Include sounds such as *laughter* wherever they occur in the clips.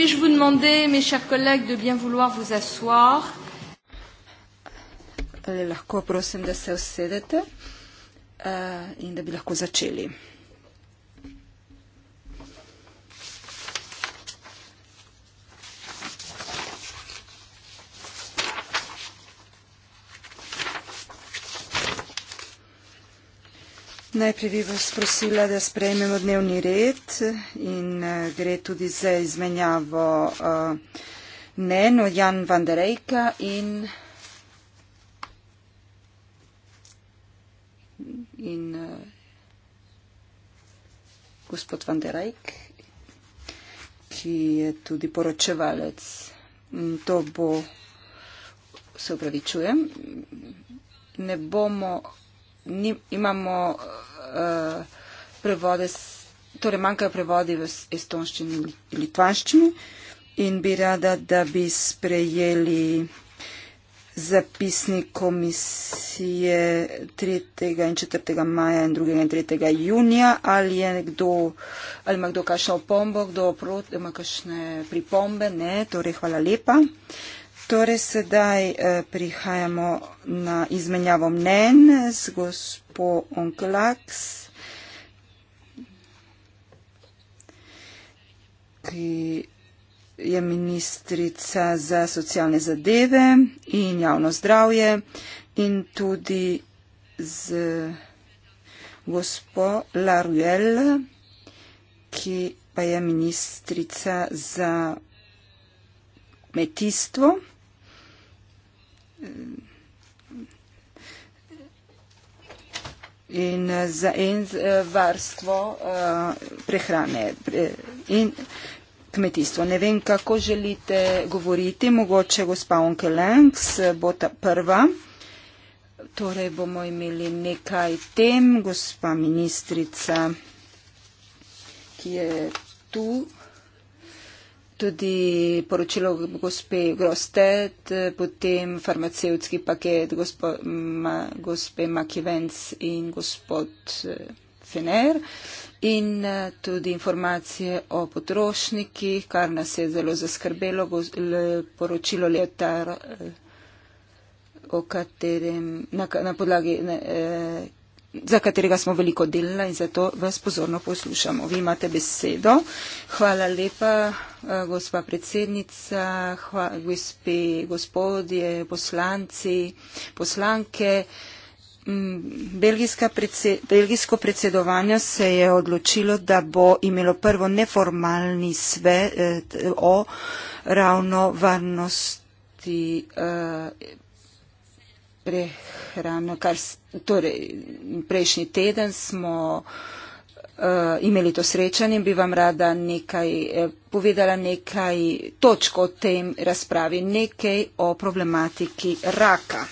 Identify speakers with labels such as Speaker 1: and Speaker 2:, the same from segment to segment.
Speaker 1: Puis-je vous demander, mes chers collègues, de bien vouloir vous asseoir eh, Lahko prosim, da se usedete uh, in da bi lahko začeli. Najprej bi vas prosila, da sprejmemo dnevni red in eh, gre tudi za izmenjavo eh, mnenja uh, Jan van der Rejka in, in uh, gospod van der Rejk, ki je tudi poročevalec. In to bo, se upravičujem, ne bomo. Ni, imamo. Uh, Eh, prevode, torej manjkajo prevodi v estonščini in litvanščini in bi rada, da bi sprejeli zapisnik komisije 3. in 4. maja in 2. in 3. junija, ali je kdo, ali ima kdo kakšno opombo, kdo proti, ima kakšne pripombe, ne, torej hvala lepa. Torej sedaj eh, prihajamo na izmenjavo mnen z gospodom på onkel Ax. Ki je ministrica za socialne zadeve in javno zdravje in tudi z gospo Laruel, ki pa je ministrica za kmetijstvo. in eh, za en eh, varstvo eh, prehrane in kmetijstvo. Ne vem, kako želite govoriti, mogoče gospa Onke Lengs bo ta prva. Torej bomo imeli nekaj tem, gospa ministrica, ki je tu tudi poročilo gospe Grosted, potem farmacevtski paket gospo, ma, gospe Makivenc in gospod eh, Fener in eh, tudi informacije o potrošnikih, kar nas je zelo zaskrbelo, poročilo leta, eh, o katerem, na, na podlagi, na, eh, za katerega smo veliko delali in zato vas pozorno poslušamo. Vi imate besedo. Hvala lepa, eh, gospa predsednica, gospe, gospodje, poslanci, poslanke. Mm, predse, belgijsko predsedovanje se je odločilo, da bo imelo prvo neformalni svet eh, o ravno varnosti. Eh, prehrano. Kar, torej, prejšnji teden smo uh, imeli to srečanje in bi vam rada nekaj, eh, povedala nekaj točk o tem razpravi, nekaj o problematiki raka.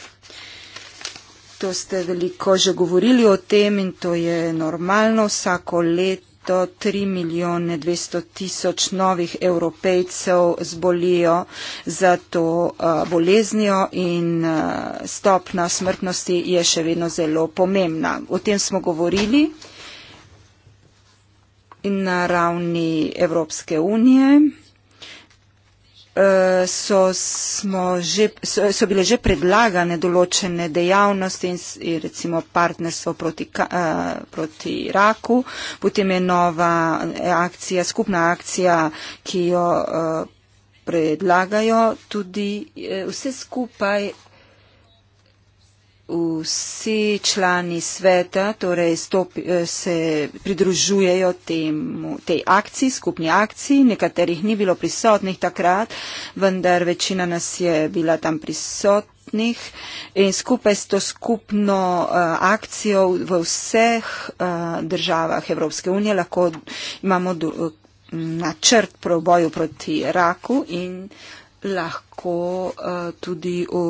Speaker 1: To ste veliko že govorili o tem in to je normalno vsako leto leto 3 milijone 200 tisoč novih evropejcev zbolijo za to boleznijo in stopna smrtnosti je še vedno zelo pomembna. O tem smo govorili in na ravni Evropske unije. Eh, so, smo že, so, so bile že predlagane določene dejavnosti in recimo partnerstvo proti, uh, proti raku, potem je nova eh, akcija, skupna akcija, ki jo uh, predlagajo tudi uh, vse skupaj vsi člani sveta torej stopi, eh, se pridružujejo temu, tej akciji, skupni akciji. Nekaterih ni bilo prisotnih takrat, vendar večina nas je bila tam prisotnih in skupaj s to skupno uh, akcijo v vseh uh, državah Evropske unije lahko imamo do, uh, načrt proboju proti raku in uh, lahko uh, tudi v,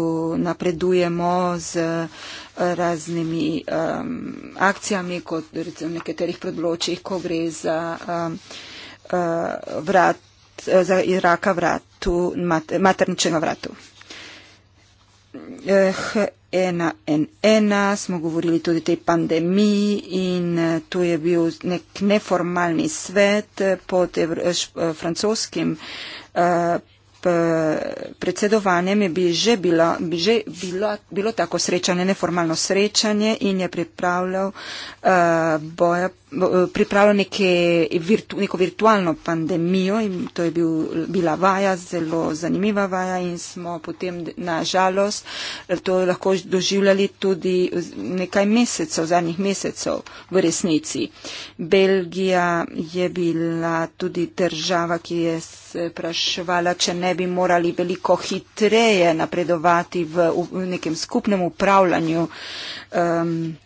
Speaker 1: napredujemo z eh, raznimi um, akcijami, kot recimo v nekaterih predločjih, ko gre za, uh, uh, vrat, za raka vratu, mat, materničnega vratu. Eh, ena in ena, smo govorili tudi o tej pandemiji in tu je bil nek neformalni svet pod evr, š, francoskim eh, Eh, predsedovanjem bi že bilo, bi že bilo, bilo tako srečanje, neformalno srečanje in je pripravljal uh, boja Eh, pripravilo neke, virtu, neko virtualno pandemijo in to je bil, bila vaja, zelo zanimiva vaja in smo potem na žalost to lahko doživljali tudi nekaj mesecev, zadnjih mesecev v resnici. Belgija je bila tudi država, ki je spraševala, če ne bi morali veliko hitreje napredovati v, v nekem skupnem upravljanju um,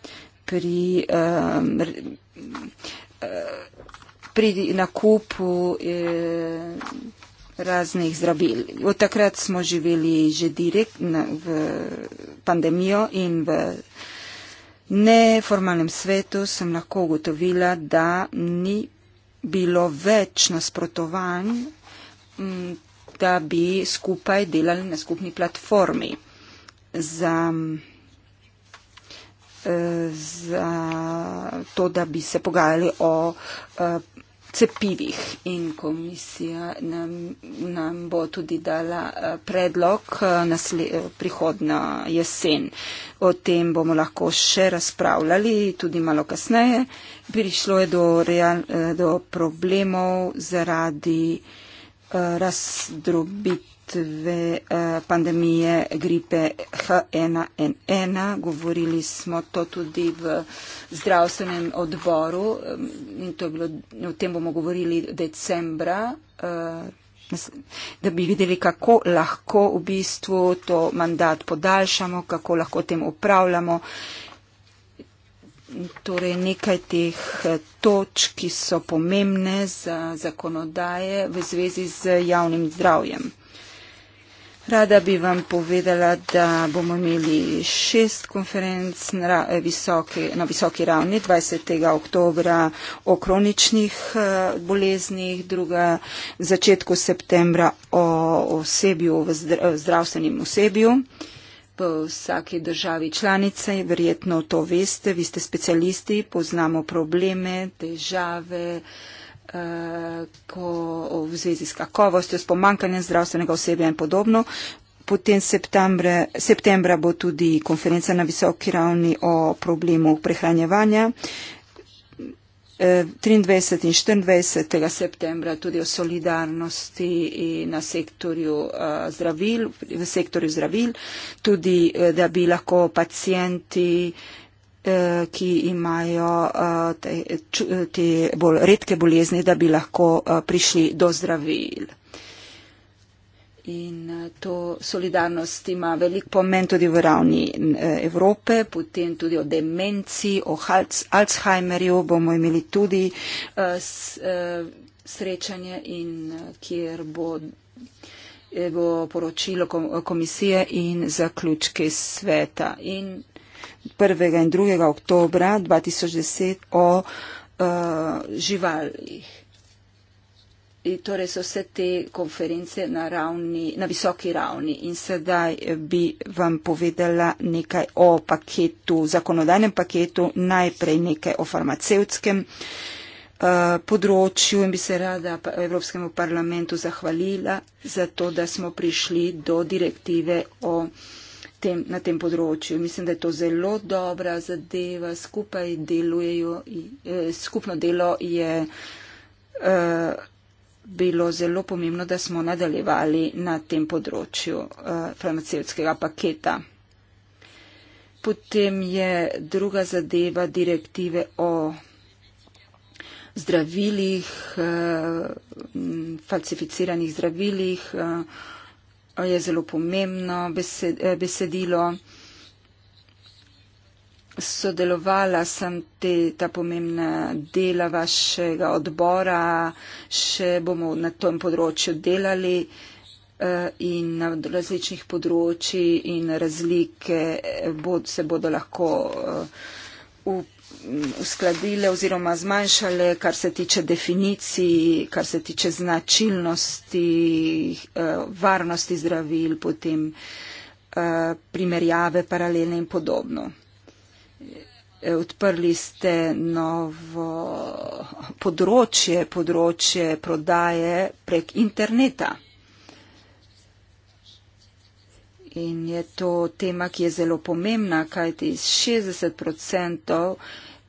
Speaker 1: pri. Um, pri nakupu eh, raznih zdravil. Od takrat smo živeli že direktno v pandemijo in v neformalnem svetu sem lahko ugotovila, da ni bilo več nasprotovanj, da bi skupaj delali na skupni platformi za za to, da bi se pogajali o eh, cepivih in komisija nam, nam bo tudi dala eh, predlog eh, nasle, prihodna jesen. O tem bomo lahko še razpravljali tudi malo kasneje. Prišlo je do, real, do problemov zaradi razdrobitev žrtve eh, pandemije gripe H1N1. Govorili smo to tudi v zdravstvenem odboru eh, in to je bilo, o tem bomo govorili decembra, eh, da bi videli, kako lahko v bistvu to mandat podaljšamo, kako lahko tem upravljamo. Torej nekaj teh točk, ki so pomembne za zakonodaje v zvezi z javnim zdravjem. Rada bi vam povedala, da bomo imeli šest konferenc na eh, visoki, na visoki ravni 20. oktobra o kroničnih eh, boleznih, druga začetku septembra o osebju, eh, zdravstvenim osebju. V vsaki državi članice, verjetno to veste, vi ste specialisti, poznamo probleme, težave ko, v zvezi s kakovostjo, s pomankanjem zdravstvenega osebja in podobno. Potem septembra, septembra bo tudi konferenca na visoki ravni o problemu prehranjevanja. 23 e, in 24. septembra tudi o solidarnosti na sektorju e, zdravil, v sektorju zdravil, tudi e, da bi lahko pacijenti uh, Eh, ki imajo eh, te, eh, te bolj redke bolezni, da bi lahko prišli do zdravil. In to solidarnost ima velik pomen tudi v ravni Evrope, potem tudi o demenciji, o Alzheimerju bomo imeli tudi srečanje, in kjer bo, bo poročilo komisije in zaključke sveta. In 1. in 2. oktobra 2010 o uh, živalih. In torej so vse te konference na, ravni, na visoki ravni in sedaj bi vam povedala nekaj o paketu, zakonodajnem paketu, najprej nekaj o farmacevskem eh, področju in bi se rada Evropskemu parlamentu zahvalila za to, da smo prišli do direktive o tem, na tem področju. Mislim, da je to zelo dobra zadeva, skupaj delujejo, eh, skupno delo je eh, bilo zelo pomembno, da smo nadaljevali na tem področju eh, farmacevskega paketa. Potem je druga zadeva direktive o zdravilih, eh, falsificiranih zdravilih. Eh, Eh, je zelo pomembno eh, besedilo. Sodelovala sem te, ta pomembna dela vašega odbora, še bomo na tem področju delali eh, in na različnih področjih in razlike bod, se bodo lahko upravljali uskladile oziroma zmanjšale, kar se tiče definicij, kar se tiče značilnosti, eh, varnosti zdravil, potem eh, primerjave paralelne in podobno. Eh, odprli ste novo področje, področje prodaje prek interneta. In je to tema, ki je zelo pomembna, kajti 60 odstotkov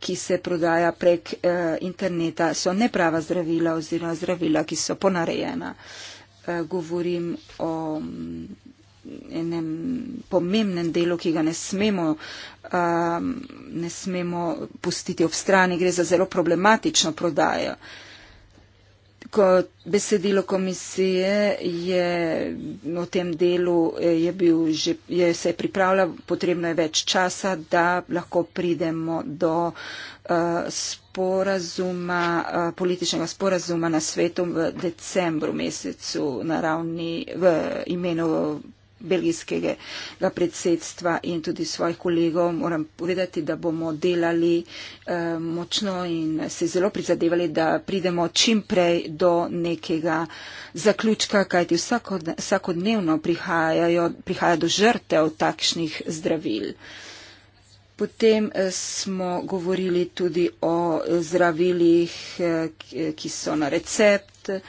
Speaker 1: ki se prodaja prek eh, interneta, so neprava zdravila oziroma zdravila, ki so ponarejena. Eh, govorim o mm, enem pomembnem delu, ki ga ne smemo, eh, ne smemo pustiti ob strani. Gre za zelo problematično prodajo. Ko besedilo komisije je v tem delu eh, je bil že, je se pripravlja, potrebno je več časa, da lahko pridemo do eh, sporazuma, eh, političnega sporazuma na svetu v decembru mesecu na ravni v imenu belgijskega predsedstva in tudi svojih kolegov. Moram povedati, da bomo delali eh, močno in se zelo prizadevali, da pridemo čim prej do nekega zaključka, kajti vsakodnevno prihaja do žrtev takšnih zdravil. Potem eh, smo govorili tudi o zdravilih, eh, ki so na recept, eh,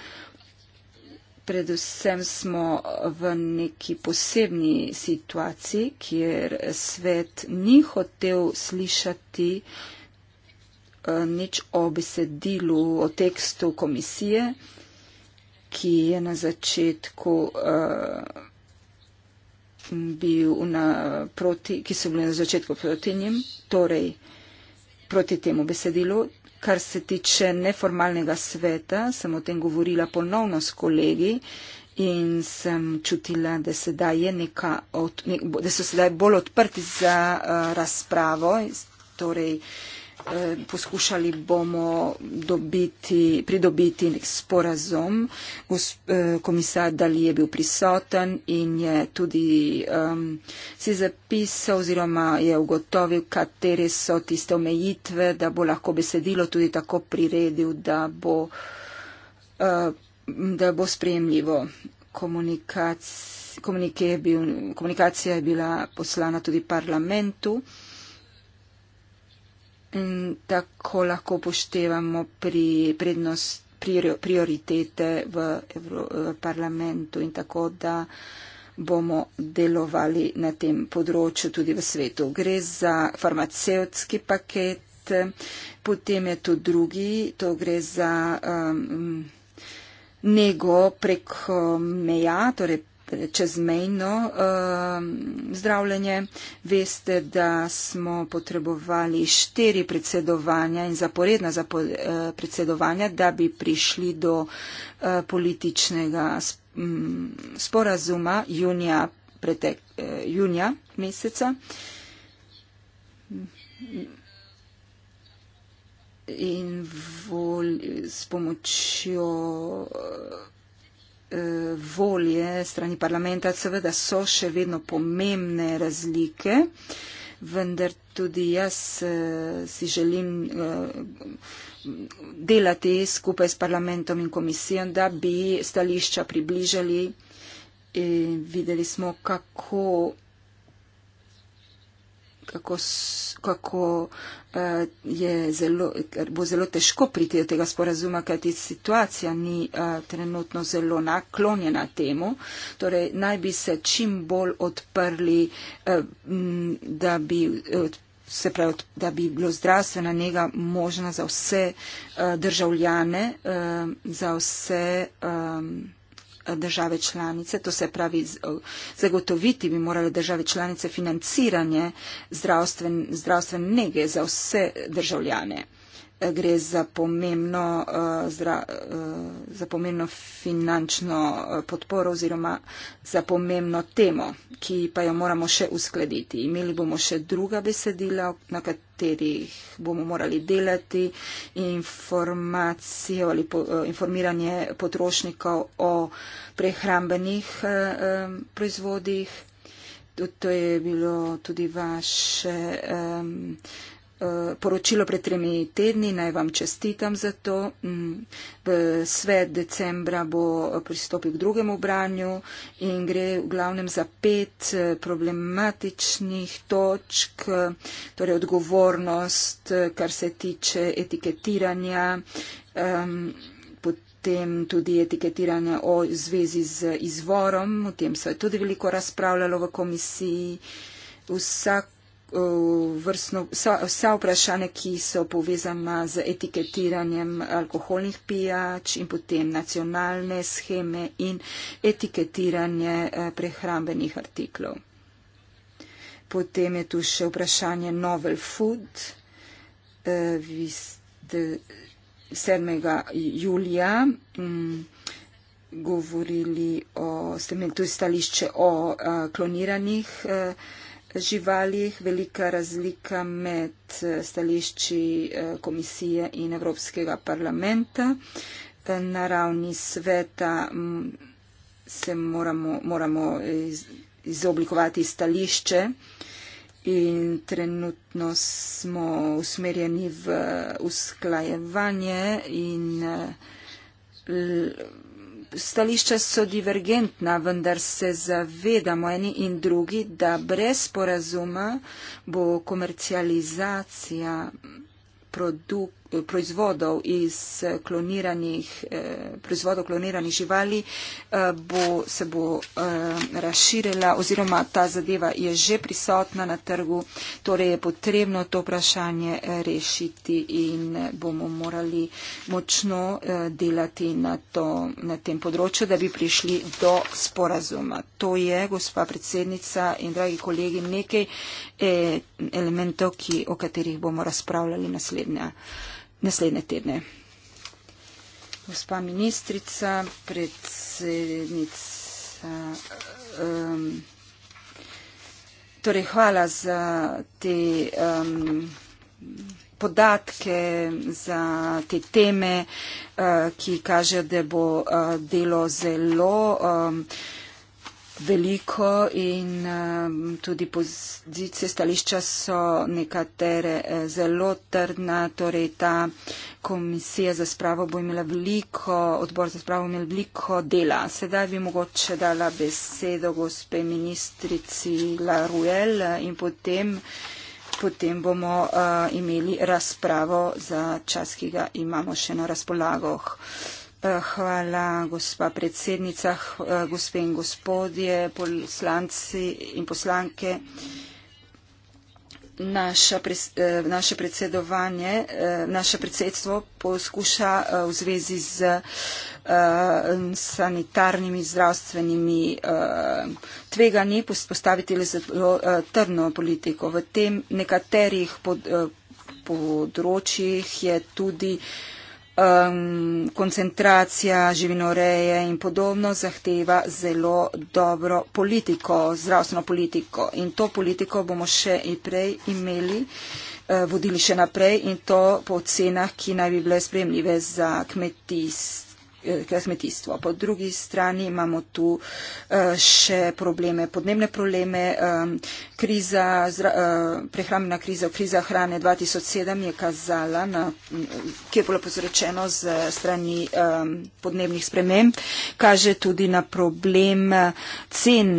Speaker 1: predvsem smo v neki posebni situaciji, kjer svet ni hotel slišati eh, nič o besedilu, o tekstu komisije, ki je na začetku eh, bil na proti, ki so bili na začetku proti njim, torej proti temu besedilu, kar se tiče neformalnega sveta, sem o tem govorila ponovno s kolegi in sem čutila, da, se neka od, ne, da so sedaj bolj odprti za uh, razpravo. Torej, uh, Eh, poskušali bomo dobiti, pridobiti sporazum. Eh, komisar Dali je bil prisoten in je tudi um, si zapisal oziroma je ugotovil, katere so tiste omejitve, da bo lahko besedilo tudi tako priredil, da bo, uh, da bo sprejemljivo. Komunikac, je bil, komunikacija je bila poslana tudi parlamentu in tako lahko poštevamo pri prednost, prioritete v, Evro, v parlamentu in tako, da bomo delovali na tem področju tudi v svetu. Gre za farmacevtski paket, potem je tu drugi, to gre za um, nego preko meja, torej čezmejno uh, zdravljenje. Veste, da smo potrebovali štiri predsedovanja in zaporedna zapo, uh, predsedovanja, da bi prišli do uh, političnega mm, sporazuma junija, pretek, uh, junija meseca. In vol, s pomočjo. Uh, Eh, volje strani parlamenta, seveda so še vedno pomembne razlike, vendar tudi jaz eh, si želim eh, delati skupaj s parlamentom in komisijo, da bi stališča približali. In videli smo, kako kako, kako uh, zelo, bo zelo težko priti do tega sporazuma, ker ti situacija ni uh, trenutno zelo naklonjena temu. Torej, naj bi se čim bolj odprli, uh, m, da bi. Uh, Se pravi, da bi bilo zdravstvena njega možna za vse uh, državljane, uh, za vse. Um države članice, to se pravi zagotoviti bi morale države članice financiranje zdravstven, zdravstvene nege za vse državljane gre za pomembno, uh, eh, zra, uh, eh, za pomembno finančno eh, podporo oziroma za pomembno temo, ki pa jo moramo še uskladiti. Imeli bomo še druga besedila, na katerih bomo morali delati informacijo ali po, uh, informiranje potrošnikov o prehrambenih uh, um, proizvodih. To je bilo tudi vaše. Um, poročilo pred tremi tedni, naj vam čestitam za to. Mm, v svet decembra bo pristopil k drugemu branju in gre v glavnem za pet eh, problematičnih točk, torej odgovornost, eh, kar se tiče etiketiranja, potem tudi etiketiranja o zvezi z izvorom, o tem se je tudi veliko razpravljalo v komisiji. Vsak vrstno, vsa, vsa vprašanja, ki so povezana z etiketiranjem alkoholnih pijač in potem nacionalne scheme in etiketiranje eh, prehrambenih artiklov. Potem je tu še vprašanje novel food. Eh, vi ste 7. julija mm, govorili o, ste imeli tudi stališče o eh, kloniranih živalih velika razlika med eh, stališči eh, komisije in Evropskega parlamenta. Eh, na ravni sveta mm, se moramo, moramo izoblikovati stališče in trenutno smo usmerjeni v usklajevanje in stališča so divergentna, vendar se zavedamo eni in drugi, da brez sporazuma bo komercializacija produkt proizvodov iz eh, kloniranih, eh, proizvodov kloniranih živali eh, bo, se bo razširila oziroma ta zadeva je že prisotna na trgu, torej je potrebno to vprašanje rešiti in bomo morali močno delati na, to, na tem področju, da bi prišli do sporazuma. To je, gospa predsednica in dragi kolegi, nekaj elementov, ki, o katerih bomo razpravljali naslednja naslednje tedne. Gospa ministrica, predsednica. Um, torej, hvala za te um, podatke, za te teme, uh, ki kažejo, da bo uh, delo zelo. Um, veliko in um, tudi pozicije stališča so nekatere eh, zelo trdna. Torej ta komisija za spravo bo imela veliko, odbor za spravo bo imel veliko dela. Sedaj bi mogoče dala besedo gospe ministrici Laruel eh, in potem, potem bomo uh, imeli razpravo za čas, ki ga imamo še na razpolagoh. Uh, Hvala, gospa predsednica, eh, gospe in gospodje, poslanci in poslanke. Naša, eh, naše predsedovanje, eh, naše predsedstvo poskuša v zvezi z sanitarnimi zdravstvenimi tveganji postaviti zelo trdno politiko. V tem nekaterih področjih je tudi um, koncentracija živinoreje in podobno zahteva zelo dobro politiko, zdravstveno politiko. In to politiko bomo še in prej imeli, uh, vodili še naprej in to po ocenah, ki naj bi bile spremljive za kmetijstvo. Eh, kmetijstvo. Po drugi strani imamo tu eh, še probleme, podnebne probleme, kriza, eh, prehrambna kriza, kriza hrane 2007 je kazala, na, ki je bilo pozročeno z strani podnebnih sprememb, kaže tudi na problem cen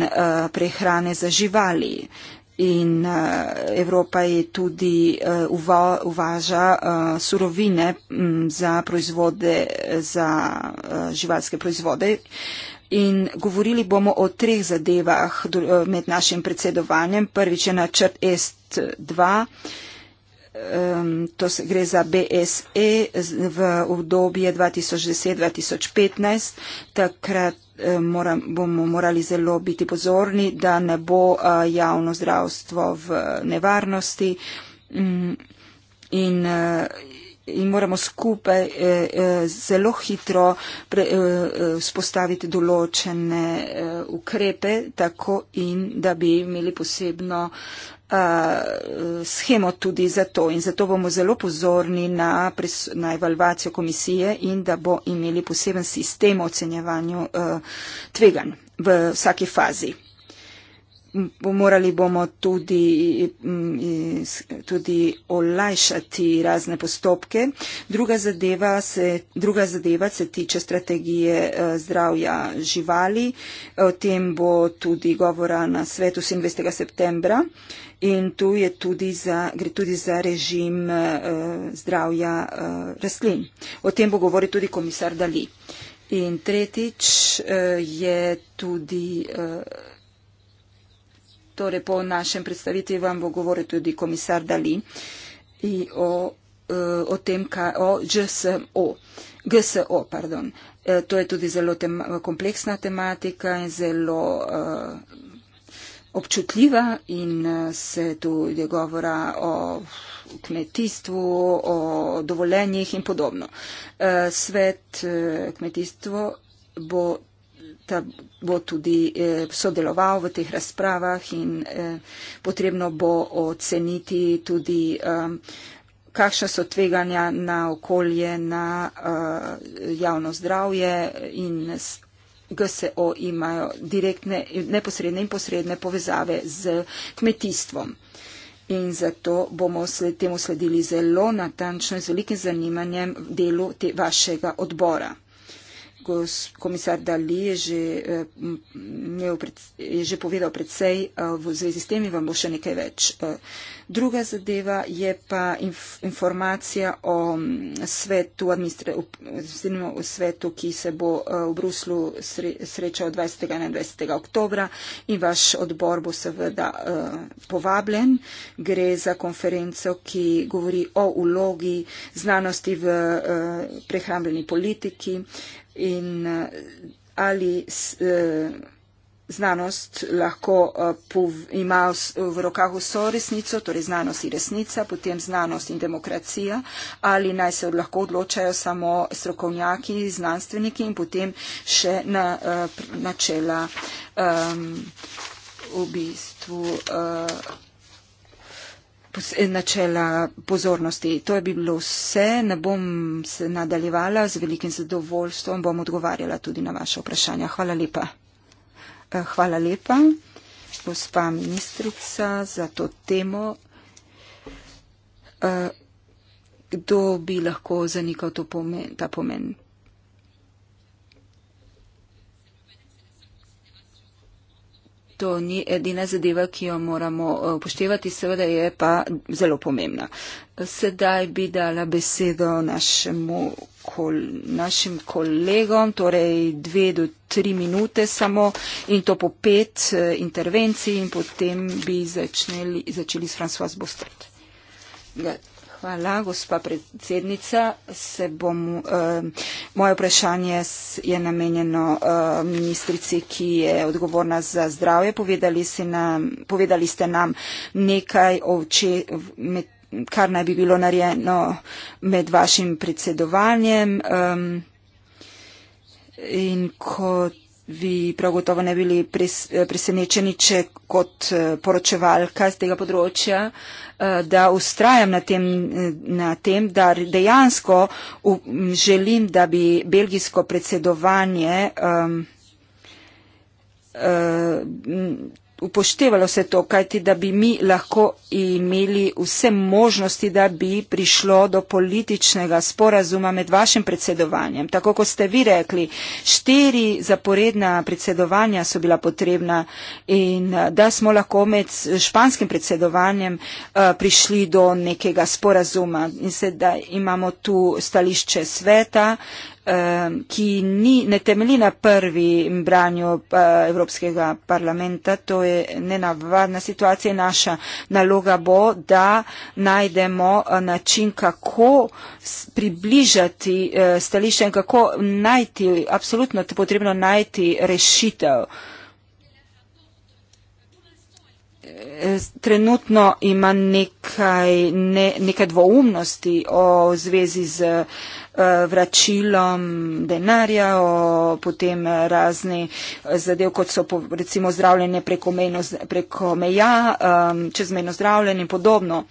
Speaker 1: prehrane za živali in uh, Evropa je tudi uh, uva, uvaža uh, surovine m, mm, za proizvode, za uh, živalske proizvode. In govorili bomo o treh zadevah do, med našim predsedovanjem. Prvič je načrt EST 2 um, to se gre za BSE v obdobje 2010-2015. Takrat um, moram, bomo morali zelo biti pozorni, da ne bo uh, javno zdravstvo v nevarnosti. Um, in, uh, In moramo skupaj zelo hitro spostaviti določene ukrepe, tako in da bi imeli posebno uh, schemo tudi za to in zato bomo zelo pozorni na, pres, na evalvacijo komisije in da bo imeli poseben sistem ocenjevanju uh, tvegan v vsaki fazi. Morali bomo tudi, tudi olajšati razne postopke. Druga zadeva, se, druga zadeva se tiče strategije zdravja živali. O tem bo tudi govora na svetu 27. septembra. Uh, In tu tudi za, gre tudi za režim uh, zdravja uh, rastlin. O tem bo govoril tudi komisar Dali. In tretjič uh, je tudi. Uh, Torej, po našem predstavitvi vam bo govoril tudi komisar Dali in o, o tem, kaj o GSO. GSO e, to je tudi zelo tem, kompleksna tematika in zelo uh, občutljiva in eh, se tu je govora o kmetijstvu, o dovoljenjih in podobno. Eh, svet eh, kmetijstvo bo, ta, bo tudi sodeloval v teh razpravah in potrebno bo oceniti tudi, kakšna so tveganja na okolje, na javno zdravje in GSO imajo direktne, neposredne in posredne povezave z kmetijstvom. In zato bomo temu sledili zelo natančno in z velikim zanimanjem delu te vašega odbora komisar Dali je že, eh, imel, je že povedal predvsej eh, v zvezi s tem in vam bo še nekaj več. Eh. Druga zadeva je pa informacija o mm, svetu, o svetu ki se bo v Bruslu srečal 20. in 21. oktober in vaš odbor bo seveda povabljen. Gre za konferenco, ki govori o ulogi znanosti v prehrambeni politiki in eh, ali eh, znanost lahko eh, ima v rokah vso resnico, torej znanost in resnica, potem znanost in demokracija, ali naj se lahko odločajo samo strokovnjaki, znanstveniki in potem še na načela ehm, v bistvu načela pozornosti. To je bi bilo vse. Ne bom se nadaljevala z velikim zadovoljstvom. Bom odgovarjala tudi na vaše vprašanja. Hvala lepa. Eh, hvala lepa, gospa ministrica, za to temo. Eh, kdo bi lahko zanikal pomen, ta pomen? to ni edina zadeva, ki jo moramo eh, upoštevati, seveda je pa zelo pomembna. Sedaj bi dala besedo našemu, kol, našim kolegom, torej dve do tri minute samo in to po pet eh, intervencij in potem bi začneli, začeli s François Bostet. Gledaj. Ja, Hvala, gospa predsednica. Bom, eh, moje vprašanje je namenjeno eh, ministrici, ki je odgovorna za zdravje. Povedali, nam, povedali ste nam nekaj o če, med, kar naj bi bilo narejeno med vašim predsedovanjem. Eh, in kot vi prav gotovo ne bili pres, eh, presenečeni, če kot eh, poročevalka z tega področja, eh, da ustrajam na tem, na tem da dejansko v, želim, da bi belgijsko predsedovanje um, upoštevalo se to, kajti da bi mi lahko imeli vse možnosti, da bi prišlo do političnega sporazuma med vašim predsedovanjem. Tako kot ste vi rekli, štiri zaporedna predsedovanja so bila potrebna in eh, da smo lahko med španskim predsedovanjem eh, prišli do nekega sporazuma. In sedaj imamo tu stališče sveta Um, ki ni, ne temeli na prvi branju uh, Evropskega parlamenta. To je nenavadna situacija in naša naloga bo, da najdemo uh, način, kako približati uh, stališče in kako najti, apsolutno potrebno najti rešitev. Eh, trenutno ima nekaj, ne, nekaj dvoumnosti o zvezi z uh, vračilom denarja, o potem razni zadev, kot so po, recimo zdravljenje preko, mejno, preko meja, um, čezmejno zdravljenje in podobno.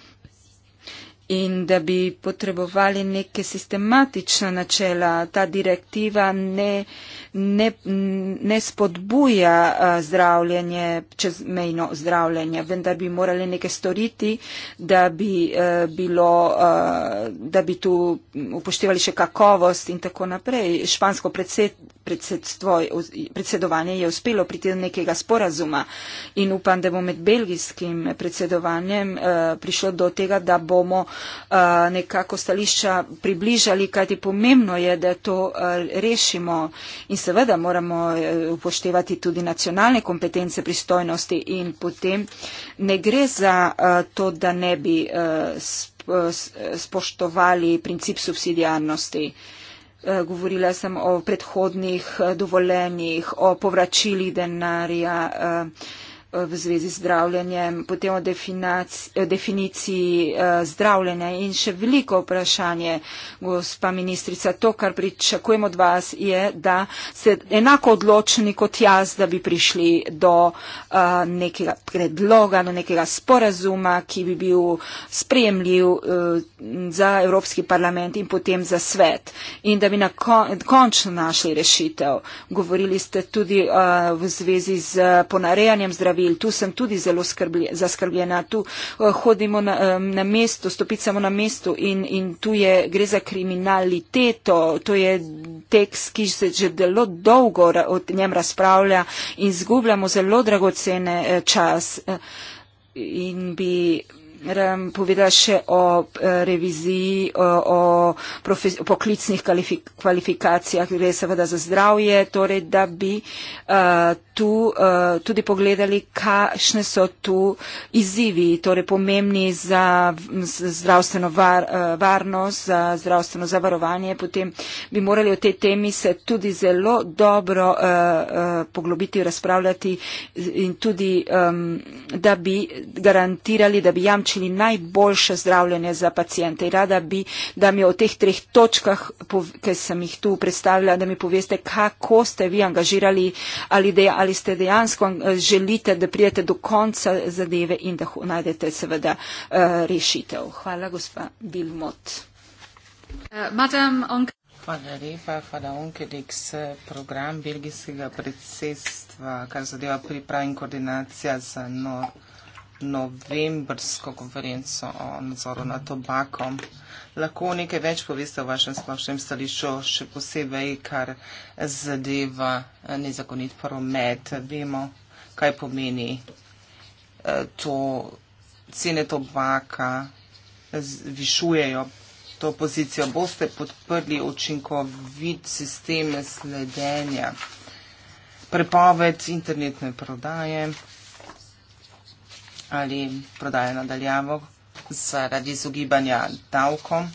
Speaker 1: In da bi potrebovali neke sistematične načela, ta direktiva ne ne, ne spodbuja zdravljenje, čezmejno zdravljenje, vendar bi morali nekaj storiti, da bi, bilo, da bi tu upoštevali še kakovost in tako naprej. Špansko predsed, predsedovanje je uspelo priti do nekega sporazuma in upam, da bo med belgijskim predsedovanjem prišlo do tega, da bomo nekako stališča približali, kajti pomembno je, da to rešimo. In seveda moramo eh, upoštevati tudi nacionalne kompetence, pristojnosti in potem ne gre za eh, to, da ne bi eh, spoštovali princip subsidijarnosti. Govorila sem o predhodnih dovolenjih, o povračili denarja, v zvezi z zdravljenjem, potem o eh, definiciji eh, zdravljenja in še veliko vprašanje, gospa ministrica. To, kar pričakujem od vas, je, da ste enako odločeni kot jaz, da bi prišli do eh, nekega predloga, do nekega sporazuma, ki bi bil sprejemljiv za Evropski parlament in potem za svet in da bi na končno našli rešitev. Govorili ste tudi v zvezi z ponarejanjem zdravil avtomobil. Tu sem tudi zelo skrbli, zaskrbljena. Tu eh, hodimo na, eh, na mestu, stopicamo na mestu in, in tu je, gre za kriminaliteto. To je tekst, ki se že zelo dolgo o njem razpravlja in zgubljamo zelo dragocene eh, čas. In bi povedala še o e, reviziji, o poklicnih kvalifikacijah, gre seveda za zdravje, torej da bi e, tu e, tudi pogledali, kakšne so tu izzivi, torej pomembni za zdravstveno var, varnost, za zdravstveno zavarovanje. Potem bi morali o tej temi se tudi zelo dobro poglobiti, razpravljati in tudi, da bi garantirali, da bi jamčili, omogočili najboljše zdravljenje za pacijente. Rada bi, da mi o teh treh točkah, ki sem jih tu predstavila, da mi poveste, kako ste vi angažirali ali, de, ali ste dejansko eh, želite, da prijete do konca zadeve in da najdete seveda uh, rešitev. Hvala, gospa Bilmot. Eh,
Speaker 2: hvala lepa, hvala Onkelix, program belgijskega predsedstva, kar zadeva priprava in koordinacija za nor novembrsko konferenco o nadzoru nad tobakom. Lahko nekaj več poveste o vašem splošnem stališču, še posebej, kar zadeva nezakonit promet. Vemo, kaj pomeni eh, to cene tobaka, višujejo to pozicijo. Boste podprli učinkovit sistem sledenja, prepoved internetne prodaje ali prodajo nadaljavo zaradi izogibanja davkom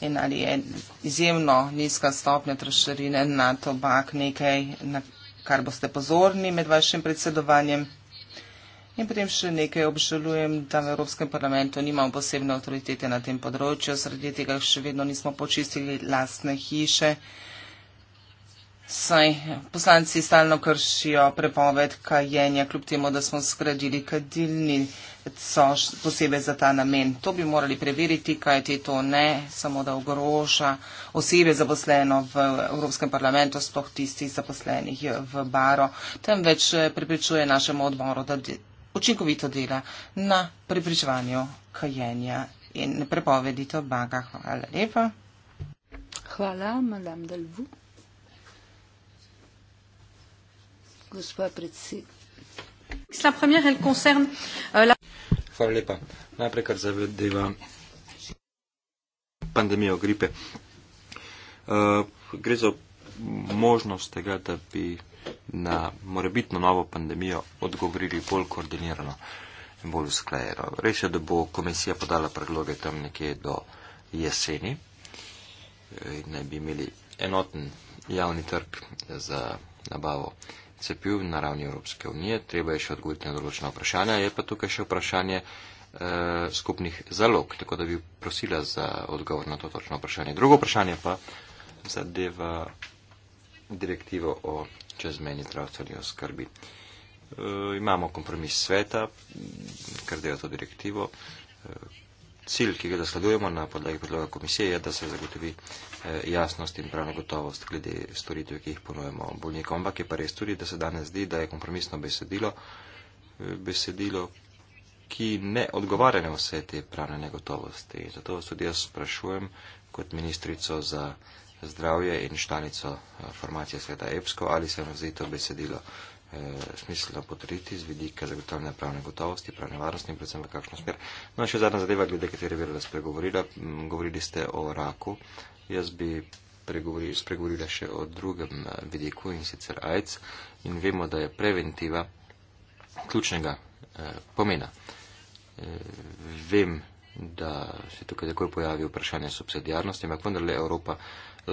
Speaker 2: in ali je izjemno nizka stopnja trošarine na tobak nekaj, na kar boste pozorni med vašim predsedovanjem. In potem še nekaj obžalujem, da v Evropskem parlamentu nimamo posebne avtoritete na tem področju, zaradi tega še vedno nismo počistili lastne hiše. Saj poslanci stalno kršijo prepoved kajenja, kljub temu, da smo zgradili kadilni coš posebej za ta namen. To bi morali preveriti, kaj ti to ne, samo da ogroža osebe zaposleno v Evropskem parlamentu, sploh tistih zaposlenih v baro, temveč prepričuje našemu odboru, da de, učinkovito dela na prepričevanju kajenja in prepovedi tobaka. Hvala lepa.
Speaker 1: Hvala, madame Delvaux. Euh,
Speaker 3: Hvala lepa. Najprej, kar zadeva pandemijo gripe. Uh, gre za možnost tega, da bi na morebitno novo pandemijo odgovorili bolj koordinirano in bolj usklajeno. Res je, da bo komisija podala predloge tam nekje do jeseni eh, in naj bi imeli enoten javni trg za nabavo cepiv na ravni Evropske unije, treba je še odgovoriti na določena vprašanja, je pa tukaj še vprašanje e, skupnih zalog, tako da bi prosila za odgovor na to točno vprašanje. Drugo vprašanje pa zadeva direktivo o čezmeni zdravstveni oskrbi. E, imamo kompromis sveta, kar dela to direktivo. E, cilj, ki ga zasledujemo na podlagi predloga komisije, je, da se zagotovi Eh, jasnost in pravno gotovost glede storitev, ki jih ponujemo bolnikom. Ampak je pa res tudi, da se danes zdi, da je kompromisno besedilo, eh, besedilo, ki ne odgovarja na vse te pravne negotovosti. Zato vas tudi jaz sprašujem kot ministrico za zdravje in štanico eh, formacije sveta EPSKO, ali se vam zdi to besedilo smiselno potrditi z vidika zagotavljanja pravne gotovosti, pravne varnosti in predvsem v kakšno smer. No, še zadnja zadeva, glede katere bi vas pregovorila, govorili ste o raku, Jaz bi spregovorila še o drugem eh, vidiku in sicer AIDS in vemo, da je preventiva ključnega eh, pomena. Eh, vem, da se tukaj takoj pojavi vprašanje subsidijarnosti, ampak vendarle Evropa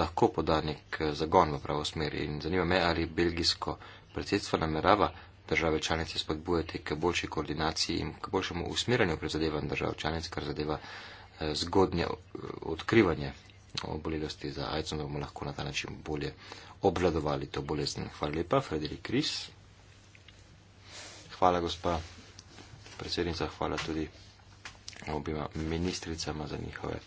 Speaker 3: lahko poda nek eh, zagon v pravo smer in zanima me, ali belgijsko predsedstvo namerava države članice spodbujati k boljši koordinaciji in k boljšemu usmerjanju prizadevanj držav članic, kar zadeva eh, zgodnje odkrivanje obolelosti za AIDS-om, da bomo lahko na ta način bolje obvladovali to bolezen. Hvala lepa, Frederik Kris. Hvala, gospa predsednica, hvala tudi obima ministricama za njihove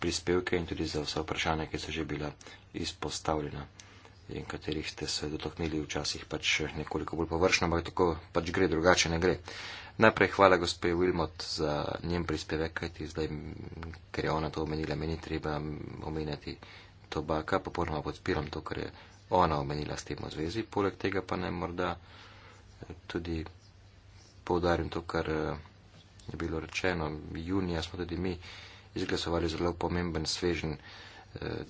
Speaker 3: prispevke in tudi za vse vprašanja, ki so že bila izpostavljena in katerih ste se dotaknili včasih pač nekoliko bolj površno, ampak tako pač gre, drugače ne gre. Najprej hvala gospe Wilmot za njen prispevek, kajti zdaj, ker je ona to omenila, meni treba omenjati tobaka, popolnoma podpiram to, kar je ona omenila s tem v zvezi. Poleg tega pa naj morda tudi poudarim to, kar eh, je bilo rečeno. Junija smo tudi mi izglasovali zelo pomemben svežen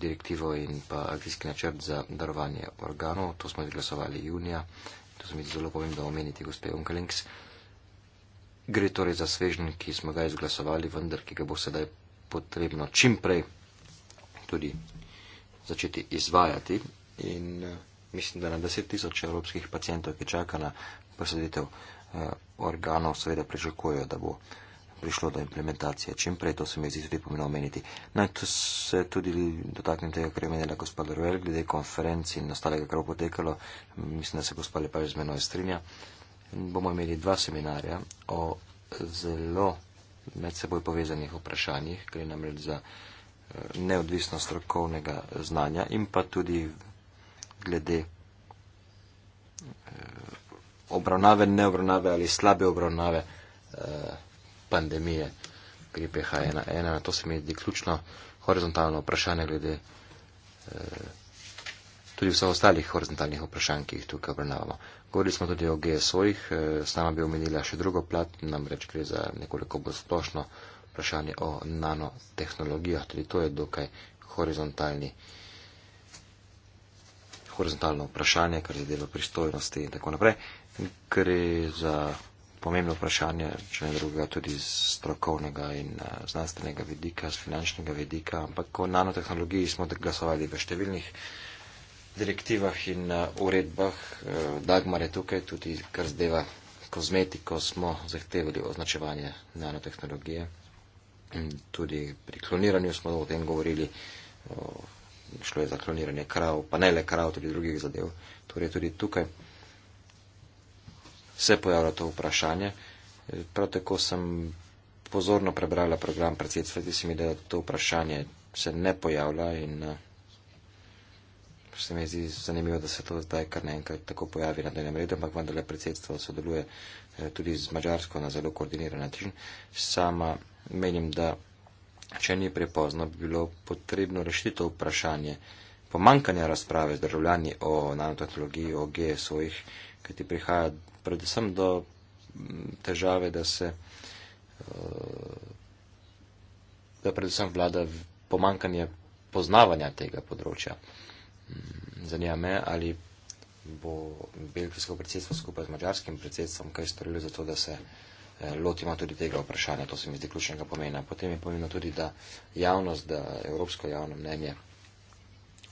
Speaker 3: direktivo in pa akcijski načrt za darovanje organov. To smo izglasovali junija. To se mi zdi zelo pomembno omeniti, gospe Unkelings. Gre torej za svežen, ki smo ga izglasovali, vendar ki ga bo sedaj potrebno čim prej tudi začeti izvajati. In eh, mislim, da na deset tisoč evropskih pacijentov, ki čaka na posreditev eh, organov, seveda pričakujejo, da bo prišlo do implementacije. Čim prej to se mi zdi tudi pomeno omeniti. Naj tu se tudi dotaknem tega, kar je menila gospod Dorvel, glede konferenci in ostalega, kar bo potekalo. Mislim, da se gospod Lepaž z menoj strinja. Bomo imeli dva seminarja o zelo med seboj povezanih vprašanjih, gre namreč za eh, neodvisno strokovnega znanja in pa tudi glede eh, obravnave, neobravnave ali slabe obravnave. Uh, pandemije, ki je PH1, na to se mi zdi ključno horizontalno vprašanje glede eh, tudi vseh ostalih horizontalnih vprašanj, ki jih tukaj obravnavamo. Govorili smo tudi o GSO-jih, eh, s nama bi omenila še drugo plat, namreč gre za nekoliko bolj splošno vprašanje o nanotehnologijah, tudi to je dokaj horizontalni horizontalno vprašanje, kar je delo pristojnosti in tako naprej. Gre za pomembno vprašanje, če ne drugega, tudi z strokovnega in eh, znanstvenega vidika, z finančnega vidika, ampak o nanotehnologiji smo glasovali v številnih direktivah in eh, uredbah. Eh, Dagmar je tukaj, tudi kar zdeva kozmetiko, smo zahtevali označevanje nanotehnologije. Tudi pri kloniranju smo o tem govorili, šlo je za kloniranje krav, pa ne le krav, tudi drugih zadev. Torej tudi tukaj se pojavlja to vprašanje. Prav tako sem pozorno prebrala program predsedstva, ti si mi, da to vprašanje se ne pojavlja in eh, se mi zdi zanimivo, da se to zdaj kar naenkrat tako pojavi na dnevnem redu, ampak vendarle predsedstvo sodeluje eh, tudi z Mačarsko na zelo koordiniran način. Sama menim, da če ni prepozno, bi bilo potrebno rešiti to vprašanje pomankanja razprave z državljani o nanotehnologiji, o GSO-jih, kajti prihaja predvsem do težave, da se eh, da predvsem vlada pomankanje poznavanja tega področja. Mm, zanima me, ali bo belgijsko predsedstvo skupaj z mačarskim predsedstvom kaj storilo za to, da se eh, lotimo tudi tega vprašanja. To se mi zdi ključnega pomena. Potem je pomembno tudi, da javnost, da evropsko javno mnenje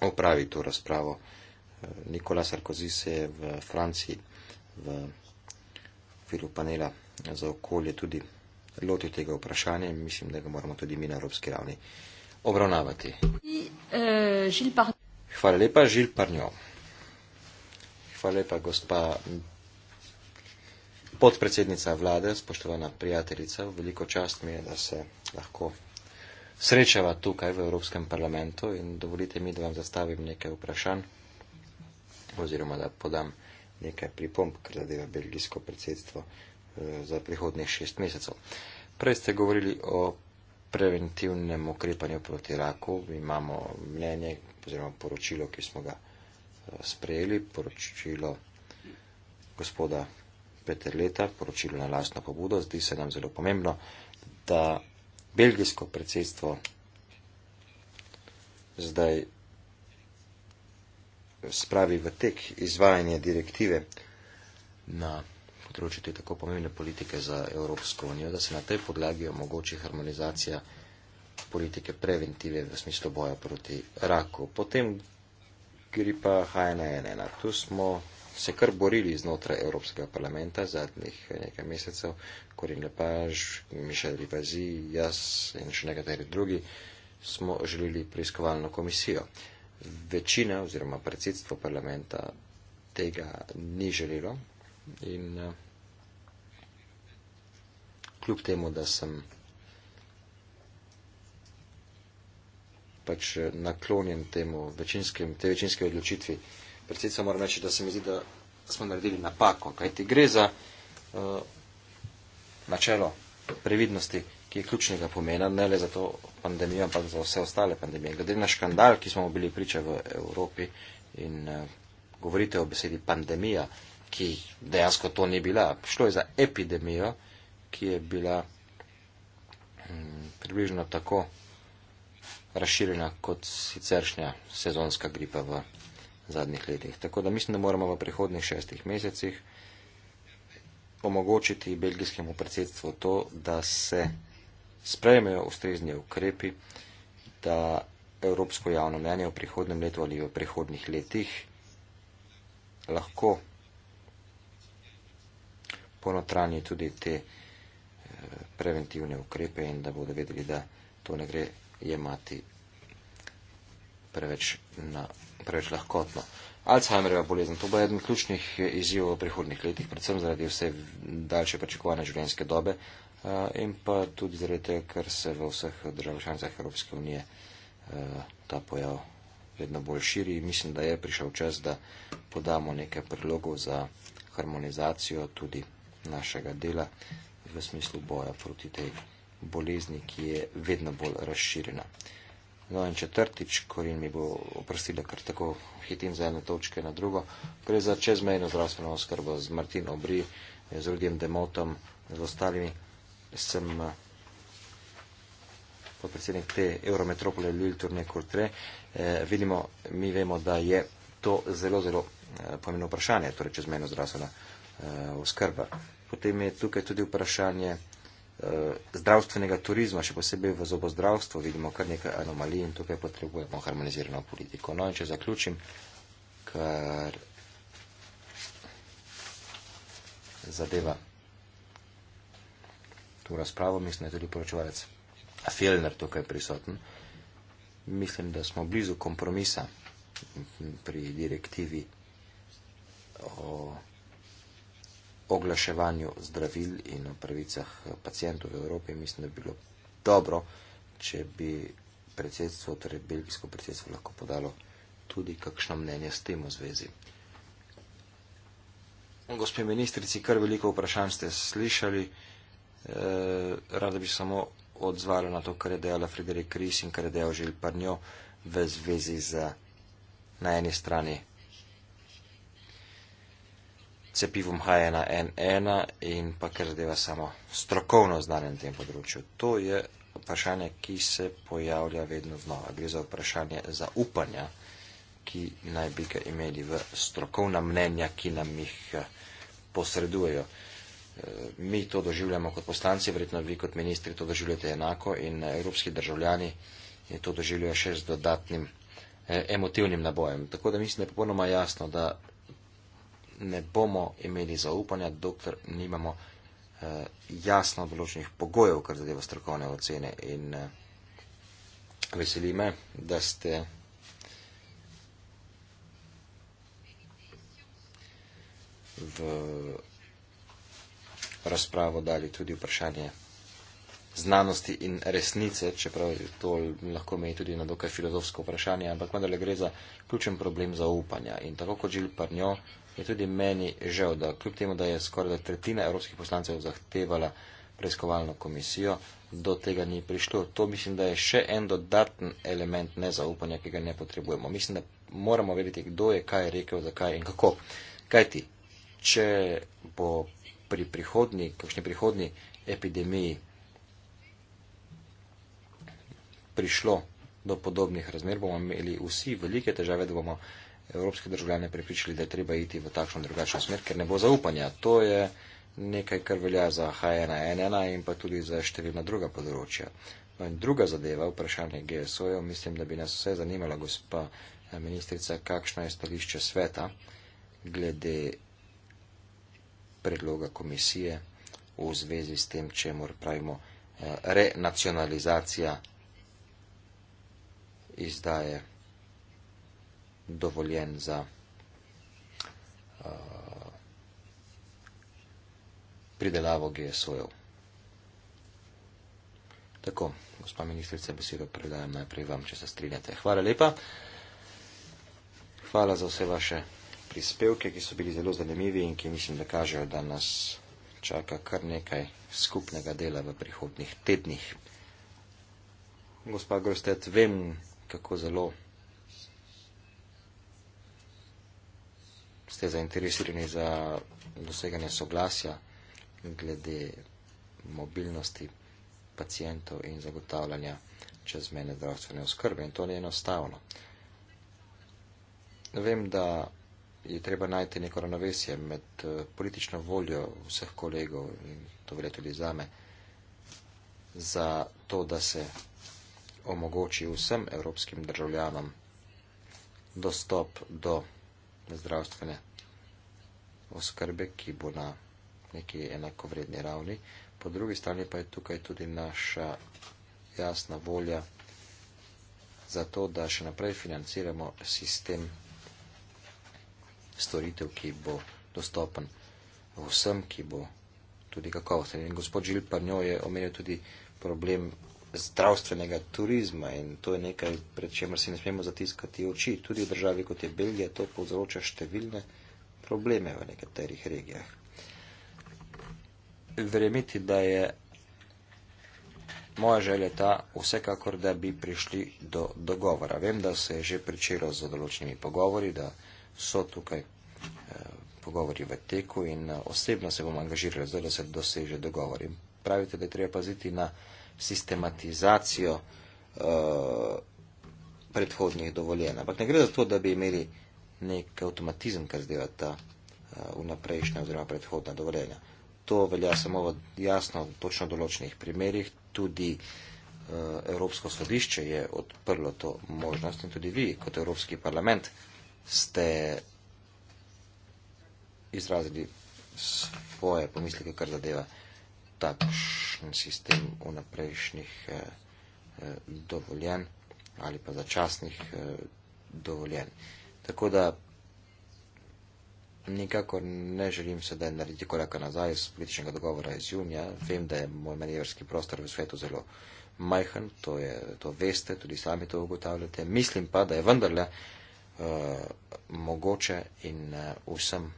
Speaker 3: opravi to razpravo. Eh, Nikola Sarkozy se je v Franciji v okviru panela za okolje tudi loti tega vprašanja in mislim, da ga moramo tudi mi na evropski ravni obravnavati. E, Hvala lepa, Žil Parnjo. Hvala lepa, gospa podpredsednica vlade, spoštovana prijateljica. Veliko čast mi je, da se lahko srečava tukaj v Evropskem parlamentu in dovolite mi, da vam zastavim nekaj vprašanj oziroma da podam nekaj pripomp, kar zadeva belgijsko predsedstvo eh, za prihodnih šest mesecev. Prej ste govorili o preventivnem ukrepanju proti raku. Imamo mnenje oziroma poročilo, ki smo ga eh, sprejeli, poročilo gospoda Peter Leta, poročilo na lastno pobudo. Zdi se nam zelo pomembno, da belgijsko predsedstvo zdaj spravi v tek izvajanje direktive na področju te tako pomembne politike za Evropsko unijo, da se na tej podlagi omogoči harmonizacija politike preventive v smislu boja proti raku. Potem gripa HNN1. Tu smo se kar borili znotraj Evropskega parlamenta zadnjih nekaj mesecev. Corinne Lepage, Michel Rivazi, jaz in še nekateri drugi smo želeli preiskovalno komisijo. Uh, večina oziroma predsedstvo parlamenta tega ni želelo. In eh, kljub temu, da sem pač naklonjen temu večinskem, te večinske odločitvi, predsedstvo moram reči, da se mi zdi, da smo naredili napako, kajti gre za uh, načelo previdnosti ki je ključnega pomena, ne le za to pandemijo, ampak za vse ostale pandemije. Glede na škandal, ki smo bili priča v Evropi in uh, govorite o besedi pandemija, ki dejansko to ni bila, šlo je za epidemijo, ki je bila um, približno tako razširjena kot siceršnja sezonska gripa v zadnjih letih. Tako da mislim, da moramo v prihodnih šestih mesecih omogočiti belgijskemu predsedstvu to, da se sprejmejo ustrezni ukrepi, da evropsko javno mnenje v prihodnem letu ali v prihodnih letih lahko ponotranje tudi te eh, preventivne ukrepe in da bodo vedeli, da to ne gre jemati preveč, na, preveč lahkotno. Alzheimerjeva bolezen, to bo eden ključnih eh, izzivov v prihodnih letih, predvsem zaradi vse daljše pričakovane življenjske dobe, Eh, in pa tudi zaradi tega, ker se v vseh državah članicah Evropske unije eh, ta pojav vedno bolj širi. Mislim, da je prišel čas, da podamo nekaj predlogov za harmonizacijo tudi našega dela v smislu boja proti tej bolezni, ki je vedno bolj razširjena. No in četrtič, Korin mi bo oprostila, ker tako hitim za eno točke na drugo, gre za čezmejno zdravstveno oskrbo z Martin Obri, z Rudim Demotom, z ostalimi. Jaz sem eh, podpredsednik te Eurometropole Lille Tourne Courtre. Eh, vidimo, mi vemo, da je to zelo, zelo eh, pomembno vprašanje, torej čezmejno zdravstvena oskrba. Potem je tukaj tudi vprašanje zdravstvenega turizma, še posebej v zobozdravstvu. Vidimo kar nekaj anomalij in tukaj potrebujemo harmonizirano politiko. No in če zaključim, kar zadeva to razpravo, mislim, da je tudi poročevalec Fjellner tukaj prisoten. Mislim, da smo blizu kompromisa pri direktivi o oglaševanju zdravil in o pravicah pacijentov v Evropi. Mislim, da bi bilo dobro, če bi predsedstvo, torej belgijsko predsedstvo, lahko podalo tudi kakšno mnenje s tem v zvezi. Gospe ministrici, kar veliko vprašanj ste slišali. Eh, rada bi samo odzvala na to, kar je dejala Frederik Ries in kar je dejal Žil Parnjo v zvezi z na eni strani cepivom H1N1 in pa kar zadeva samo strokovno znanje na tem področju. To je vprašanje, ki se pojavlja vedno znova. Gre za vprašanje zaupanja, ki naj bi ga imeli v strokovna mnenja, ki nam jih eh, posredujejo mi to doživljamo kot poslanci, verjetno vi kot ministri to doživljate enako in eh, evropski državljani eh, to doživljajo še z dodatnim eh, emotivnim nabojem. Tako da mislim, da je popolnoma jasno, da ne bomo imeli zaupanja, dokler nimamo jasno določenih pogojev, kar zadeva strokovne ocene. In veseli me, da ste. V razpravo dali tudi vprašanje znanosti in resnice, čeprav to lahko meji tudi na dokaj filozofsko vprašanje, ampak vendarle gre za ključen problem zaupanja. In tako kot Žil Parnjo, je tudi meni žal, da kljub temu, da je skoraj da tretjina evropskih poslancev zahtevala preiskovalno komisijo, do tega ni prišlo. To mislim, da je še en dodaten element nezaupanja, ki ga ne potrebujemo. Mislim, da moramo vedeti, kdo je kaj rekel, zakaj in kako. Kaj ti? Če bo pri prihodni, kakšni prihodni epidemiji prišlo do podobnih razmer, bomo imeli vsi velike težave, da bomo evropske državljane pripričali, da je treba iti v takšno drugačno smer, ker ne bo zaupanja. To je nekaj, kar velja za H1N1 in pa tudi za številna druga področja. No in druga zadeva, vprašanje GSO-jev, mislim, da bi nas vse zanimala, gospa eh, ministrica, kakšno je stališče sveta glede predloga komisije v zvezi s tem, če moramo pravimo eh, renacionalizacija izdaje dovoljen za eh, pridelavo GSO-jev. Tako, gospa ministrica, besedo predajam najprej vam, če se strinjate. Hvala lepa. Hvala za vse vaše prispevke, ki so bili zelo zanimivi in ki mislim, da kažejo, da nas čaka kar nekaj skupnega dela v prihodnih tednih. Gospa Grostet, vem, kako zelo ste zainteresirani za doseganje soglasja glede mobilnosti pacijentov in zagotavljanja čezmene zdravstvene oskrbe. In to ni enostavno. Vem, da je treba najti neko ravnovesje med eh, politično voljo vseh kolegov in to velja tudi zame, za to, da se omogoči vsem evropskim državljanom dostop do zdravstvene oskrbe, ki bo na neki enakovredni ravni. Po drugi strani pa je tukaj tudi naša jasna volja za to, da še naprej financiramo sistem storitev, ki bo dostopen vsem, ki bo tudi kakovosten. In gospod Žil Parnjo je omenil tudi problem zdravstvenega turizma in to je nekaj, pred čemer si ne smemo zatiskati oči. Tudi v državi kot je Belgija to povzroča številne probleme v nekaterih regijah. Verjemiti, da je moja želja ta vsekakor, da bi prišli do dogovora. Vem, da se je že pričelo z določenimi pogovori, da so tukaj eh, pogovori v teku in eh, osebno se bom angažiral, zdaj, da se doseže dogovor. In pravite, da je treba paziti na sistematizacijo uh, predhodnih dovoljenj. Ampak ne gre za to, da bi imeli nek avtomatizem, kar zdaj ta vnaprejšnja uh, oziroma predhodna dovoljenja. To velja samo v jasno, točno določenih primerjih. Tudi uh, Evropsko sodišče je odprlo to možnost in tudi vi kot Evropski parlament ste izrazili svoje pomisleke, kar zadeva takšen sistem v naprejšnjih eh, eh, dovoljen ali pa začasnih eh, dovoljen. Tako da nikakor ne želim sedaj narediti koraka nazaj iz političnega dogovora iz junija. Vem, da je moj manjevrski prostor v svetu zelo majhen, to, je, to veste, tudi sami to ugotavljate. Mislim pa, da je vendarle uh, mogoče in uh, vsem,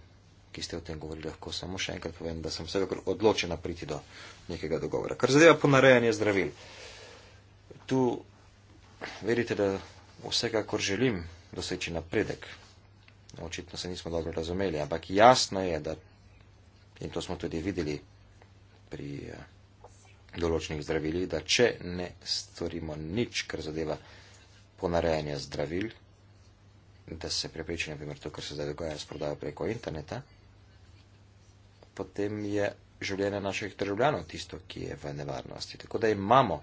Speaker 3: ki ste o tem govorili, lahko samo še enkrat povem, da sem vsekakor odločena priti do nekega dogovora. Kar zadeva ponarejanje zdravil. Tu verite, da vsekakor želim doseči napredek. Očitno se nismo dobro razumeli, ampak jasno je, da in to smo tudi videli pri uh, določenih zdravilih, da če ne storimo nič, kar zadeva ponarejanje zdravil, da se prepriči, na primer, to, kar se zdaj dogaja s prodajo preko interneta, potem je življenje naših državljanov tisto, ki je v nevarnosti. Tako da imamo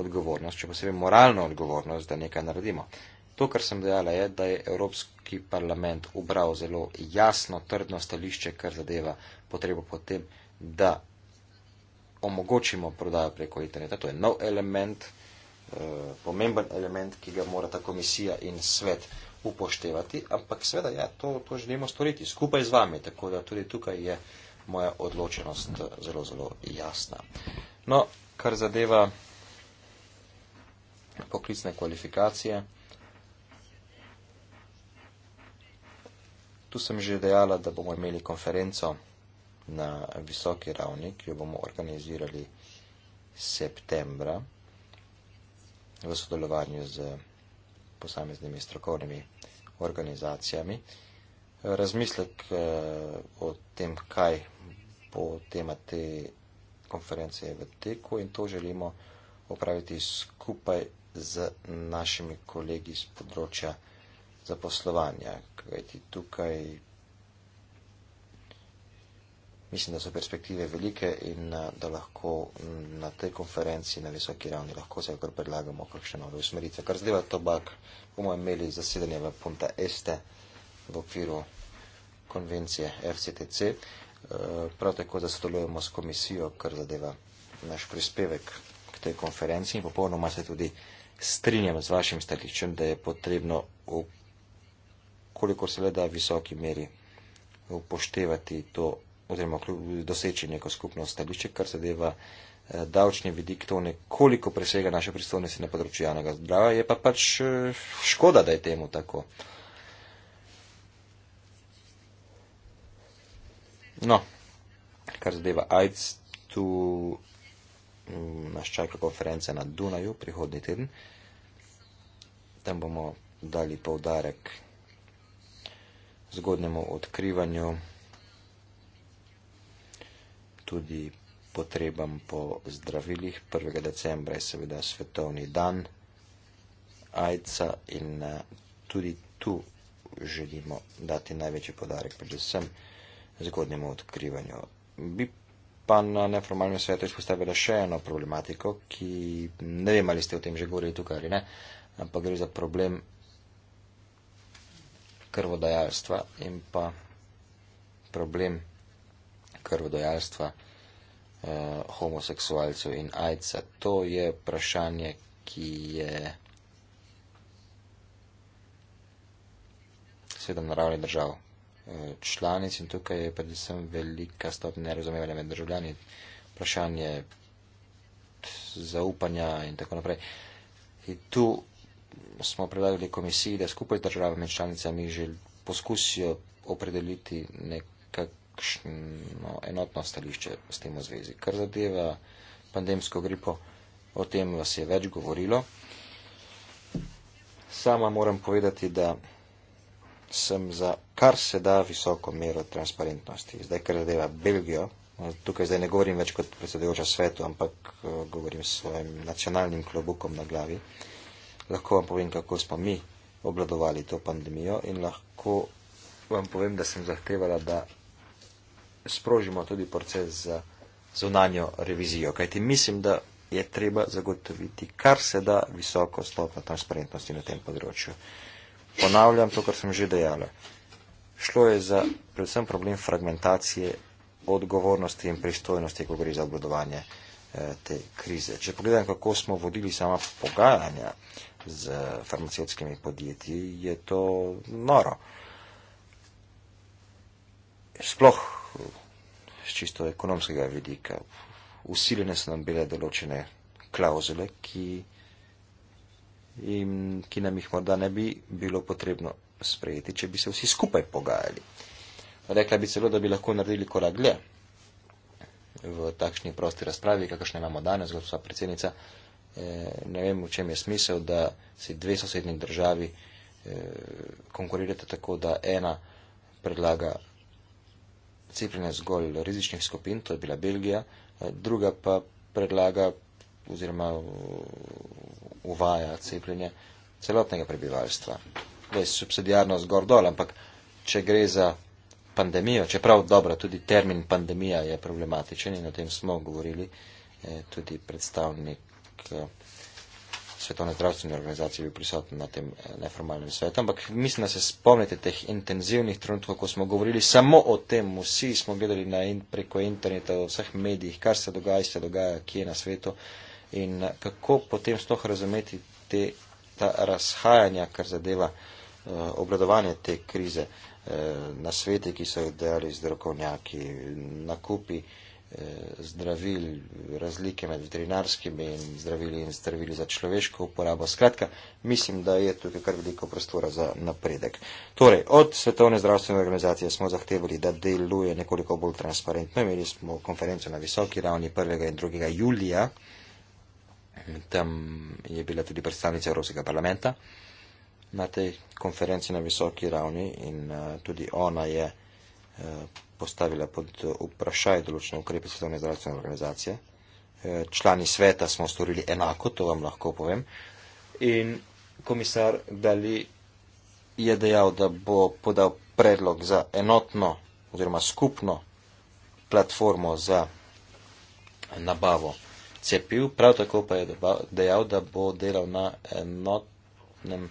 Speaker 3: odgovornost, če posebej moralno odgovornost, da nekaj naredimo. To, kar sem dejala, je, da je Evropski parlament ubral zelo jasno, trdno stališče, kar zadeva potrebo potem, da omogočimo prodajo preko interneta. To je nov element, eh, pomemben element, ki ga mora ta komisija in svet upoštevati, ampak seveda ja, to, to želimo storiti skupaj z vami, tako da tudi tukaj je moja odločenost eh, zelo, zelo jasna. No, kar zadeva poklicne kvalifikacije, tu sem že dejala, da bomo imeli konferenco na visoki ravni, ki jo bomo organizirali septembra v sodelovanju z posameznimi strokovnimi organizacijami. Razmislek eh, o tem, kaj bo tema te konference v teku in to želimo opraviti skupaj z našimi kolegi z področja zaposlovanja, kajti tukaj Mislim, da so perspektive velike in eh, da lahko mm, na tej konferenci na visoki ravni lahko se kar predlagamo kakšne nove usmerice. Kar zdaj tobak, bomo imeli zasedanje v Punta Este v okviru konvencije FCTC. Eh, prav tako zasodelujemo s komisijo, kar zadeva naš prispevek k tej konferenci in popolnoma se tudi strinjam z vašim stališčem, da je potrebno v kolikor se le da visoki meri upoštevati to oziroma doseči neko skupno stališče, kar se deva eh, davčni vidik, to nekoliko presega naše pristojnosti na področju javnega zdrava, je pa pač eh, škoda, da je temu tako. No, kar zadeva AIDS, tu mm, nas čaka konference na Dunaju prihodnji teden. Tam bomo dali povdarek zgodnemu odkrivanju tudi potrebam po zdravilih. 1. decembra je seveda svetovni dan AIDS-a in eh, tudi tu želimo dati največji podarek, predvsem zgodnemu odkrivanju. Bi pa na neformalnem svetu izpostavila še eno problematiko, ki ne vem, ali ste o tem že govorili tukaj ali ne, ampak gre za problem krvodajalstva in pa problem krvodojalstva eh, homoseksualcev in ajca. To je vprašanje, ki je seveda na ravni držav eh, članic in tukaj je predvsem velika stopnja nerazumevanja med državljani, vprašanje zaupanja in tako naprej. In tu smo predlagali komisiji, da skupaj z državami in članicami že poskusijo opredeliti nekako kakšno enotno stališče s tem v zvezi. Kar zadeva pandemsko gripo, o tem vas je več govorilo. Sama moram povedati, da sem za kar se da visoko mero transparentnosti. Zdaj, kar zadeva Belgijo, tukaj zdaj ne govorim več kot predsedujoča svetu, ampak eh, govorim s svojim nacionalnim klobukom na glavi. Lahko vam povem, kako smo mi obladovali to pandemijo in lahko vam povem, da sem zahtevala, da sprožimo tudi proces za zunanjo revizijo, kajti mislim, da je treba zagotoviti kar se da visoko stopno transparentnosti na tem področju. Ponavljam to, kar sem že dejala. Šlo je za predvsem problem fragmentacije odgovornosti in pristojnosti, ko gre za obvladovanje eh, te krize. Če pogledam, kako smo vodili sama pogajanja z farmacevskimi podjetji, je to noro. Sploh čisto ekonomskega vidika, usiljene so nam bile določene klauzule, ki, in, ki nam jih morda ne bi bilo potrebno sprejeti, če bi se vsi skupaj pogajali. Rekla bi celo, da bi lahko naredili korak dlje v takšni prosti razpravi, kakršne imamo danes, gospod predsednica. Eh, ne vem, v čem je smisel, da si dve sosednji državi eh, konkurirate tako, da ena predlaga cepljenja zgolj rizičnih skupin, to je bila Belgija, eh, druga pa predlaga oziroma uvaja cepljenje celotnega prebivalstva. To je subsidijarno zgor dol, ampak če gre za pandemijo, čeprav dobro, tudi termin pandemija je problematičen in o tem smo govorili, eh, tudi predstavnik eh, Svetovne zdravstvene organizacije bil prisoten na tem eh, neformalnem svetu, ampak mislim, da se spomnite teh intenzivnih trenutkov, ko smo govorili samo o tem, vsi smo gledali na in preko interneta, v vseh medijih, kar se dogaja, se dogaja, kje je na svetu in eh, kako potem sploh razumeti te, ta razhajanja, kar zadeva uh, eh, obladovanje te krize uh, na svete, ki so jo dejali zdravkovnjaki, nakupi. Uh, Eh, zdravil, razlike med veterinarskimi in zdravili in zdravili za človeško uporabo. Skratka, mislim, da je tukaj kar veliko prostora za napredek. Torej, od Svetovne zdravstvene organizacije smo zahtevali, da deluje nekoliko bolj transparentno. Imeli smo konferenco na visoki ravni 1. in 2. julija. Tam je bila tudi predstavnica Evropskega parlamenta na tej konferenci na visoki ravni in eh, tudi ona je eh, postavila pod vprašaj določene ukrepe Svetovne zdravstvene organizacije. E, člani sveta smo storili enako, to vam lahko povem. In komisar Dali je dejal, da bo podal predlog za enotno oziroma skupno platformo za nabavo cepiv. Prav tako pa je dejal, da bo delal na enotnem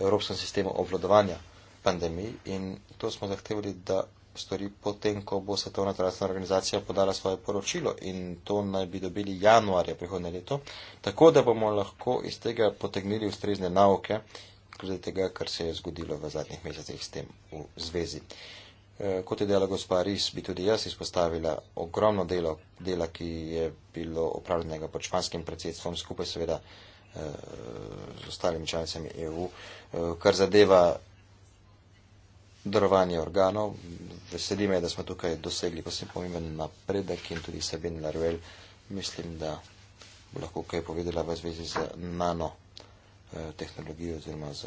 Speaker 3: evropskem sistemu obvladovanja pandemij in to smo zahtevali, da stvari potem, ko bo Svetovna zdravstvena organizacija podala svoje poročilo in to naj bi dobili januarja prihodne leto, tako da bomo lahko iz tega potegnili ustrezne nauke, glede tega, kar se je zgodilo v zadnjih mesecih s tem v zvezi. Eh, kot je dejala gospa Ris, bi tudi jaz izpostavila ogromno delo, dela, ki je bilo opravljenega pod španskim predsedstvom skupaj seveda eh, z ostalimi članicami EU, eh, kar zadeva darovanje organov. Veseli me, da smo tukaj dosegli posebej pomemben napredek in tudi Sabin Laruel, mislim, da bo lahko kaj povedala v zvezi z nanotehnologijo eh, oziroma z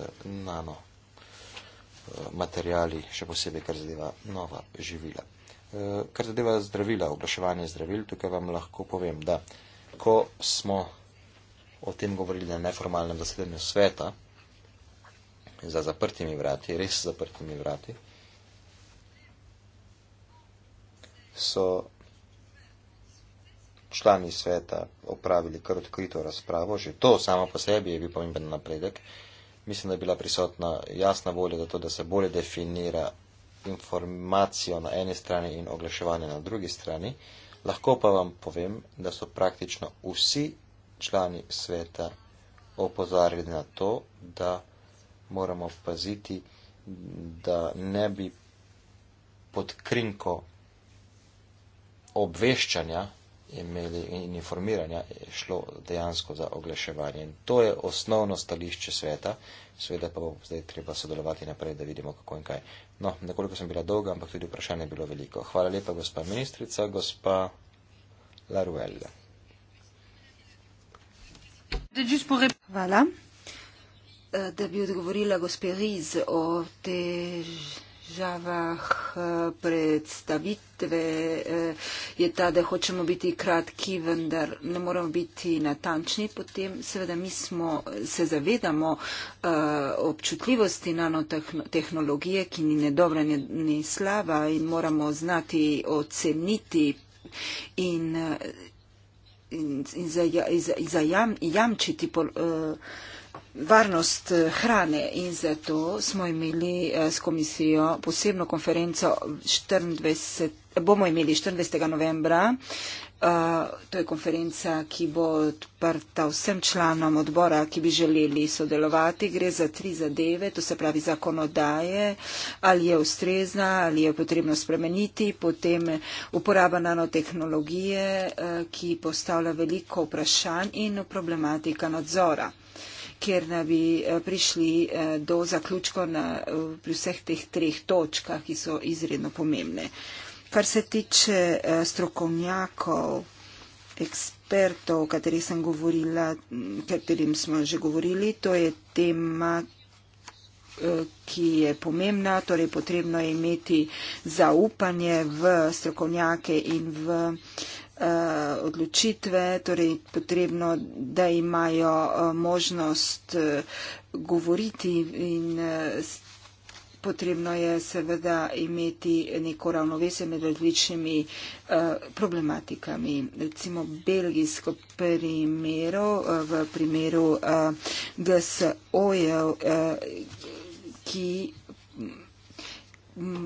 Speaker 3: nanomateriali, eh, še posebej, kar zadeva nova živila. Eh, kar zadeva zdravila, oglaševanje zdravil, tukaj vam lahko povem, da ko smo o tem govorili na neformalnem zasedanju sveta, za zaprtimi vrati, res zaprtimi vrati, so člani sveta opravili kar odkrito razpravo, že to samo po sebi je bil pomemben napredek. Mislim, da je bila prisotna jasna volja za to, da se bolje definira informacijo na eni strani in oglaševanje na drugi strani. Lahko pa vam povem, da so praktično vsi člani sveta opozarjali na to, da moramo paziti, da ne bi pod krinko obveščanja imeli in informiranja šlo dejansko za oglaševanje. In to je osnovno stališče sveta, seveda pa bo zdaj treba sodelovati naprej, da vidimo kako in kaj. No, nekoliko sem bila dolga, ampak tudi vprašanje je bilo veliko. Hvala lepa, gospa ministrica, gospa Laruelle.
Speaker 1: Hvala. Eh, da bi odgovorila gospe Riz o težavah eh, predstavitve, eh, je ta, da hočemo biti kratki, vendar ne moramo biti natančni. Potem seveda mi smo, se zavedamo občutljivosti nanotehnologije, ki ni ne dobra, ni, ni slaba in moramo znati oceniti in, in, in zajam, ja, jamčiti. Po, uh, varnost eh, hrane in zato smo imeli eh, s komisijo posebno konferenco 24, bomo imeli 24. novembra. Uh, to je konferenca, ki bo odprta vsem članom odbora, ki bi želeli sodelovati. Gre za tri zadeve, to se pravi zakonodaje, ali je ustrezna, ali je potrebno spremeniti, potem uporaba nanotehnologije, uh, ki postavlja veliko vprašanj in problematika nadzora kjer naj bi eh, prišli eh, do zaključka eh, pri vseh teh treh točkah, ki so izredno pomembne. Kar se tiče strokovnjakov, ekspertov, o katerih sem govorila, katerim smo že govorili, to je tema ki je pomembna, torej potrebno je imeti zaupanje v strokovnjake in v uh, uh, odločitve, torej potrebno, da imajo uh, možnost uh, govoriti in uh, potrebno je seveda imeti neko ravnovesje med različnimi uh, problematikami. Recimo belgijsko primero uh, v primeru uh, GSO-jev, uh, ki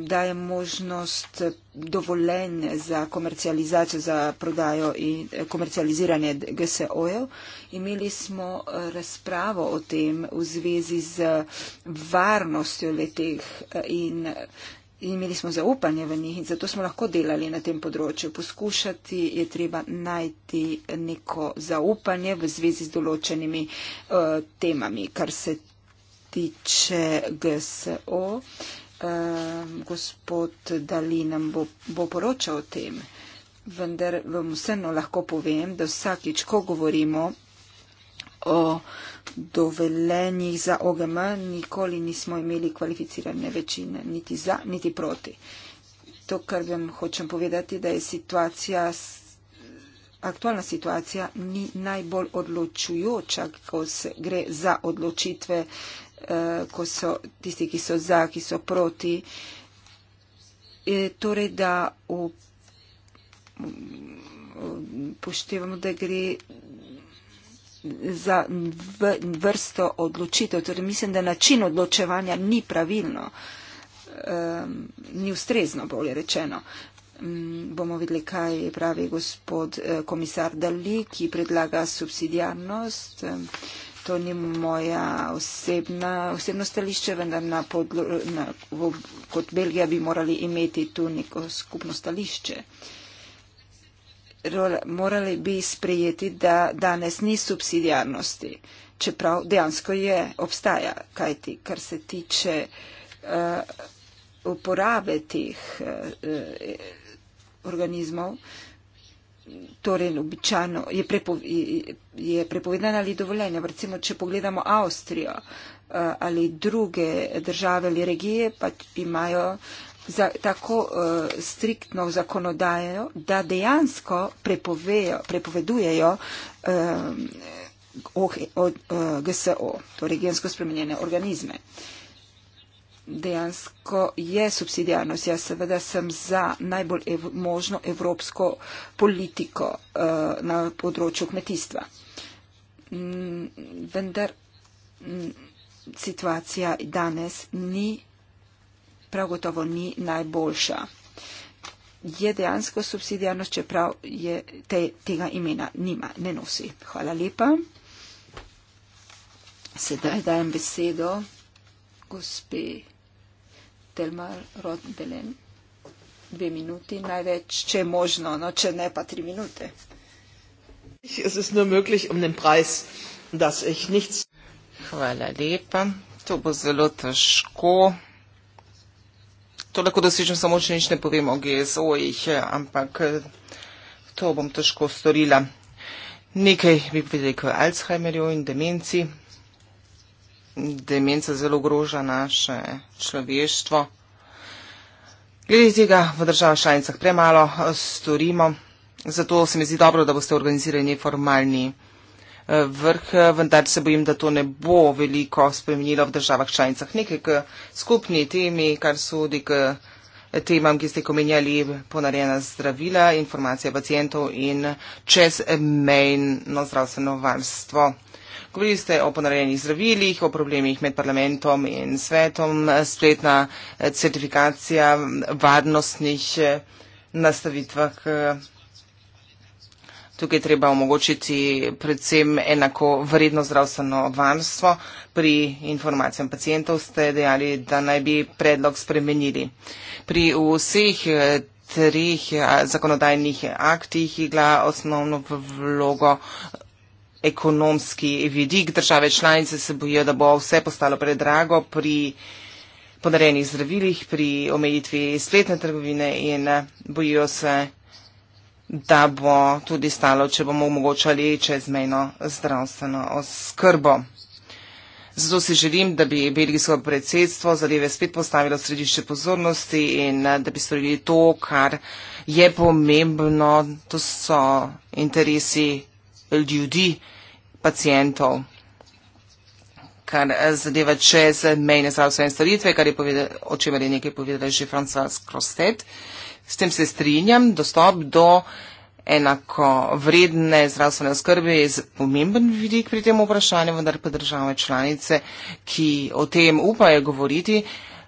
Speaker 1: daje možnost dovoljenj za komercializacijo, za prodajo in eh, komercializiranje GSO-jev. Imeli smo eh, razpravo o tem v zvezi z eh, varnostjo letih in imeli smo zaupanje v njih in zato smo lahko delali na tem področju. Poskušati je treba najti neko zaupanje v zvezi z določenimi uh, temami, kar se tiče GSO. Uh, Ehm, gospod Dali nam bo, bo poročal o tem, vendar vam vseeno lahko povem, da vsakič, ko govorimo o dovelenjih za OGM, nikoli nismo imeli kvalificirane večine, niti za, niti proti. To, kar vam hočem povedati, da je situacija, aktualna situacija ni najbolj odločujoča, ko se gre za odločitve uh, Eh, ko so tisti, ki so za, ki so proti. Eh, torej, da upoštevamo, da gre za vrsto odločitev. Torej, mislim, da način odločevanja ni pravilno, ni ustrezno, bolje rečeno. Mm, bomo videli, kaj pravi gospod eh, komisar Dali, ki predlaga subsidijarnost to ni moja osebna, osebno stališče, vendar na podlo, na, v, kot Belgija bi morali imeti tu neko skupno stališče. Morali bi sprejeti, da danes ni subsidijarnosti, čeprav dejansko je, obstaja, kajti kar se tiče uh, uporabe tih uh, eh, eh, organizmov. Uh, torej običajno je, prepo, je prepovedana ali dovoljena. Recimo, če pogledamo Avstrijo eh, ali druge države ali regije, pa imajo za, tako uh, striktno zakonodajo, da dejansko prepovedujejo um, OH, eh, od, uh, GSO, torej gensko spremenjene organizme. Uh, dejansko je subsidijarnost. Jaz seveda sem za najbolj ev možno evropsko politiko uh, na področju kmetijstva. Mm, vendar mm, situacija danes ni, prav gotovo ni najboljša. Je dejansko subsidijarnost, čeprav je te, tega imena nima, ne nosi. Hvala lepa. Sedaj dajem besedo gospe. Telma Rodbelen. Dve minuti največ, če je možno, no, če ne pa tri minute.
Speaker 2: Um Hvala lepa. To bo zelo težko. To lahko dosežem samo, če nič ne povem o GSO-jih, ampak eh, to bom težko storila. Nekaj bi povedali o Alzheimerju in demenciji demenca zelo ogroža naše človeštvo. Glede tega v državah članicah premalo eh, storimo, zato se mi zdi dobro, da boste organizirali neformalni eh, vrh, eh, vendar se bojim, da to ne bo veliko spremenilo v državah članicah. Nekaj k skupni temi, kar sodi k temam, ki ste komenjali ponarejena zdravila, informacije pacijentov in čezmejno zdravstveno varstvo. Govorili ste o ponarejenih zdravilih, o problemih med parlamentom in svetom, spletna eh, certifikacija varnostnih eh, nastavitvah. Eh, tukaj treba omogočiti predvsem enako vredno zdravstveno varstvo. Pri informacijam pacijentov ste dejali, da naj bi predlog spremenili. Pri vseh treh zakonodajnih aktih igra osnovno vlogo ekonomski vidik. Države članice se bojijo, da bo vse postalo predrago pri podarjenih zdravilih, pri omejitvi spletne trgovine in eh, bojijo se, da bo tudi stalo, če bomo omogočali čezmejno zdravstveno oskrbo. Zato si želim, da bi belgijsko predsedstvo zadeve spet postavilo v središče pozornosti in eh, da bi storili to, kar je pomembno, to so interesi ljudi pacijentov, kar eh, zadeva čez mejne zdravstvene storitve, kar je povedal, o čemer je nekaj povedala že Francois Crostet. S tem se strinjam, dostop do enako vredne zdravstvene skrbe je pomemben vidik pri tem vprašanju, vendar pa države članice, ki o tem upajo govoriti,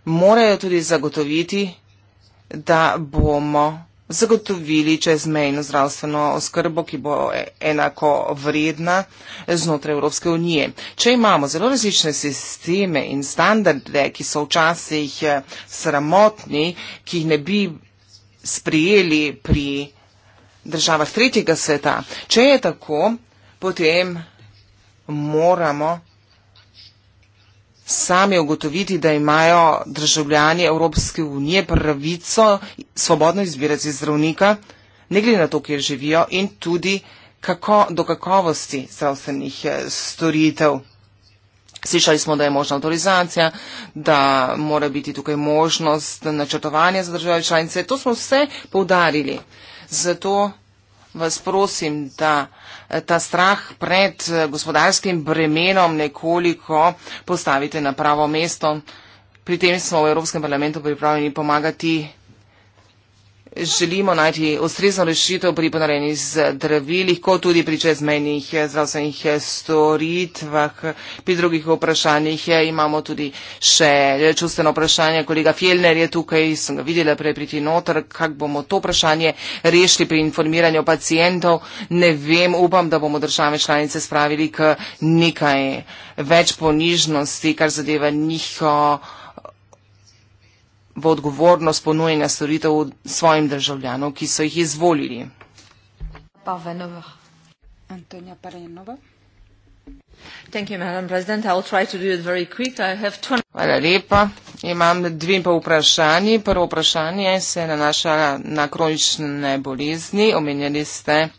Speaker 2: morajo tudi zagotoviti, da bomo zagotovili čezmejno zdravstveno oskrbo, ki bo e, enako vredna znotraj Evropske unije. Če imamo zelo različne sisteme in standarde, ki so včasih e, sramotni, ki jih ne bi sprijeli pri državah tretjega sveta, če je tako, potem moramo sami ugotoviti, da imajo državljani Evropske unije pravico svobodno izbirati zdravnika, ne glede na to, kjer živijo in tudi kako, do kakovosti zdravstvenih eh, storitev. Slišali smo, da je možna avtorizacija, da mora biti tukaj možnost načrtovanja za države članice. To smo vse poudarili. Zato vas prosim, da ta strah pred eh, gospodarskim bremenom nekoliko postavite na pravo mesto. Pri tem smo v Evropskem parlamentu pripravljeni pomagati želimo najti ustrezno rešitev pri ponarejenih zdravilih, kot tudi pri čezmejnih eh, zdravstvenih eh, storitvah. Pri drugih vprašanjih eh, imamo tudi še čustveno vprašanje. Kolega Fjellner je tukaj, sem ga videla prej priti noter, kako bomo to vprašanje rešili pri informiranju pacijentov. Ne vem, upam, da bomo države članice spravili k nekaj več ponižnosti, kar zadeva njihovo v odgovornost ponujenja storitev svojim državljanom, ki so jih izvolili. Hvala lepa. Imam dve pa vprašanji. Prvo vprašanje se nanaša na kronične bolezni. Omenjali ste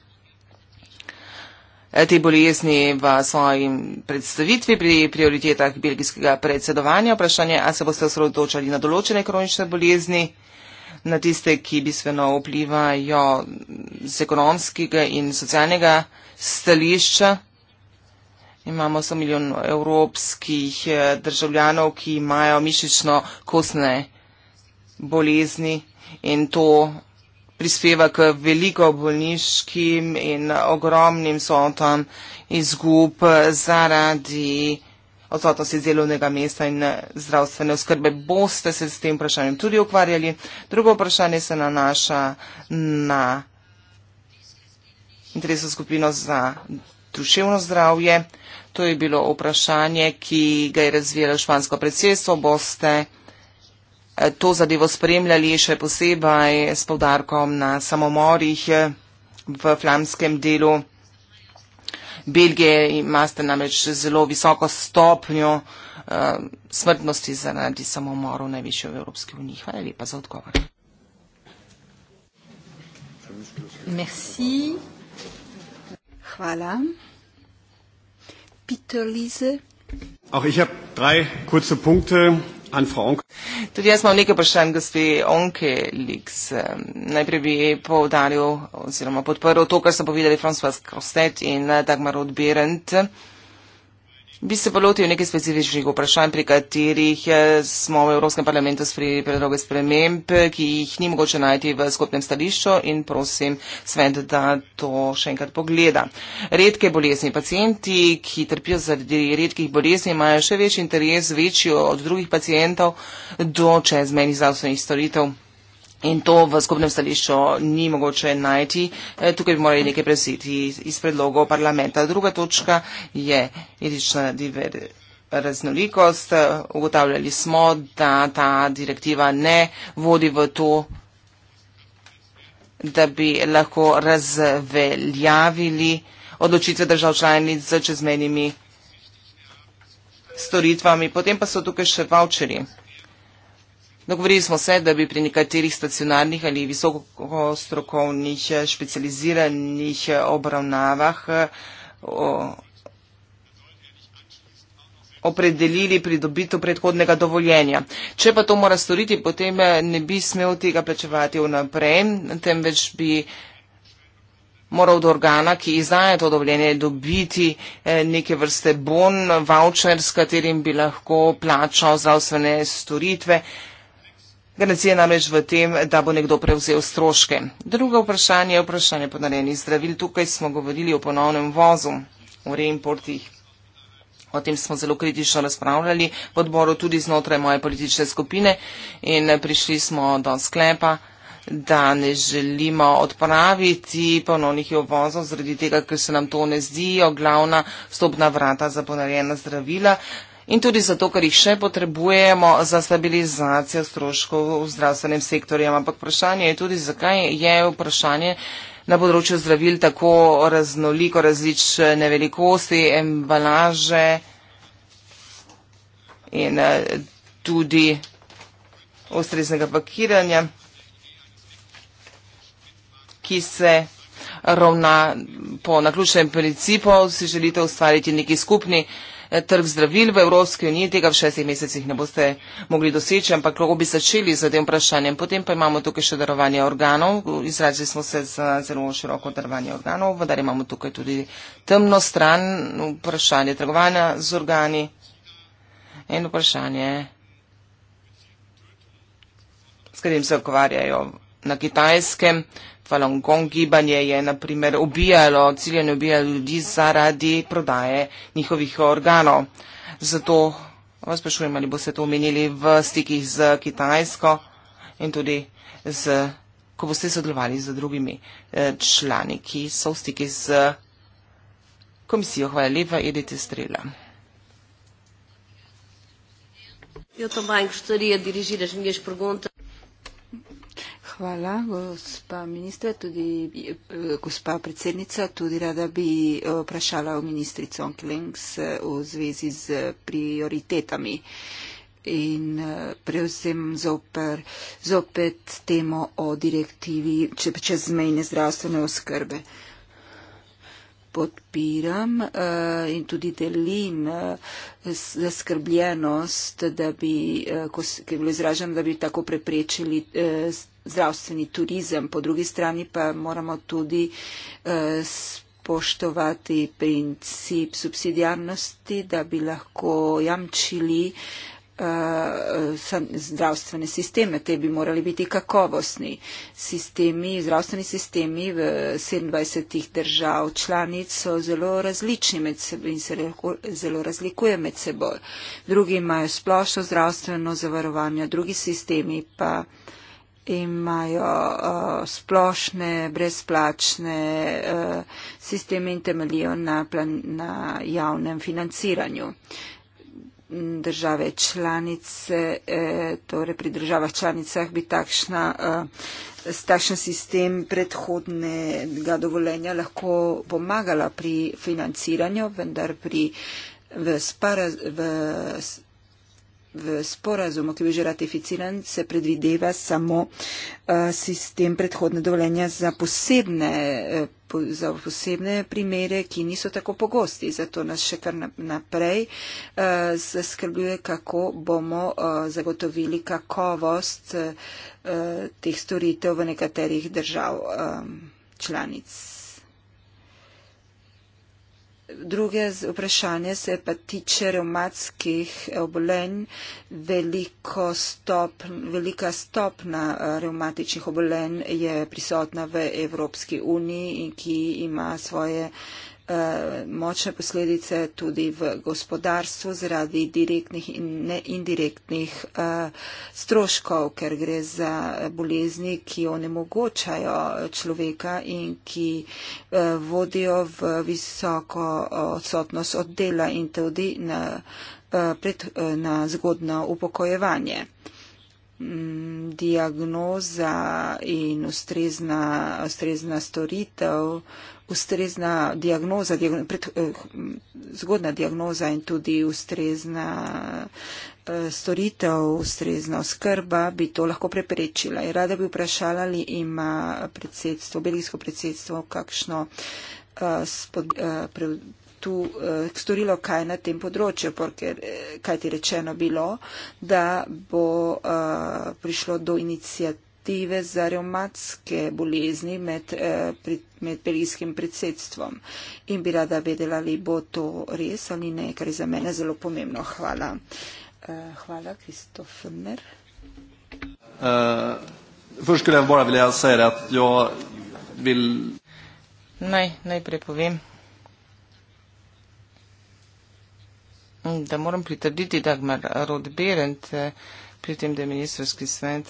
Speaker 2: te bolezni v svoji predstavitvi pri prioritetah belgijskega predsedovanja. Vprašanje, a se boste osredotočali na določene kronične bolezni, na tiste, ki bistveno vplivajo z ekonomskega in socialnega stališča. Imamo 100 milijon evropskih eh, državljanov, ki imajo mišično kostne bolezni in to prispeva k veliko bolniškim in ogromnim sotam izgub zaradi odsotnosti delovnega mesta in zdravstvene oskrbe. Boste se s tem vprašanjem tudi ukvarjali. Drugo vprašanje se nanaša na interesno skupino za duševno zdravje. To je bilo vprašanje, ki ga je razvijalo špansko predsedstvo. Boste vprašanje. Eh, to zadevo spremljali, še posebej s povdarkom na samomorih eh, v flamskem delu. Belgije imate namreč zelo visoko stopnjo uh, smrtnosti zaradi samomorov, najvišjo v Evropski uniji. Hvala lepa za odgovor.
Speaker 1: Merci. Hvala. Peter Lise.
Speaker 3: Auch ich habe
Speaker 2: drei kurze Punkte. An Tudi jaz imam nekaj vprašanj, gospe Onke Liks. Najprej bi poudaril oziroma podprl to, kar so povedali François Crostet in eh, Dagmar Odberent. Bi se polotil nekaj specifičnih vprašanj, pri katerih eh, smo v Evropskem parlamentu sprejeli predloge sprememb, ki jih ni mogoče najti v skupnem stališču in prosim svet, da to še enkrat pogleda. Redke bolezni pacijenti, ki trpijo zaradi redkih bolezni, imajo še več interes, večjo od drugih pacijentov do čezmenih zdravstvenih storitev. In to v skupnem stališču ni mogoče najti. E, tukaj bi morali nekaj presiti iz predlogov parlamenta. Druga točka je etična diverzija. Raznolikost. E, ugotavljali smo, da ta direktiva ne vodi v to, da bi lahko razveljavili odločitve držav članic z čezmenimi storitvami. Potem pa so tukaj še voucheri. Dogovorili no, smo se, da bi pri nekaterih stacionarnih ali visokostrokovnih eh, specializiranih eh, obravnavah eh, opredelili pridobitev predhodnega dovoljenja. Če pa to mora storiti, potem ne bi smel tega plačevati vnaprej, temveč bi moral do organa, ki izdaja to dovoljenje, dobiti neke vrste bon, voucher, s katerim bi lahko plačal zdravstvene storitve. Grec je namreč v tem, da bo nekdo prevzel stroške. Drugo vprašanje je vprašanje podarjenih zdravil. Tukaj smo govorili o ponovnem vozu v reimportih. O tem smo zelo kritično razpravljali v odboru tudi znotraj moje politične skupine in prišli smo do sklepa da ne želimo odpraviti ponovnih uvozov, zaradi tega, ker se nam to ne zdijo glavna stopna vrata za ponarejena zdravila, in tudi zato, ker jih še potrebujemo za stabilizacijo stroškov v zdravstvenem sektorju. Ampak vprašanje je tudi, zakaj je vprašanje na področju zdravil tako raznoliko, različne velikosti, embalaže in eh, tudi ustreznega pakiranja, ki se ravna po naključnem principu, si želite ustvariti neki skupni trg zdravil v Evropski uniji, tega v šestih mesecih ne boste mogli doseči, ampak lahko bi začeli z tem vprašanjem. Potem pa imamo tukaj še darovanje organov, izrazili smo se za zelo široko darovanje organov, vendar imamo tukaj tudi temno stran vprašanje trgovanja z organi. In vprašanje, s katerim se okvarjajo na kitajskem, Falun Gong gibanje je naprimer ubijalo, ciljeno ubijalo ljudi zaradi prodaje njihovih organov. Zato vas sprašujem, ali boste to omenili v stikih z Kitajsko in tudi z, ko boste sodelovali z drugimi eh, člani, ki so v stiki z komisijo. Hvala lepa, Edith Estrela.
Speaker 3: Eu também gostaria de dirigir as minhas perguntas.
Speaker 1: Hvala, gospa ministra, tudi eh, gospa predsednica, tudi rada bi eh, vprašala o ministrico Onklings eh, v zvezi z prioritetami in prevzem zoper, zopet temo o direktivi čezmejne zdravstvene oskrbe. Podpiram uh, in tudi delim uh, zaskrbljenost, da bi, uh, ko, ki je bilo izraženo, da bi tako preprečili uh, zdravstveni turizem, po drugi strani pa moramo tudi eh, spoštovati princip subsidijarnosti, da bi lahko jamčili eh, zdravstvene sisteme, te bi morali biti kakovostni. Sistemi, zdravstveni sistemi v 27 držav članic so zelo različni med seboj in se zelo razlikuje med seboj. Drugi imajo splošno zdravstveno zavarovanje, drugi sistemi pa uh, imajo uh, splošne, brezplačne uh, sisteme in temelijo na, plan, na javnem financiranju. Države članice, eh, torej pri državah članicah bi takšna, eh, takšen sistem predhodnega dovoljenja lahko pomagala pri financiranju, vendar pri, v, spara, v v sporazumu, ki je že ratificiran, se predvideva samo eh, sistem predhodne dovoljenja za posebne, eh, za posebne primere, ki niso tako pogosti. Zato nas še kar naprej eh, zaskrbljuje, kako bomo zagotovili kakovost teh storitev v nekaterih držav članic. Druge vprašanje se pa tiče reumatskih eh, obolenj, veliko stopn, velika stopna eh, reumatičnih obolenj je prisotna v Evropski uniji, ki ima svoje uh, Eh, močne posledice tudi v gospodarstvu zaradi direktnih in neindirektnih eh, stroškov, ker gre za bolezni, ki onemogočajo človeka in ki eh, vodijo v visoko odsotnost od dela in tudi na, pred, na zgodno upokojevanje. Mm, diagnoza in ustrezna, ustrezna storitev, ustrezna diagnoza, diagno, pred, eh, zgodna diagnoza in tudi ustrezna eh, storitev, ustrezna oskrba bi to lahko preprečila. In rada bi vprašala, ali ima predsedstvo, belgijsko predsedstvo, kakšno eh, spod, eh, pre, tu eh, storilo kaj na tem področju, porker, eh, kaj ti rečeno bilo, da bo eh, prišlo do inicijative za reumatske bolezni med, eh, pri, med belgijskim predsedstvom. In bi rada vedela, ali bo to res ali ne, kar je za mene zelo pomembno. Hvala. Eh, hvala, Kristofner.
Speaker 4: Uh, vil...
Speaker 2: Naj, najprej povem. Da moram pritrditi, da ima rod Berend eh, pri tem, da je ministerski svet.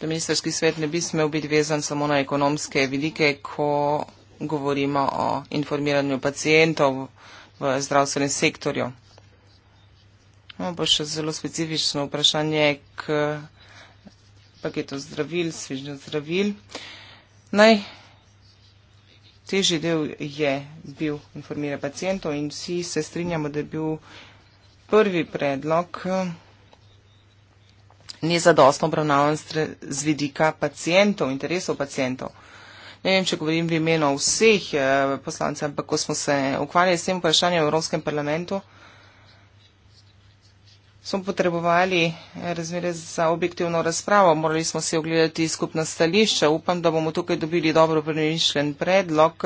Speaker 2: Da ministerski svet ne bi smel biti vezan samo na ekonomske vidike, ko govorimo o informiranju pacijentov v zdravstvenem sektorju. No, bo še zelo specifično vprašanje k paketu zdravil, svižnjo zdravil. Naj težji del je bil informiranje pacijentov in vsi se strinjamo, da je bil prvi predlog eh, nezadostno obravnavan z vidika pacijentov, interesov pacijentov. Ne vem, če govorim v imenu vseh eh, poslancev, ampak ko smo se ukvarjali s tem vprašanjem v Evropskem parlamentu, smo potrebovali razmere za objektivno razpravo, morali smo si ogledati skupna stališča. Upam, da bomo tukaj dobili dobro premišljen predlog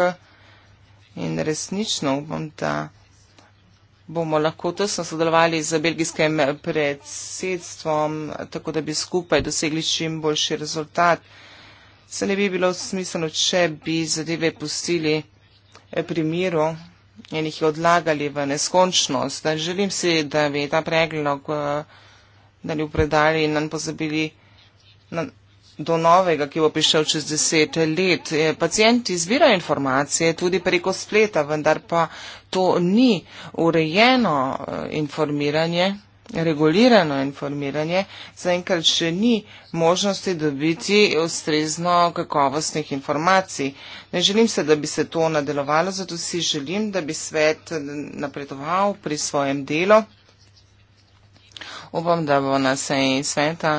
Speaker 2: in resnično upam, da bomo lahko tesno sodelovali z belgijskim predsedstvom, tako da bi skupaj dosegli čim boljši rezultat. Se ne bi bilo smiselno, če bi zadeve pustili pri miru in jih odlagali v neskončnost. Da želim si, da bi ta predlog, eh, da bi upredali in nam pozabili na, do novega, ki bo prišel čez deset let. Eh, Pacijenti izbirajo informacije tudi preko spleta, vendar pa to ni urejeno eh, informiranje regulirano informiranje, zaenkrat še ni možnosti dobiti ustrezno kakovostnih informacij. Ne želim se, da bi se to nadelovalo, zato si želim, da bi svet napredoval pri svojem delu. Upam, da bo na seji sveta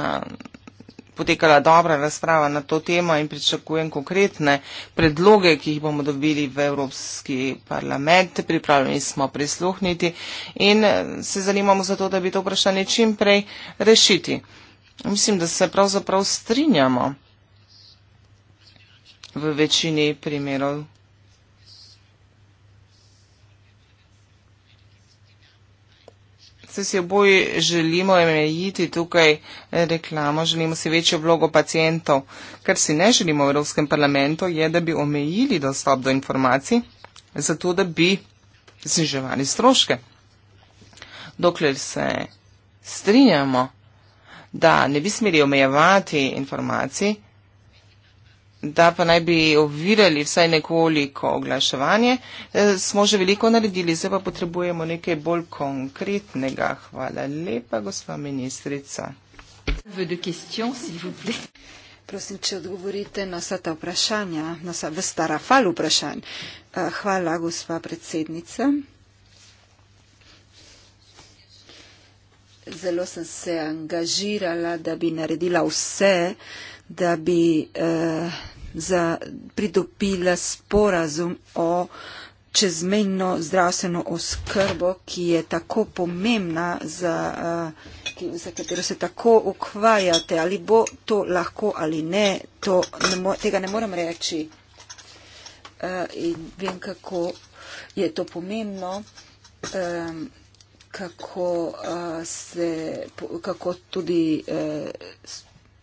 Speaker 2: potekala dobra razprava na to temo in pričakujem konkretne predloge, ki jih bomo dobili v Evropski parlament. Pripravljeni smo prisluhniti in eh, se zanimamo za to, da bi to vprašanje čim prej rešiti. Mislim, da se pravzaprav strinjamo v večini primerov. se seboj želimo emejiti tukaj eh, reklamo, želimo si večjo vlogo pacijentov. Kar si ne želimo v Evropskem parlamentu, je, da bi omejili dostop do informacij, zato da bi zniževali stroške. Dokler se strinjamo, da ne bi smeli omejevati informacij, da pa naj bi ovirali vsaj nekoliko oglaševanje. Eh, smo že veliko naredili, zdaj pa potrebujemo nekaj bolj konkretnega. Hvala lepa, gospa ministrica.
Speaker 1: Prosim, če odgovorite na vsa ta vprašanja, na vsa vrsta rafal vprašanj. Eh, hvala, gospa predsednica. Zelo sem se angažirala, da bi naredila vse, da bi eh, za, pridobila sporazum o čezmejno zdravstveno oskrbo, ki je tako pomembna, za, uh, ki, za katero se tako ukvarjate, ali bo to lahko ali ne, to ne tega ne morem reči. Uh, in vem, kako je to pomembno, um, kako, uh, se, kako tudi uh,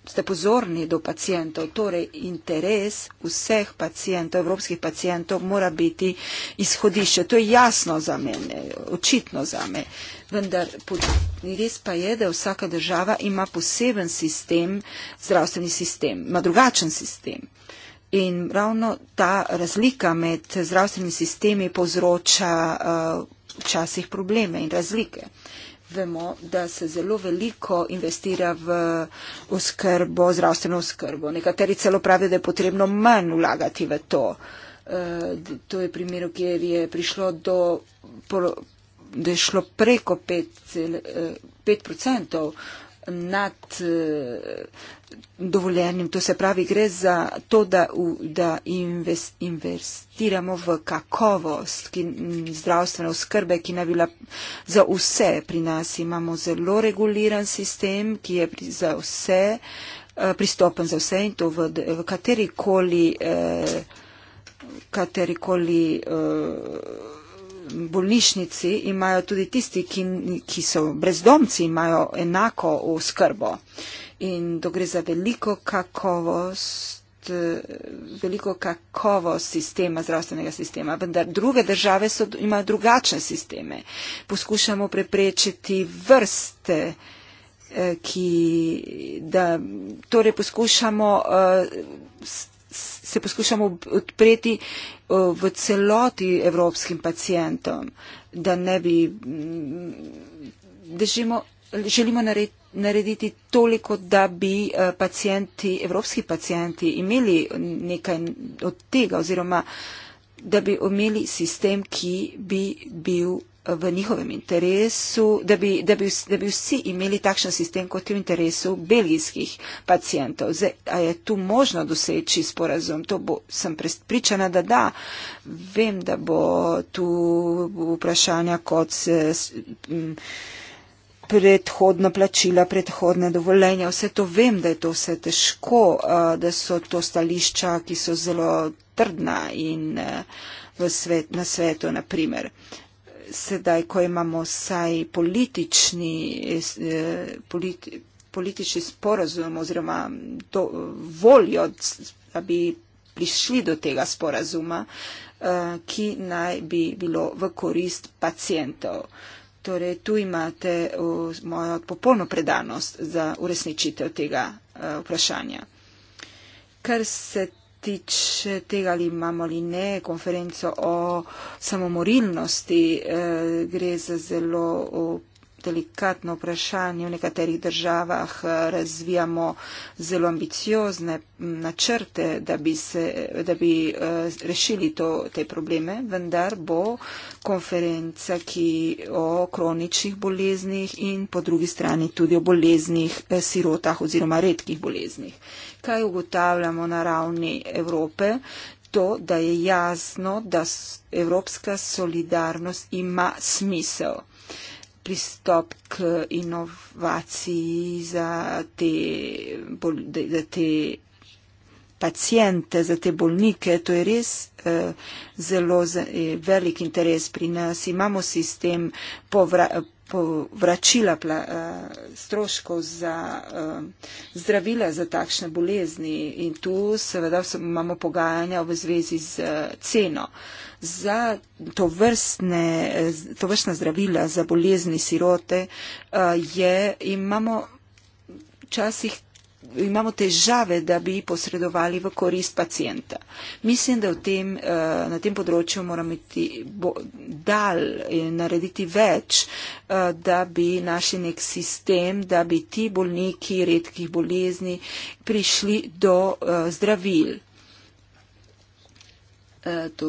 Speaker 1: ste pozorni do pacijentov, torej interes vseh pacijentov, evropskih pacijentov mora biti izhodišče. To je jasno za mene, očitno za me. Vendar res pa je, da vsaka država ima poseben sistem, zdravstveni sistem, ima drugačen sistem. In ravno ta razlika med zdravstvenimi sistemi povzroča uh, včasih probleme in razlike vemo, da se zelo veliko investira v oskrbo, zdravstveno oskrbo. Nekateri celo pravijo, da je potrebno manj vlagati v to. Eh, to je primer, kjer je prišlo do, da je šlo preko 5%, 5 nad eh, dovoljenim. To se pravi, gre za to, da, da investiramo v kakovost ki, zdravstvene oskrbe, ki naj bi bila za vse pri nas. Imamo zelo reguliran sistem, ki je pri, za vse eh, pristopen za vse in to v, v katerikoli, eh, katerikoli eh, bolnišnici imajo tudi tisti, ki, ki so brezdomci, imajo enako oskrbo. In to gre za veliko kakovost, veliko kakovost sistema, zdravstvenega sistema. Vendar druge države so, imajo drugačne sisteme. Poskušamo preprečiti vrste, eh, ki, da, torej poskušamo uh, se poskušamo odpreti eh, v celoti evropskim pacijentom, da ne bi, mm, da želimo, želimo narediti toliko, da bi eh, pacijenti, evropski pacijenti imeli nekaj od tega oziroma da bi imeli sistem, ki bi bil v njihovem interesu, da bi, da, bi, da bi vsi imeli takšen sistem kot je v interesu belgijskih pacijentov. Zdaj, a je tu možno doseči sporazum? To bo, sem pričana, da da. Vem, da bo tu vprašanja kot se, m, predhodno plačila, predhodne dovoljenja. Vse to vem, da je to vse težko, da so to stališča, ki so zelo trdna in svet, na svetu, na primer sedaj, ko imamo vsaj politični, eh, politi, politični sporazum oziroma do, voljo, da bi prišli do tega sporazuma, eh, ki naj bi bilo v korist pacijentov. Torej, tu imate mojo popolno predanost za uresničitev tega eh, vprašanja. Kar se tiče tega, ali imamo ali ne konferenco o samomorilnosti, eh, gre za zelo delikatno vprašanje. V nekaterih državah eh, razvijamo zelo ambiciozne mm, načrte, da bi, se, da bi eh, rešili to, te probleme, vendar bo konferenca, ki o kroničnih boleznih in po drugi strani tudi o boleznih eh, sirotah oziroma redkih boleznih. Kaj ugotavljamo na ravni Evrope? To, da je jasno, da evropska solidarnost ima smisel pristop k inovaciji za te, bol, za te pacijente, za te bolnike. To je res eh, zelo eh, velik interes pri nas. Imamo sistem povra, povračila pla, eh, stroškov za eh, zdravila za takšne bolezni in tu seveda imamo pogajanja v zvezi z eh, ceno. Za to, vrstne, to vrstna zdravila za bolezni sirote je, imamo včasih imamo težave, da bi posredovali v korist pacijenta. Mislim, da tem, eh, na tem področju moramo biti dal in narediti več, eh, da bi našli nek sistem, da bi ti bolniki redkih bolezni prišli do eh, zdravil. To,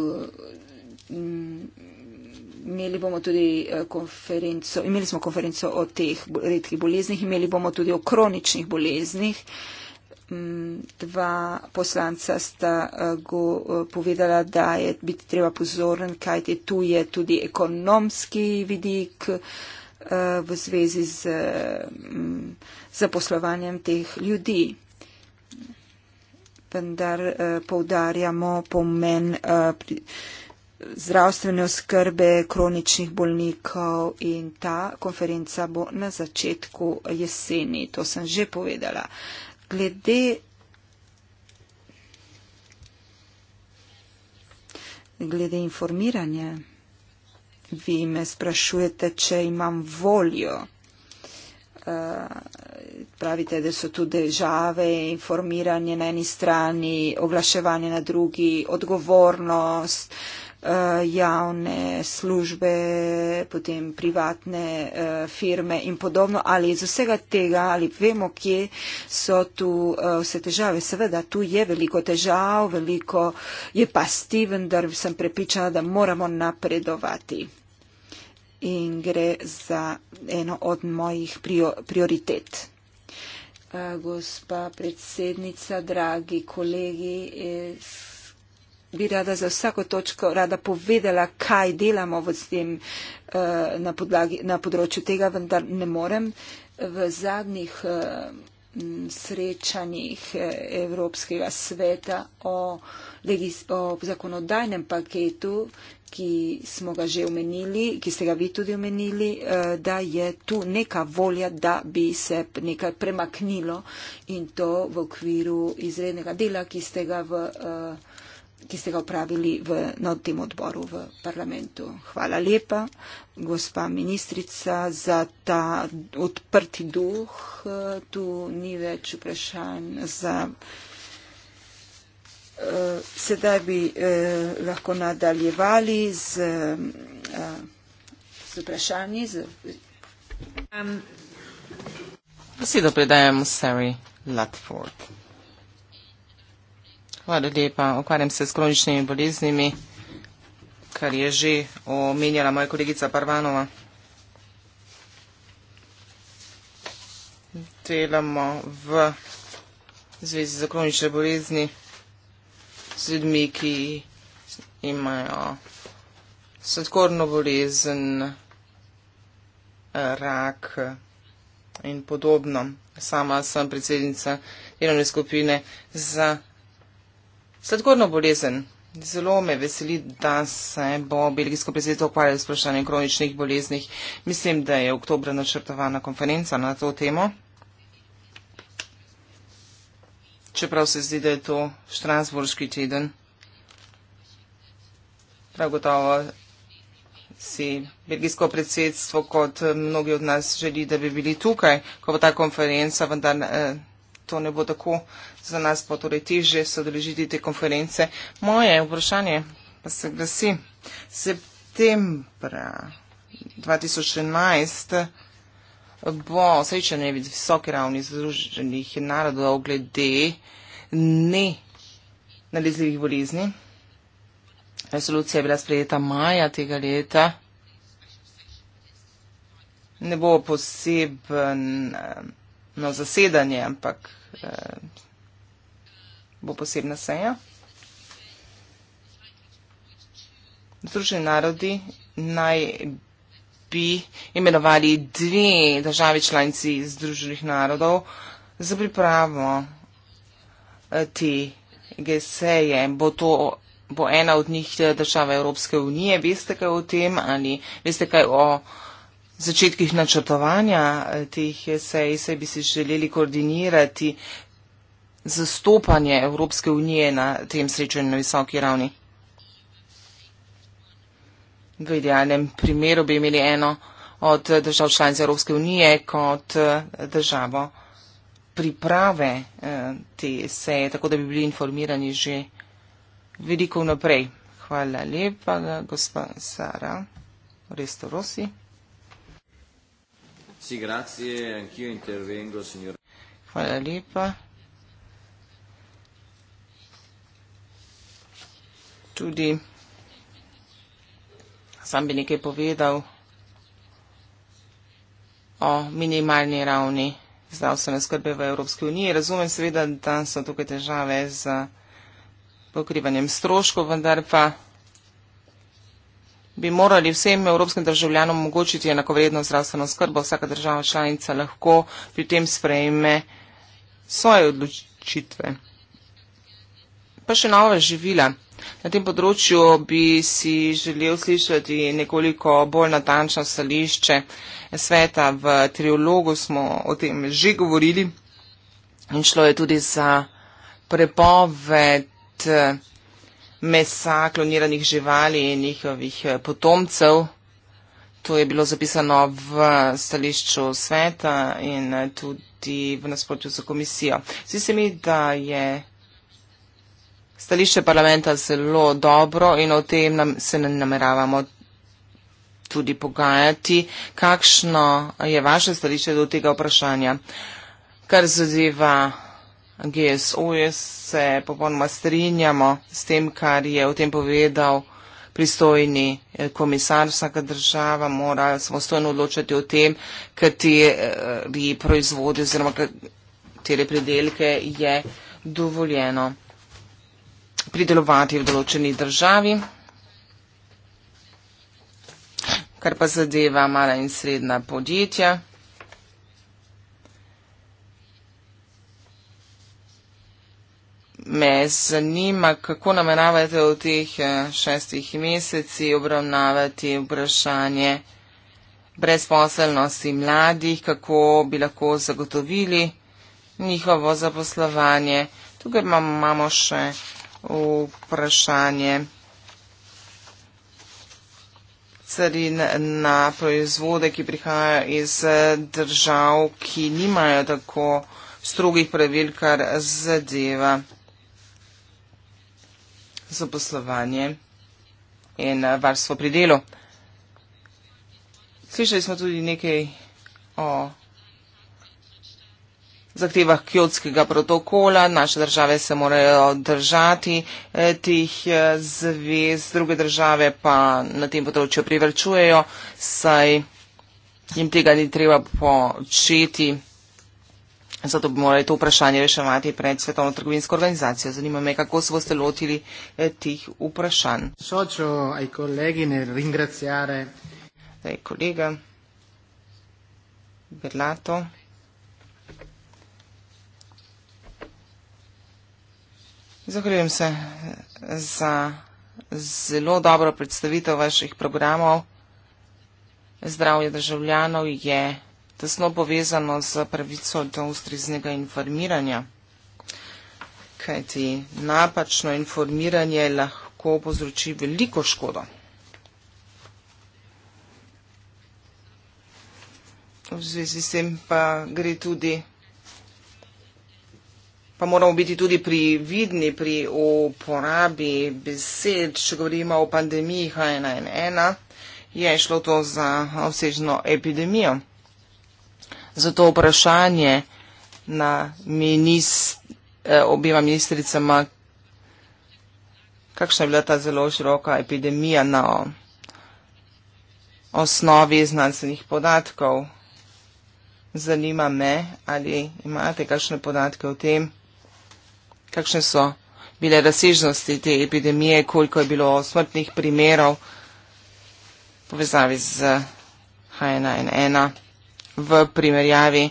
Speaker 1: mm, imeli bomo tudi eh, konferenco, imeli smo konferenco o teh redkih boleznih, imeli bomo tudi o kroničnih boleznih. Mm, dva poslanca sta eh, go eh, povedala, da je biti treba pozoren, kajti tu je tudi ekonomski vidik v zvezi z mm, zaposlovanjem teh ljudi. Vendar poudarjamo pomen. Uh, pri, zdravstvene oskrbe kroničnih bolnikov in ta konferenca bo na začetku jeseni. To sem že povedala. Glede glede informiranja. Vi me sprašujete, če imam voljo. Uh, pravite, da so tu države, informiranje na eni strani, oglaševanje na drugi, odgovornost, uh, Eh, javne službe, potem privatne eh, firme in podobno. Ali iz vsega tega, ali vemo, kje so tu eh, vse težave. Seveda, tu je veliko težav, veliko je pasti, vendar sem prepričana, da moramo napredovati. In gre za eno od mojih prioritet. Gospa predsednica, dragi kolegi iz bi rada za vsako točko rada povedala, kaj delamo v tem eh, na, podlagi, na področju tega, vendar ne morem. V zadnjih eh, srečanjih eh, Evropskega sveta o, o zakonodajnem paketu, ki smo ga že omenili, ki ste ga vi tudi omenili, da je tu neka volja, da bi se nekaj premaknilo in to v okviru izrednega dela, ki ste ga v. Uh, ki ste ga upravili v, na tem odboru v parlamentu. Hvala lepa, gospa ministrica, za ta odprti duh. Tu ni več vprašanj za. Eh, sedaj bi eh, lahko nadaljevali z, eh, z vprašanji. Z... Um.
Speaker 2: Besedo predajam Sari Latford. Hvala lepa. Okvarjam se s kroničnimi boleznimi, kar je že omenjala moja kolegica Parvanova. Delamo v zvezi za kronične bolezni z ljudmi, ki imajo sladkorno bolezen, rak in podobno. Sama sem predsednica delovne skupine za Sladkorno bolezen. Zelo me veseli, da se bo belgijsko predsedstvo ukvarjalo s vprašanjem kroničnih boleznih. Mislim, da je oktobra načrtovana konferenca na to temo. Čeprav se zdi, da je to Štransburški teden. Prav gotovo si belgijsko predsedstvo, kot mnogi od nas želi, da bi bili tukaj, ko bo ta konferenca, vendar. Eh, to ne bo tako, za nas pa torej težje sodeležiti te konference. Moje vprašanje pa se glasi. Septembra 2011 bo srečanje v visoki ravni združenih narodov glede ne nalezljivih bolezni. Resolucija je bila sprejeta maja tega leta. Ne bo poseben. Um, no, zasedanje, ampak eh, bo posebna seja. Združeni narodi naj bi imenovali dve državi članici Združenih narodov za pripravo eh, te geseje. Bo to bo ena od njih eh, država Evropske unije. Veste kaj o tem ali veste kaj o začetkih načrtovanja eh, teh sej, saj bi se želeli koordinirati zastopanje Evropske unije na tem srečanju na visoki ravni. V idealnem primeru bi imeli eno od eh, držav članic Evropske unije kot eh, državo priprave te seje, tako da bi bili informirani že veliko naprej. Hvala lepa, gospod Sara. Resto Rossi.
Speaker 3: Sì, grazie, anch'io intervengo, signora.
Speaker 2: Hvala lepa. Tudi sam bi nekaj povedal o minimalni ravni zdravstvene skrbe v Evropski uniji. Razumem seveda, da so tukaj težave z pokrivanjem stroškov, vendar pa bi morali vsem evropskim državljanom omogočiti enakovredno zdravstveno skrbo. Vsaka država članica lahko pri tem sprejme svoje odločitve. Pa še nova živila. Na tem področju bi si želel slišati nekoliko bolj natančno stališče sveta. V triologu smo o tem že govorili in šlo je tudi za prepoved mesa kloniranih živali in njihovih eh, potomcev. To je bilo zapisano v stališču sveta in eh, tudi v nasprotju z komisijo. Zdi se mi, da je stališče parlamenta zelo dobro in o tem nam, se ne nameravamo tudi pogajati. Kakšno je vaše stališče do tega vprašanja, kar zadeva GSO. Jaz se popolnoma strinjamo s tem, kar je o tem povedal pristojni eh, komisar. Vsaka država mora samostojno odločati o tem, kateri eh, proizvodi oziroma kateri predelke je dovoljeno pridelovati v določeni državi. Kar pa zadeva mala in srednja podjetja, me zanima, kako nameravate v teh eh, šestih mesecih obravnavati vprašanje brezposelnosti mladih, kako bi lahko zagotovili njihovo zaposlovanje. Tukaj imamo še vprašanje carin na proizvode, ki prihajajo iz eh, držav, ki nimajo tako strogih pravil, kar zadeva zaposlovanje in eh, varstvo pri delu. Slišali smo tudi nekaj o zahtevah kjotskega protokola, naše države se morajo držati tih eh, eh, zvez, druge države pa na tem področju privrčujejo, saj jim tega ni treba početi. Zato bi morali to vprašanje reševati pred Svetovno trgovinsko organizacijo. Zanima me, kako se boste lotili eh, tih vprašanj. Sočo ai kolegi ne ringraciare. Zdaj, kolega Berlato. Zahvaljujem se eh, za zelo dobro predstavitev vaših programov. Zdravje državljanov je tesno povezano z pravico do ustreznega informiranja. Kajti napačno informiranje lahko povzroči veliko škodo. V zvezi s tem pa gre tudi, pa moramo biti tudi prividni pri uporabi besed, če govorimo o pandemiji H1N1, je šlo to za obsežno epidemijo za to vprašanje na ministr, eh, obima ministricama, kakšna je bila ta zelo široka epidemija na osnovi znanstvenih podatkov. Zanima me, ali imate kakšne podatke o tem, kakšne so bile razsežnosti te epidemije, koliko je bilo smrtnih primerov povezavi z H1N1 v primerjavi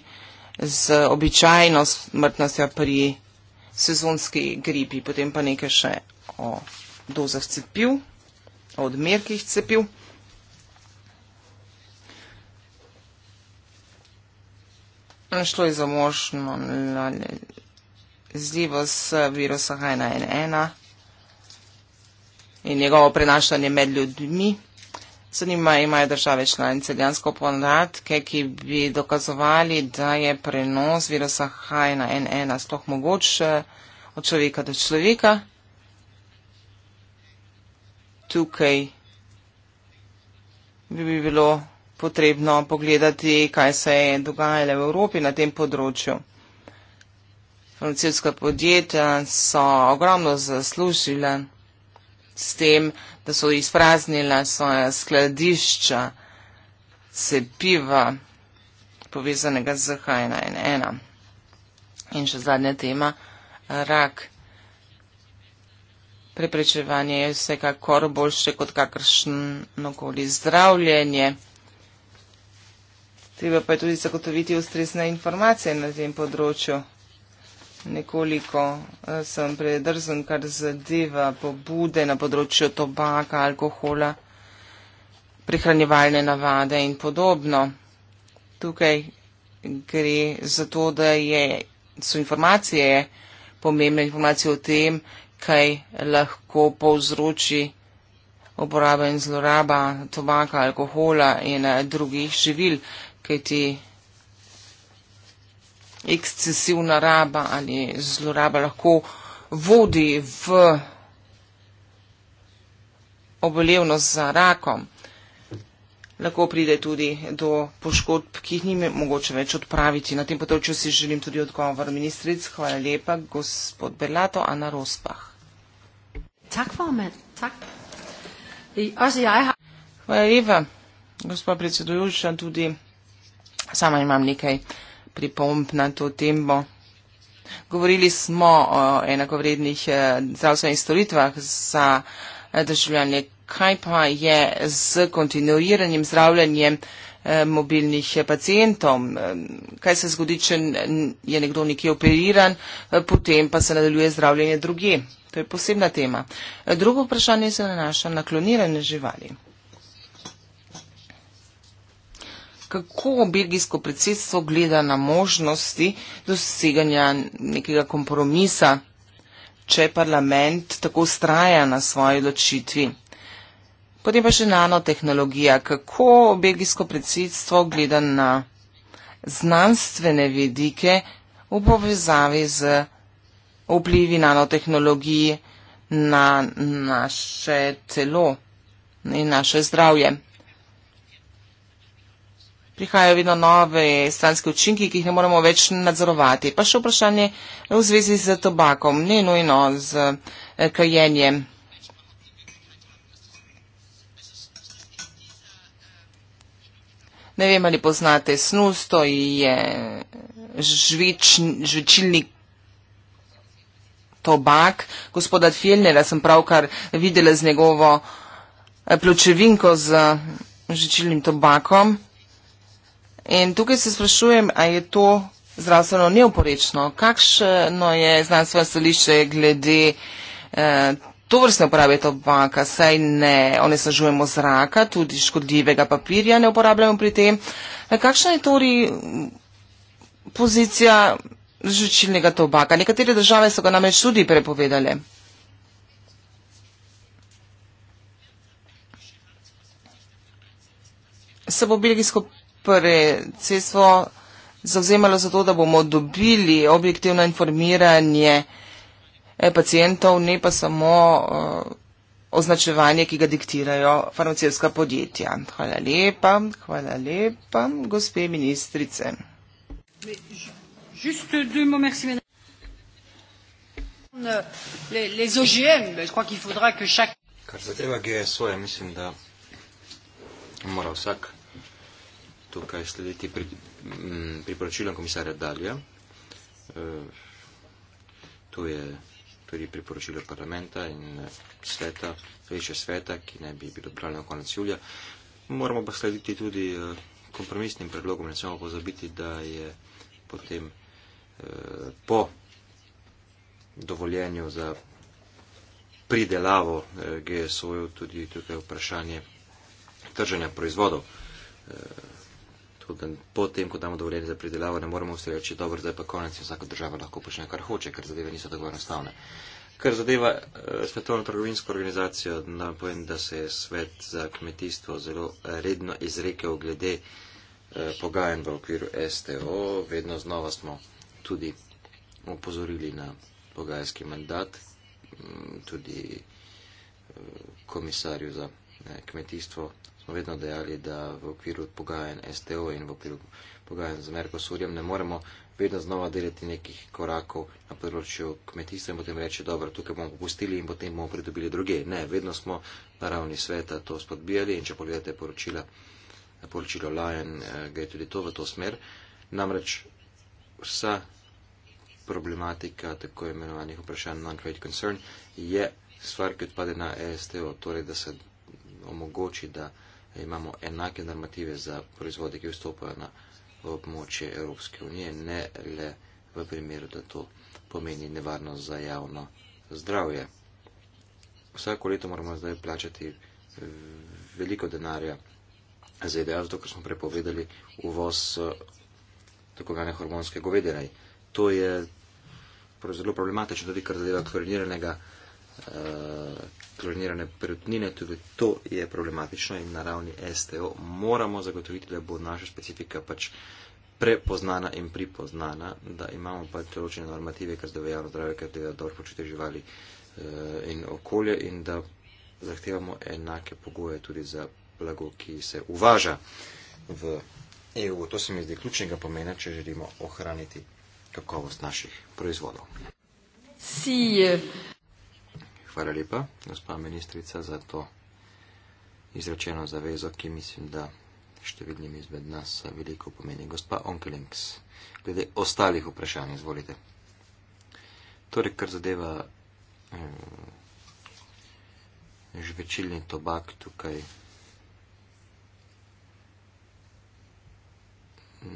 Speaker 2: z običajno smrtnostjo pri sezonski gripi. Potem pa nekaj še o dozah cepiv, o odmerkih cepiv. Našlo je za možno zljivost virusa H1N1 in njegovo prenašanje med ljudmi se nima, imajo države članice dejansko podatke, ki bi dokazovali, da je prenos virusa H1N1 sploh mogoč eh, od človeka do človeka. Tukaj bi, bi bilo potrebno pogledati, kaj se je dogajalo v Evropi na tem področju. Farmacijska podjetja so ogromno zaslužila s tem, da so izpraznila svoja skladišča cepiva povezanega z HNN1. In še zadnja tema, rak. Preprečevanje je vsekakor boljše kot kakršnokoli zdravljenje. Treba pa je tudi zagotoviti ustrezne informacije na tem področju nekoliko eh, sem predrzen, kar zadeva pobude na področju tobaka, alkohola, prihranjevalne navade in podobno. Tukaj gre za to, da je, so informacije pomembne, informacije o tem, kaj lahko povzroči uporaba in zloraba tobaka, alkohola in eh, drugih živil, kajti ekscesivna raba ali zloraba lahko vodi v obolevnost za rakom, lahko pride tudi do poškodb, ki jih ni mogoče več odpraviti. Na tem področju si želim tudi odgovor ministric. Hvala lepa, gospod Berlato, Ana Rospah.
Speaker 1: Tak, tak.
Speaker 2: Hvala lepa, gospod predsedujoča, tudi sama imam nekaj pripomb na to tembo. Govorili smo o enakovrednih eh, zdravstvenih storitvah za eh, državljanje. Kaj pa je z kontinuiranjem zdravljanjem eh, mobilnih pacijentov? Kaj se zgodi, če je nekdo nekje operiran, potem pa se nadaljuje zdravljenje druge? To je posebna tema. Drugo vprašanje se nanaša na klonirane živali. kako belgijsko predsedstvo gleda na možnosti doseganja nekega kompromisa, če parlament tako ustraja na svoji odločitvi. Potem pa še nanotehnologija, kako belgijsko predsedstvo gleda na znanstvene vedike v povezavi z vplivi nanotehnologiji na naše telo in naše zdravje prihajajo vedno nove stranske učinki, ki jih ne moremo več nadzorovati. Pa še vprašanje v zvezi z tobakom, ne nujno z eh, kajenjem. Ne vem, ali poznate snus, to je žvič, žvečilni tobak. Gospoda Fjellnera sem pravkar videla z njegovo eh, pločevinko z eh, žvečilnim tobakom. In tukaj se sprašujem, a je to zdravstveno neoporečno? Kakšno je znanstveno stališče glede eh, to vrstne uporabe tobaka? Saj ne onesnažujemo zraka, tudi škodljivega papirja ne uporabljamo pri tem. E, kakšna je torej pozicija žvečilnega tobaka? Nekatere države so ga namreč tudi prepovedale. Se bo belgijsko predsedstvo zavzemalo za to, da bomo dobili objektivno informiranje eh, pacijentov, ne pa samo eh, označevanje, ki ga diktirajo farmacijska podjetja. Hvala lepa, hvala lepa, gospe ministrice.
Speaker 3: Kar zadeva GSO, ja mislim, da mora vsak tukaj slediti pri, m, mm, priporočilom komisarja Dalja. E, tu je tudi priporočilo parlamenta in e, sveta, sveče sveta, ki ne bi bilo pravljeno konec julija. Moramo pa slediti tudi e, kompromisnim predlogom, ne smemo pozabiti, da je potem e, po dovoljenju za pridelavo e, GSO-jo tudi tukaj vprašanje trženja proizvodov. E, da potem, ko damo dovoljenje za pridelavo, ne moremo vse reči, dobro, zdaj pa konec in vsaka država lahko počne, kar hoče, ker zadeve niso tako enostavne. Kar zadeva eh, Svetovno trgovinsko organizacijo, nam povem, da se je svet za kmetijstvo zelo eh, redno izrekel glede eh, pogajen v okviru STO. Vedno znova smo tudi upozorili na pogajski mandat, tudi eh, komisarju za eh, kmetijstvo smo vedno dejali, da v okviru pogajanj STO in v okviru pogajanj z Merkosurjem ne moremo vedno znova delati nekih korakov na področju kmetijstva in potem reči, dobro, tukaj bomo popustili in potem bomo pridobili druge. Ne, vedno smo na ravni sveta to spodbijali in če pogledate poročila, poročilo Lajen, eh, gre tudi to v to smer. Namreč vsa problematika tako imenovanih vprašanj non-trade concern je stvar, ki odpade na e STO, torej da se omogoči, da imamo enake normative za proizvode, ki vstopajo na območje Evropske unije, ne le v primeru, da to pomeni nevarnost za javno zdravje. Vsako leto moramo zdaj plačati veliko denarja za EDA, zato ker smo prepovedali uvoz tako imenovane hormonske govedine. To je zelo problematično, tudi kar zadeva kloriniranega eh, kronirane perutnine, tudi to je problematično in na ravni STO moramo zagotoviti, da bo naša specifika pač prepoznana in pripoznana, da imamo pač določene normative, kar zdaj javno zdravje, kar zdaj dobro počutje živali eh, in okolje in da zahtevamo enake pogoje tudi za blago, ki se uvaža v EU. To se mi zdi ključnega pomena, če želimo ohraniti kakovost naših proizvodov.
Speaker 1: See eh, you.
Speaker 3: Hvala lepa, gospa ministrica, za to izrečeno zavezo, ki mislim, da številnim izmed nas veliko pomeni. Gospa Onkelings, glede ostalih vprašanj, izvolite. Torej, kar zadeva eh, žvečilni tobak tukaj,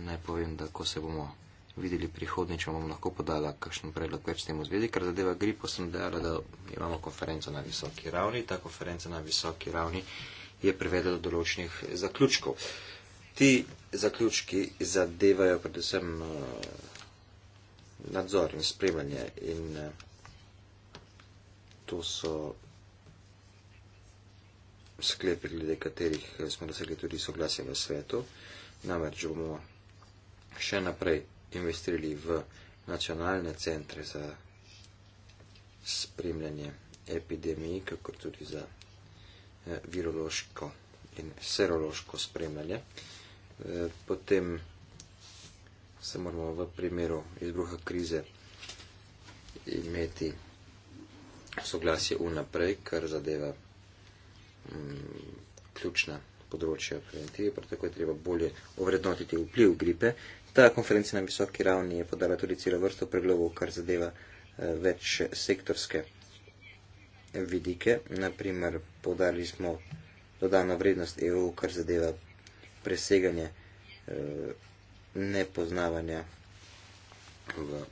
Speaker 3: naj povem, da ko se bomo videli prihodnje, če vam lahko podala kakšen predlog več temu zvedi, ker zadeva gripo sem dejala, da imamo konferenco na visoki ravni. Ta konferenca na visoki ravni je privedla do določenih zaključkov. Ti zaključki zadevajo predvsem eh, nadzor in spremljanje in eh, to so sklepi, glede katerih eh, smo dosegli tudi soglasje v svetu. Namreč bomo še naprej investirali v nacionalne centre za spremljanje epidemiji, kako tudi za eh, virološko in serološko spremljanje. Eh, potem se moramo v primeru izbruha krize imeti soglasje unaprej, kar zadeva m, mm, ključna področja preventive, prav tako je treba bolje ovrednotiti vpliv gripe Ta konferenca na visoki ravni je podala tudi celo vrsto predlogov, kar zadeva eh, več sektorske vidike. Naprimer, podali smo dodano vrednost EU, kar zadeva preseganje eh, nepoznavanja v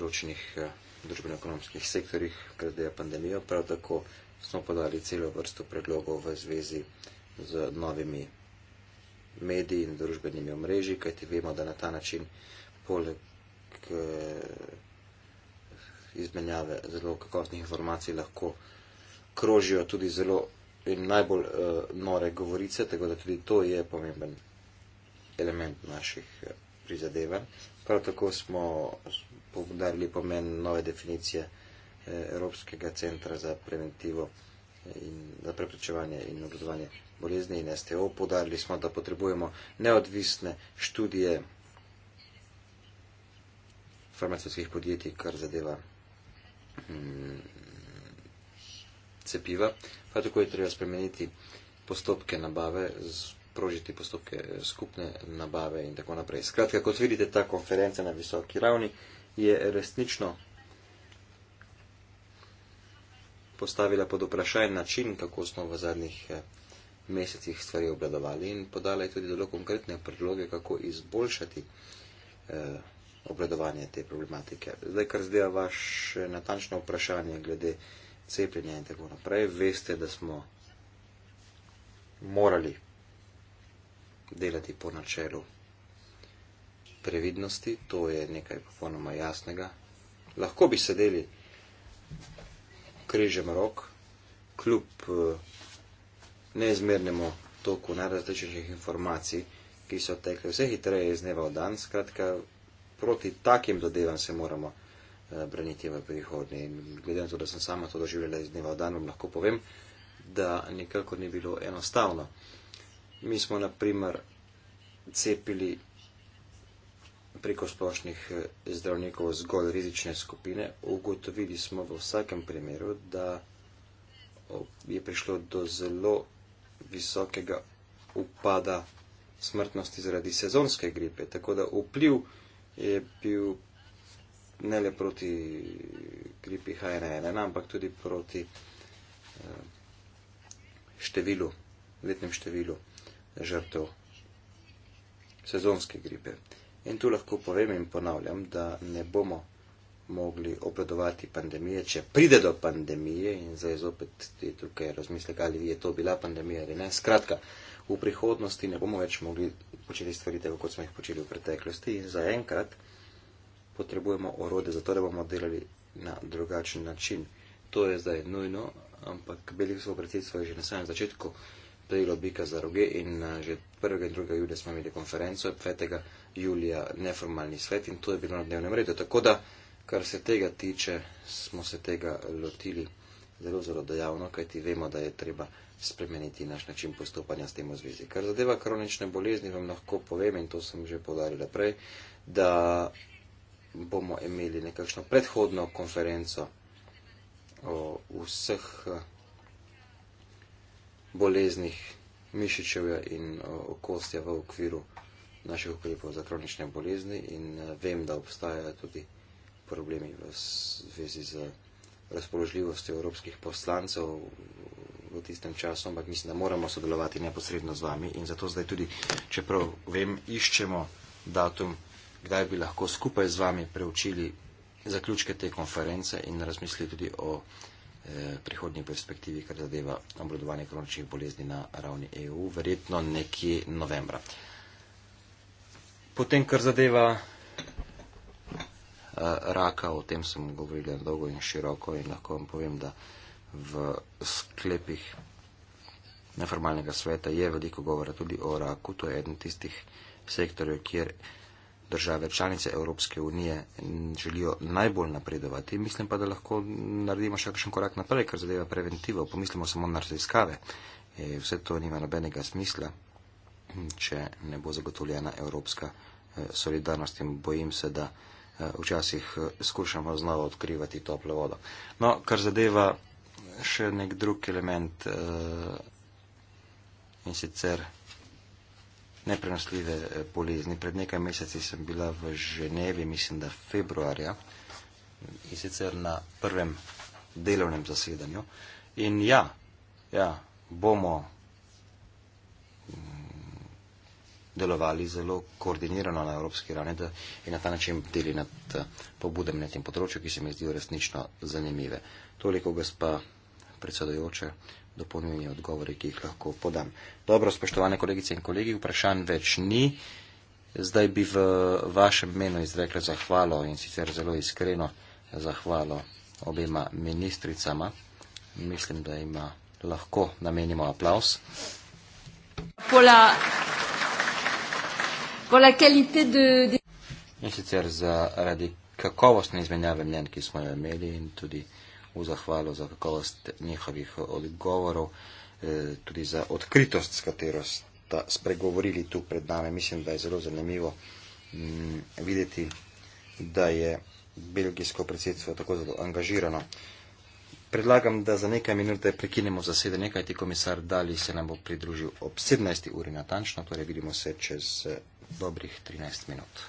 Speaker 3: ročnih eh, družbeno-ekonomskih sektorjih, kar zadeva pandemijo. Prav tako smo podali celo vrsto predlogov v zvezi z novimi mediji in družbenimi omrežji, kajti vemo, da na ta način poleg eh, izmenjave zelo kakovostnih informacij lahko krožijo tudi zelo in najbolj uh, nore govorice, tako da tudi to je pomemben element naših eh, prizadevanj. Prav tako smo povdarili pomen nove definicije Evropskega centra za preventivo in za preprečevanje in obrazovanje bolezni in STO, podarili smo, da potrebujemo neodvisne študije farmacijskih podjetij, kar zadeva hmm, cepiva. Pa tako je treba spremeniti postopke nabave, sprožiti postopke skupne nabave in tako naprej. Skratka, kot vidite, ta konferenca na visoki ravni je resnično postavila pod vprašaj način, kako smo v zadnjih eh, mesecih stvari obladovali in podala je tudi zelo konkretne predloge, kako izboljšati eh, obladovanje te problematike. Zdaj, kar zdaj je vaše natančno vprašanje glede cepljenja in tako naprej, veste, da smo morali delati po načelu previdnosti, to je nekaj popolnoma jasnega. Lahko bi sedeli križem rok, kljub eh, neizmernemu toku najrazličnejših informacij, ki so tekle vse hitreje iz dneva v dan. Skratka, proti takim zadevam se moramo eh, braniti v prihodnje. In glede na to, da sem sama to doživljala iz dneva v dan, vam lahko povem, da nikakor ni bilo enostavno. Mi smo, na primer, cepili preko splošnih eh, zdravnikov zgolj rizične skupine. Ugotovili smo v vsakem primeru, da je prišlo do zelo visokega upada smrtnosti zaradi sezonske gripe. Tako da vpliv je bil ne le proti gripi HNN, ampak tudi proti eh, številu, letnem številu žrtev sezonske gripe. In tu lahko povem in ponavljam, da ne bomo mogli obvladovati pandemije, če pride do pandemije in zdaj zopet je tukaj razmislek, ali je to bila pandemija ali ne. Skratka, v prihodnosti ne bomo več mogli početi stvari tako, kot smo jih počeli v preteklosti in zaenkrat potrebujemo orode za to, da bomo delali na drugačen način. To je zdaj nujno, ampak bili so predsedstvo že na samem začetku prijelo bika za roge in eh, že 1. in 2. julija smo imeli konferenco, 5. julija neformalni svet in to je bilo na dnevnem redu. Tako da kar se tega tiče, smo se tega lotili zelo, zelo dejavno, kajti vemo, da je treba spremeniti naš način postopanja s tem v zvezi. Kar zadeva kronične bolezni, vam lahko povem, in to sem že povdarila prej, da bomo imeli nekakšno predhodno konferenco o vseh eh, boleznih mišičev in eh, okostja v okviru naših ukrepov za kronične bolezni in eh, vem, da obstajajo tudi problemi v zvezi z razpoložljivostjo evropskih poslancev v tistem času, ampak mislim, da moramo sodelovati neposredno z vami in zato zdaj tudi, čeprav vem, iščemo datum, kdaj bi lahko skupaj z vami preučili zaključke te konference in razmislili tudi o eh, prihodnji perspektivi, kar zadeva obrodovanje kroničnih bolezni na ravni EU, verjetno nekje novembra. Potem, kar zadeva Eh, raka, o tem sem govorila dolgo in široko in lahko vam povem, da v sklepih neformalnega sveta je veliko govora tudi o raku. To je eden tistih sektorjev, kjer države članice Evropske unije želijo najbolj napredovati. Mislim pa, da lahko naredimo še kakšen korak naprej, kar zadeva preventivo. Pomislimo samo na raziskave. E, vse to nima nobenega smisla, če ne bo zagotovljena evropska eh, solidarnost in bojim se, da včasih eh, skušamo znova odkrivati toplo vodo. No, kar zadeva še nek drug element eh, in sicer neprenosljive eh, bolezni. Pred nekaj meseci sem bila v Ženevi, mislim, da februarja in sicer na prvem delovnem zasedanju. In ja, ja, bomo delovali zelo koordinirano na evropski ravni in na ta način deli nad eh, pobudami na tem področju, ki se mi zdijo resnično zanimive. Toliko, gospa predsedojoče, dopolnjeni odgovori, ki jih lahko podam. Dobro, spoštovane kolegice in kolegi, vprašanj več ni. Zdaj bi v vašem menu izrekla zahvalo in sicer zelo iskreno zahvalo obema ministricama. Mislim, da ima lahko namenimo aplaus.
Speaker 1: Pola pol la qualité de, de...
Speaker 3: In sicer zaradi kakovostne izmenjave mnen, ki smo jo imeli in tudi v zahvalo za kakovost njihovih odgovorov, eh, tudi za odkritost, s katero sta spregovorili tu pred nami. Mislim, da je zelo zanimivo mm, videti, da je belgijsko predsedstvo tako zelo angažirano. Predlagam, da za nekaj minute prekinemo zasedanje, kajti komisar Dali se nam bo pridružil ob 17. uri natančno, torej vidimo se čez eh, dobrih 13 minut.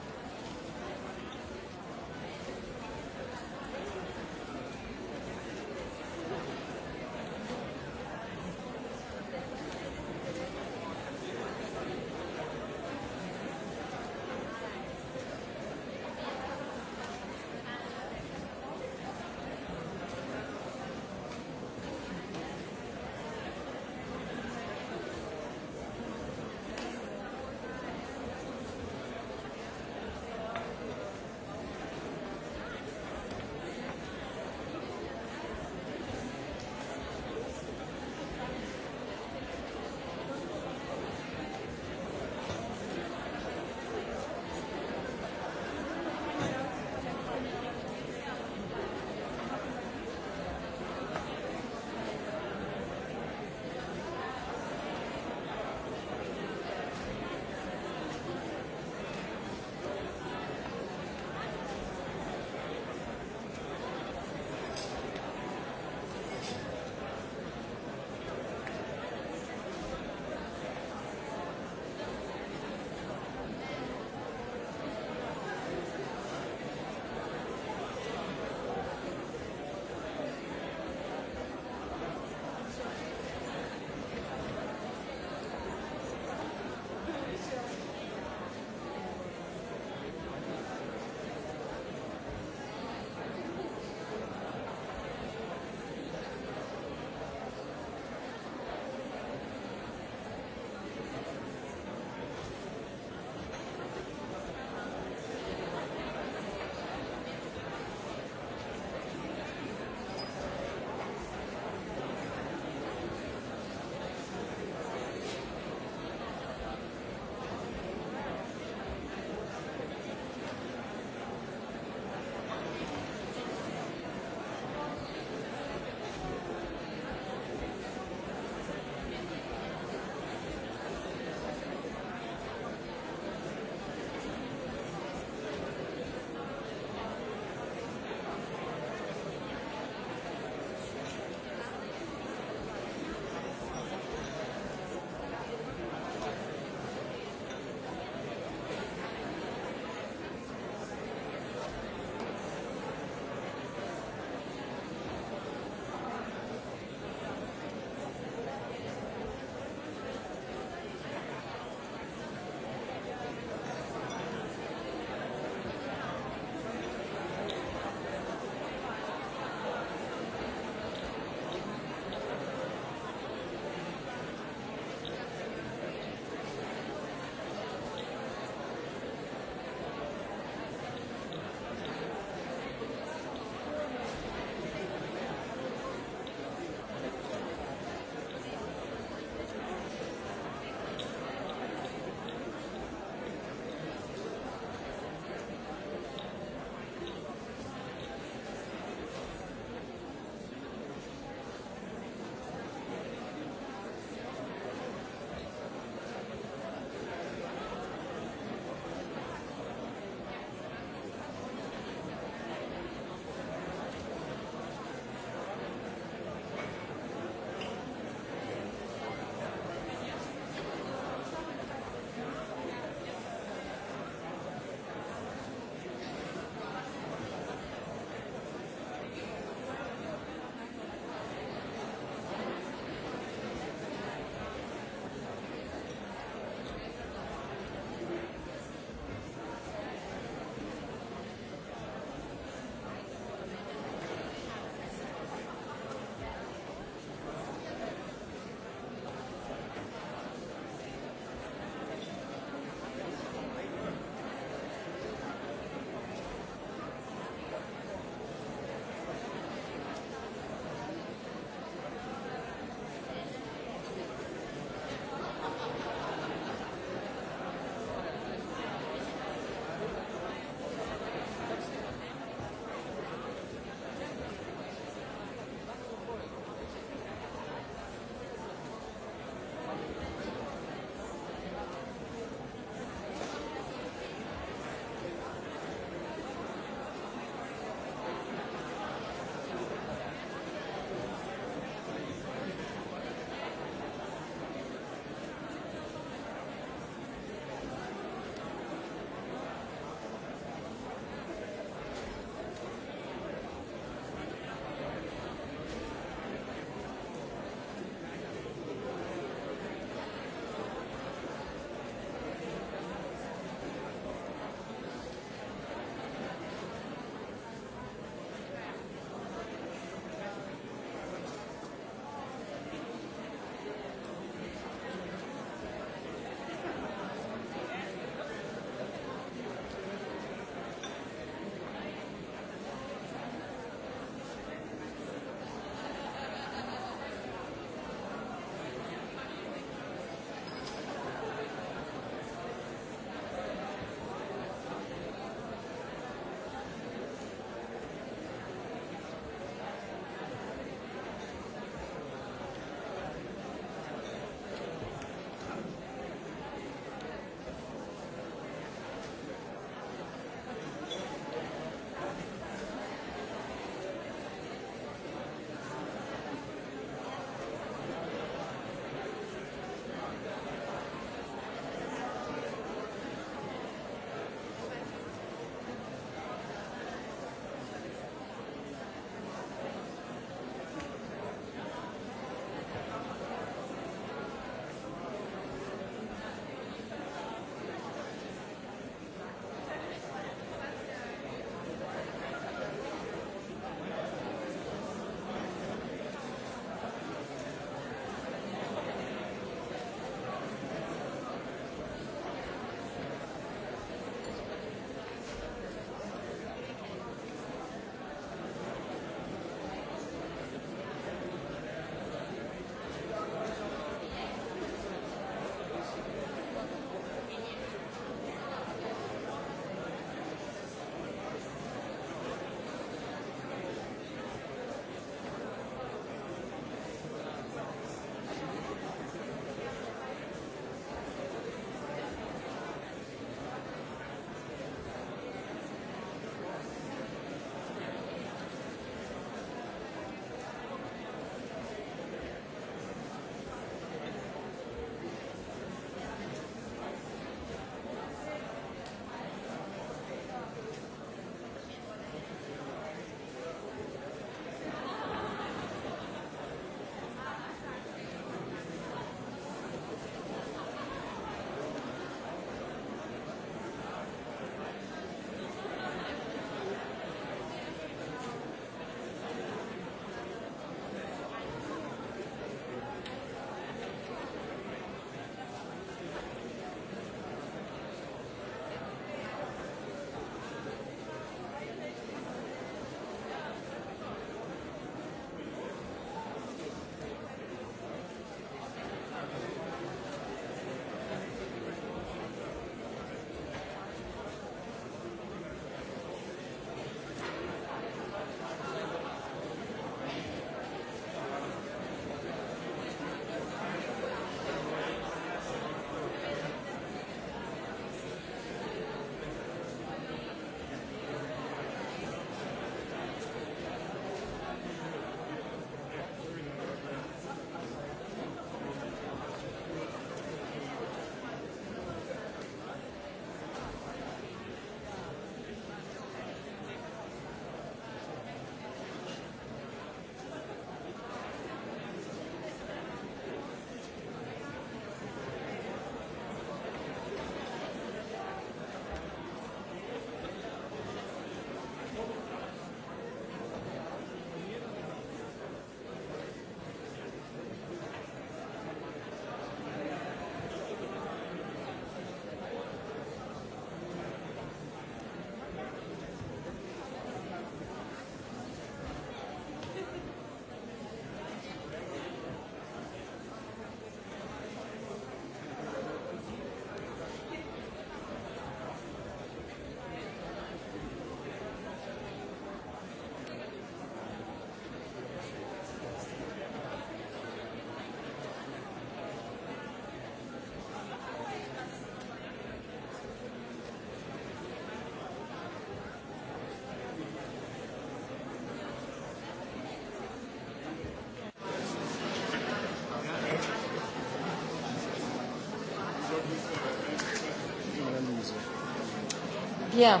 Speaker 1: Ja.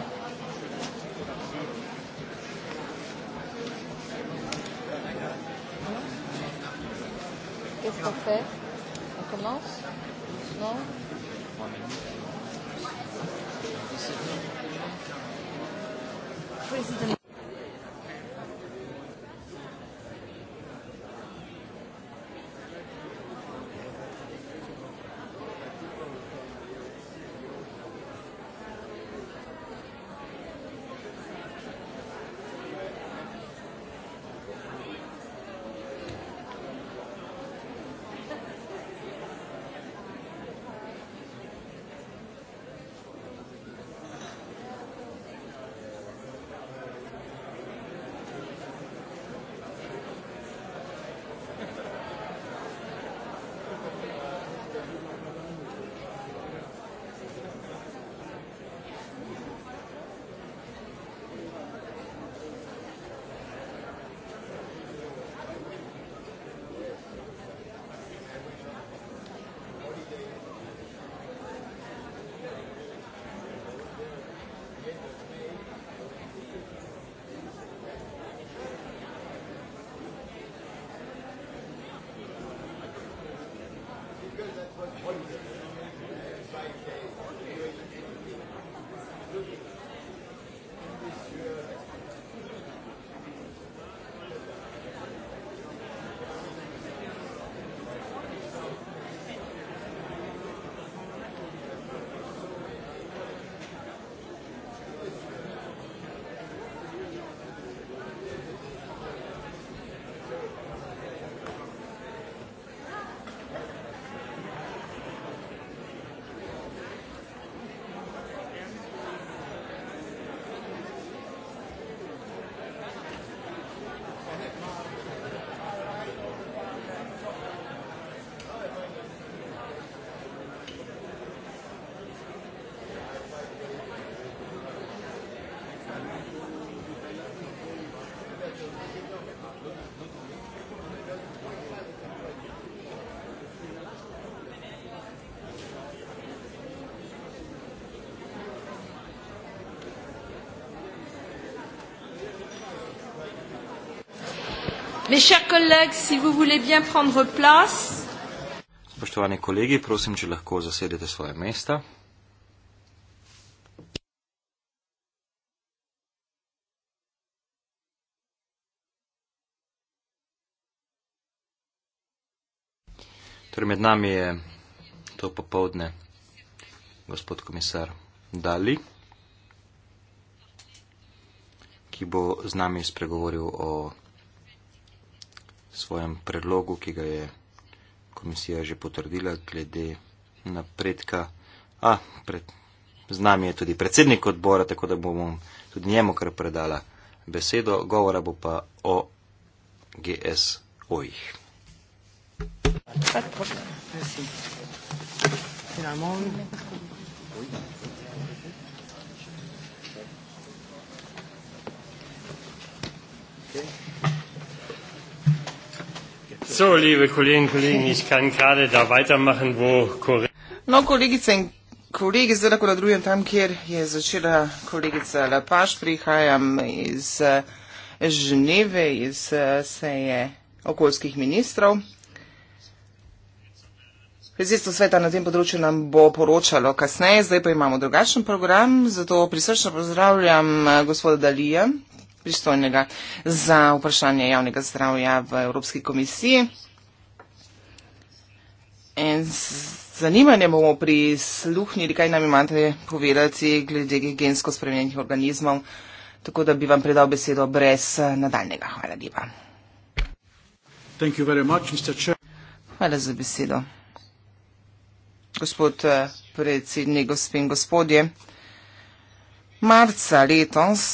Speaker 1: Qu'est-ce qu'on fait On commence Non President. Mes chers collègues, si vous voulez bien prendre place.
Speaker 3: Spoštovani kolegi, prosim, če lahko zasedete svoje mesta. Torej med nami je to popovdne gospod komisar Dali, ki bo z nami spregovoril o svojem predlogu, ki ga je komisija že potrdila glede napredka. A, pred, z nami je tudi predsednik odbora, tako da bomo tudi njemu kar predala besedo. Govora bo pa o GSO-jih.
Speaker 4: Okay. So, liebe Kolleginnen und Kollegen, ich kann gerade da weitermachen, wo Corinne.
Speaker 2: No, Kollegin und Kollegen, zdaj lahko na drugem tam, kjer je začela kolegica Lapaš, prihajam iz eh, Ženeve, iz eh, seje okoljskih ministrov. Predsedstvo sveta na tem področju nam bo poročalo kasneje, zdaj pa imamo drugačen program, zato prisrčno pozdravljam eh, gospoda Dalija, pristojnega za vprašanje javnega zdravja v Evropski komisiji. In zanimanje bomo prisluhnili, kaj nam imate povedati glede gensko spremenjenih organizmov, tako da bi vam predal besedo brez eh, nadaljnega. Hvala lepa. Hvala za besedo. Gospod eh, predsednik, gospod in gospodje, marca letos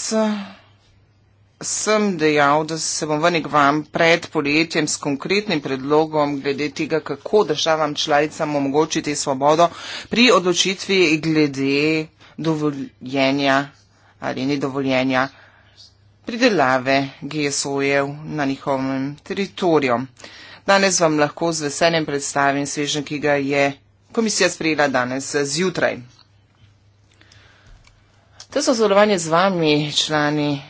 Speaker 2: sem dejal, da se bom vrnil k vam pred poletjem s konkretnim predlogom glede tega, kako državam članicam omogočiti svobodo pri odločitvi glede dovoljenja ali nedovoljenja pridelave GSO-jev na njihovem teritoriju. Danes vam lahko z veseljem predstavim svežen, ki ga je komisija sprejela danes zjutraj. To so sodelovanje z vami, člani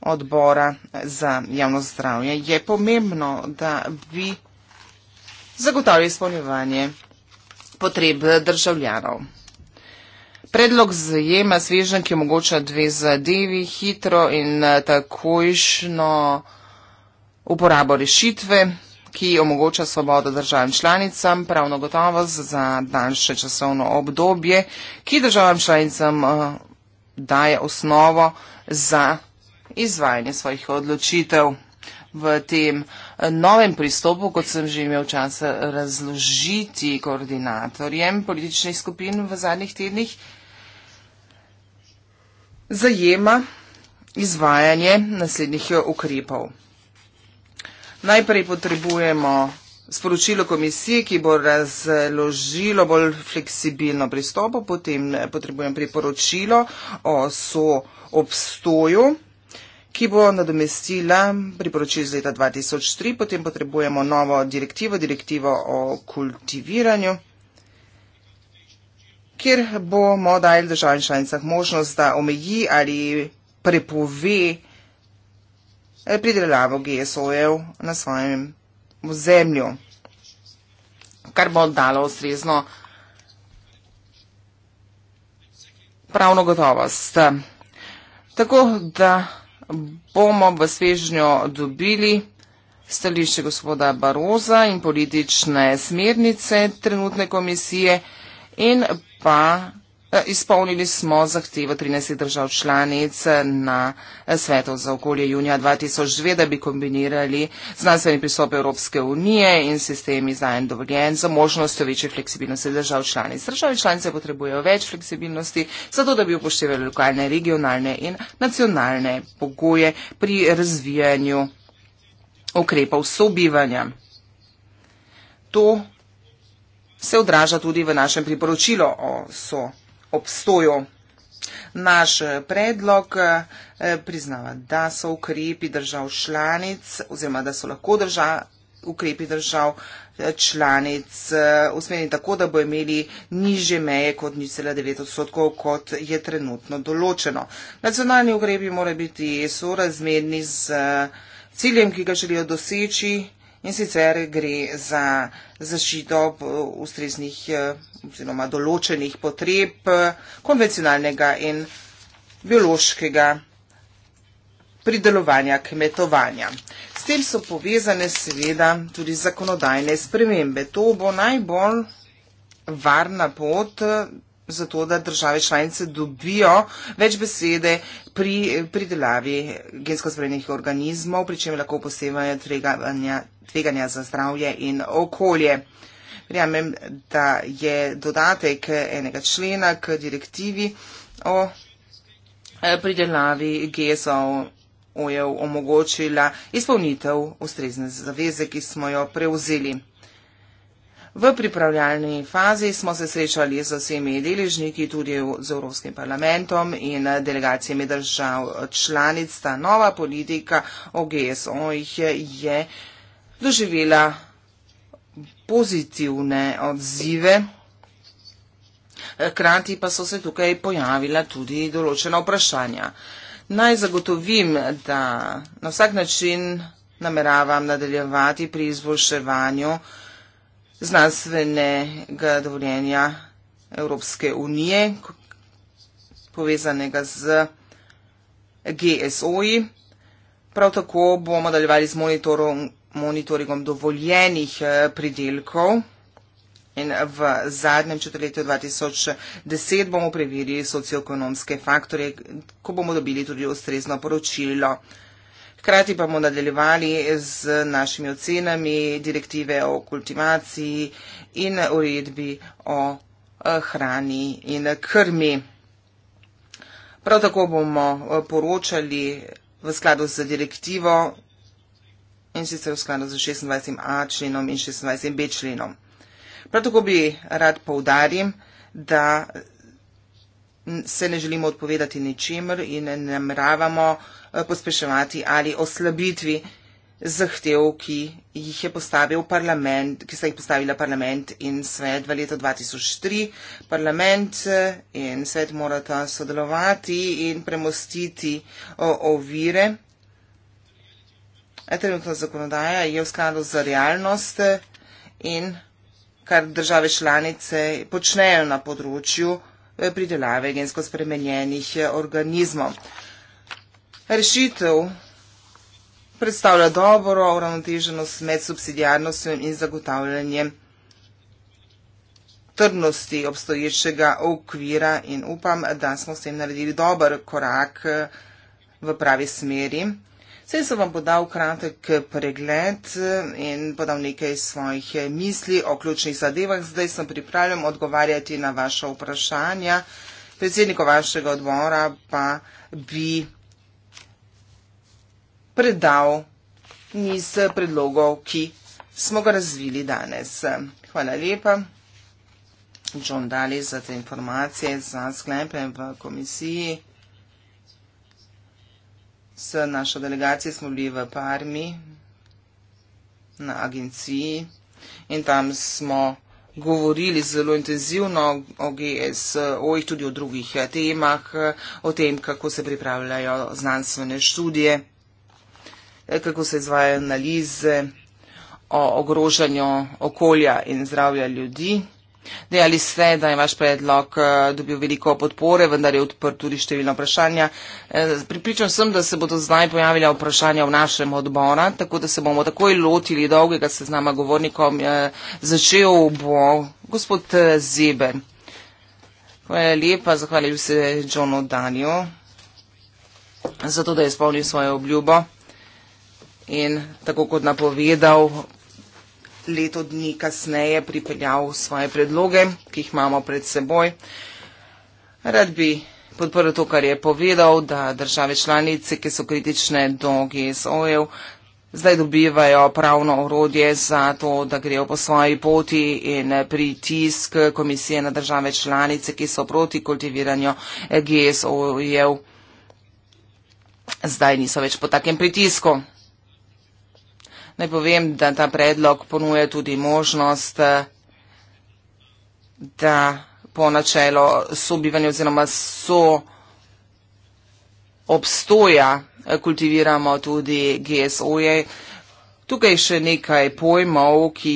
Speaker 2: odbora za javno zdravje, je pomembno, da bi zagotavljali izpolnjevanje potreb državljanov. Predlog zajema svežen, ki omogoča dve zadevi, hitro in eh, takojšno uporabo rešitve, ki omogoča svobodo državam članicam, pravno gotovost za daljše časovno obdobje, ki državam članicam eh, daje osnovo za izvajanje svojih odločitev. V tem eh, novem pristopu, kot sem že imel časa razložiti koordinatorjem političnih skupin v zadnjih tednih, zajema izvajanje naslednjih ukrepov. Najprej potrebujemo sporočilo komisije, ki bo razložilo bolj fleksibilno pristopo, potem potrebujem priporočilo o soobstoju ki bo nadomestila priporočil iz leta 2003, potem potrebujemo novo direktivo, direktivo o kultiviranju, kjer bomo dali državim članicah možnost, da omeji ali prepove eh, pridelavo GSO-jev na svojem zemlju, kar bo dalo ustrezno pravno gotovost. Tako da bomo v svežnjo dobili stališče gospoda Baroza in politične smernice trenutne komisije in pa Eh, izpolnili smo zahtevo 13 držav članic eh, na eh, svetu za okolje junija 2002, da bi kombinirali znanstveni pristop Evropske unije in sistem izdajen dovoljen za možnost večje fleksibilnosti držav članic. Države članice potrebujejo več fleksibilnosti, zato da bi upoštevali lokalne, regionalne in nacionalne pogoje pri razvijanju ukrepov sobivanja. To se odraža tudi v našem priporočilu o sobivanju obstoju. Naš eh, predlog eh, priznava, da so ukrepi držav članic oziroma da so lahko držav, ukrepi držav eh, članic usmerjeni tako, da bo imeli niže meje kot 0,9 odstotkov, kot je trenutno določeno. Nacionalni ukrepi morajo biti sorazmerni z ciljem, ki ga želijo doseči In sicer gre za zašito ustreznih eh, oziroma določenih potreb eh, konvencionalnega in biološkega pridelovanja kmetovanja. S tem so povezane seveda tudi zakonodajne spremembe. To bo najbolj varna pot za to, da države članice dobijo več besede pri pridelavi gensko spremenjenih organizmov, pri čem lahko posebejo tveganja, tveganja za zdravje in okolje. Verjamem, da je dodatek enega člena k direktivi o eh, pridelavi gesov ojev omogočila izpolnitev ustrezne zaveze, ki smo jo prevzeli. V pripravljalni fazi smo se srečali z vsemi deležniki, tudi z Evropskim parlamentom in delegacijami držav članic. Ta nova politika OGSO jih je doživela pozitivne odzive. Hkrati pa so se tukaj pojavila tudi določena vprašanja. Naj zagotovim, da na vsak način nameravam nadaljevati pri izboljševanju znanstvenega dovoljenja Evropske unije, povezanega z GSO-ji. Prav tako bomo nadaljevali z monitoringom dovoljenih eh, pridelkov. In v zadnjem četrtletju 2010 bomo preverili socioekonomske faktore, ko bomo dobili tudi ustrezno poročilo. Hkrati pa bomo nadaljevali z našimi ocenami direktive o kultivaciji in uredbi o eh, hrani in krmi. Prav tako bomo eh, poročali v skladu z direktivo in sicer v skladu z 26a členom in 26b členom. Prav tako bi rad poudarim, da se ne želimo odpovedati ničemer in ne nameravamo eh, pospeševati ali oslabitvi zahtev, ki jih je postavil parlament, ki sta jih postavila parlament in svet v letu 2003. Parlament eh, in svet morata sodelovati in premostiti eh, ovire. Trenutna zakonodaja je v skladu z realnost in kar države članice počnejo na področju, Eh, pridelave gensko spremenjenih eh, organizmov. Rešitev predstavlja dobro uravnoteženost med subsidijarnostjo in zagotavljanjem trdnosti obstoječega okvira in upam, da smo s tem naredili dober korak eh, v pravi smeri. Sej se vam bo dal kratek pregled eh, in podal nekaj svojih eh, misli o ključnih zadevah. Zdaj sem pripravljen odgovarjati na vaše vprašanja. Predsedniku vašega odbora pa bi predal niz eh, predlogov, ki smo ga razvili danes. Hvala lepa, John Daly, za te informacije, za sklepe v komisiji. S našo delegacijo smo bili v Parmi, na agenciji in tam smo govorili zelo intenzivno o GSO in tudi o drugih eh, temah, o tem, kako se pripravljajo znanstvene študije, eh, kako se izvajajo analize o ogrožanju okolja in zdravja ljudi. Dejali ste, da je vaš predlog eh, dobil veliko podpore, vendar je odprt tudi številno vprašanja. Eh, pripričan sem, da se bodo zdaj pojavila vprašanja v našem odbora, tako da se bomo takoj lotili dolgega seznama govornikom. Eh, začel bo gospod Zeben. Hvala lepa, zahvalil se Johnu Danju za to, da je izpolnil svojo obljubo in tako kot napovedal, leto dni kasneje pripeljal svoje predloge, ki jih imamo pred seboj. Rad bi podprl to, kar je povedal, da države članice, ki so kritične do GSO-jev, zdaj dobivajo pravno orodje za to, da grejo po svoji poti in pritisk komisije na države članice, ki so proti kultiviranju GSO-jev, zdaj niso več pod takem pritiskom. Naj povem, da ta predlog ponuje tudi možnost, da po načelo sobivanja oziroma so obstoja eh, kultiviramo tudi GSO-je. Tukaj še nekaj pojmov, ki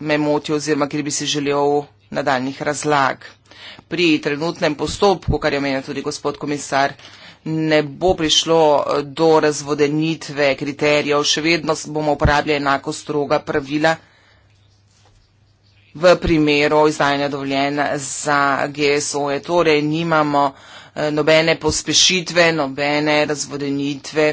Speaker 2: me motijo oziroma ki bi si želel nadaljnih razlag. Pri trenutnem postopku, kar je omenil tudi gospod komisar, ne bo prišlo eh, do razvodenitve kriterijev, še vedno bomo uporabljali enako stroga pravila v primeru izdajanja dovoljenja za GSO. Torej, nimamo uh, Eh, nobene pospešitve, nobene razvodenitve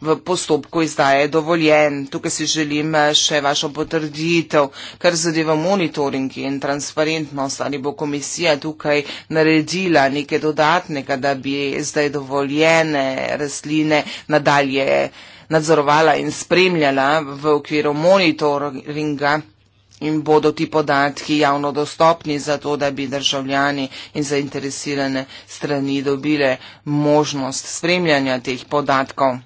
Speaker 2: v postopku izdaje dovoljen. Tukaj si želim eh, še vašo potrditev, kar zadeva monitoring in transparentnost, ali bo komisija tukaj naredila nekaj dodatnega, da bi zdaj dovoljene rastline nadalje nadzorovala in spremljala v okviru monitoringa in bodo ti podatki javno dostopni za to, da bi državljani in zainteresirane strani dobile možnost spremljanja teh podatkov.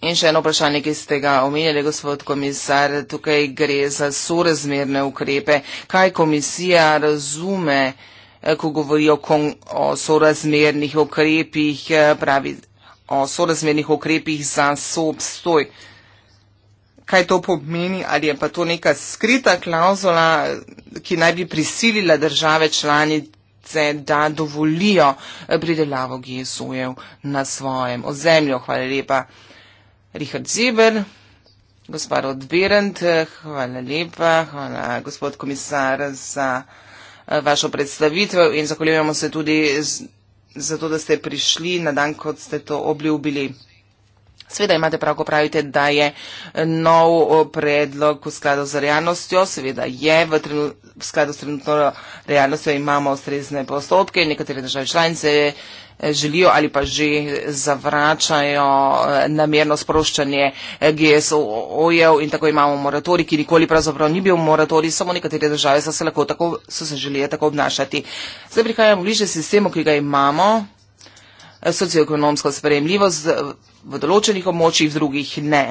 Speaker 2: In še eno vprašanje, ki ste ga omenjali, gospod komisar, tukaj gre za sorazmerne ukrepe. Kaj komisija razume, eh, ko govori o, kon, o sorazmernih ukrepih, eh, pravi o sorazmernih ukrepih za sobstoj? So kaj to pomeni, ali je pa to neka skrita klauzula, ki naj bi prisilila države članice, da dovolijo pridelavo GSO-jev na svojem ozemlju. Hvala lepa, Richard Zeber. Gospod Odberend, hvala lepa, hvala gospod komisar za eh, vašo predstavitev in zahvaljujemo se tudi z, za to, da ste prišli na dan, kot ste to obljubili. Sveda imate prav, ko pravite, da je nov predlog v skladu z realnostjo, seveda je v, v skladu s trenutno realnostjo, imamo ustrezne postopke, nekatere države članice eh, želijo ali pa že zavračajo eh, namerno sproščanje eh, GSO-jev in tako imamo moratori, ki nikoli pravzaprav ni bil moratori, samo nekatere države so se lahko tako, so se želeli tako obnašati. Zdaj prihajamo bliže sistemu, ki ga imamo socioekonomsko sprejemljivost v določenih območjih, v drugih ne.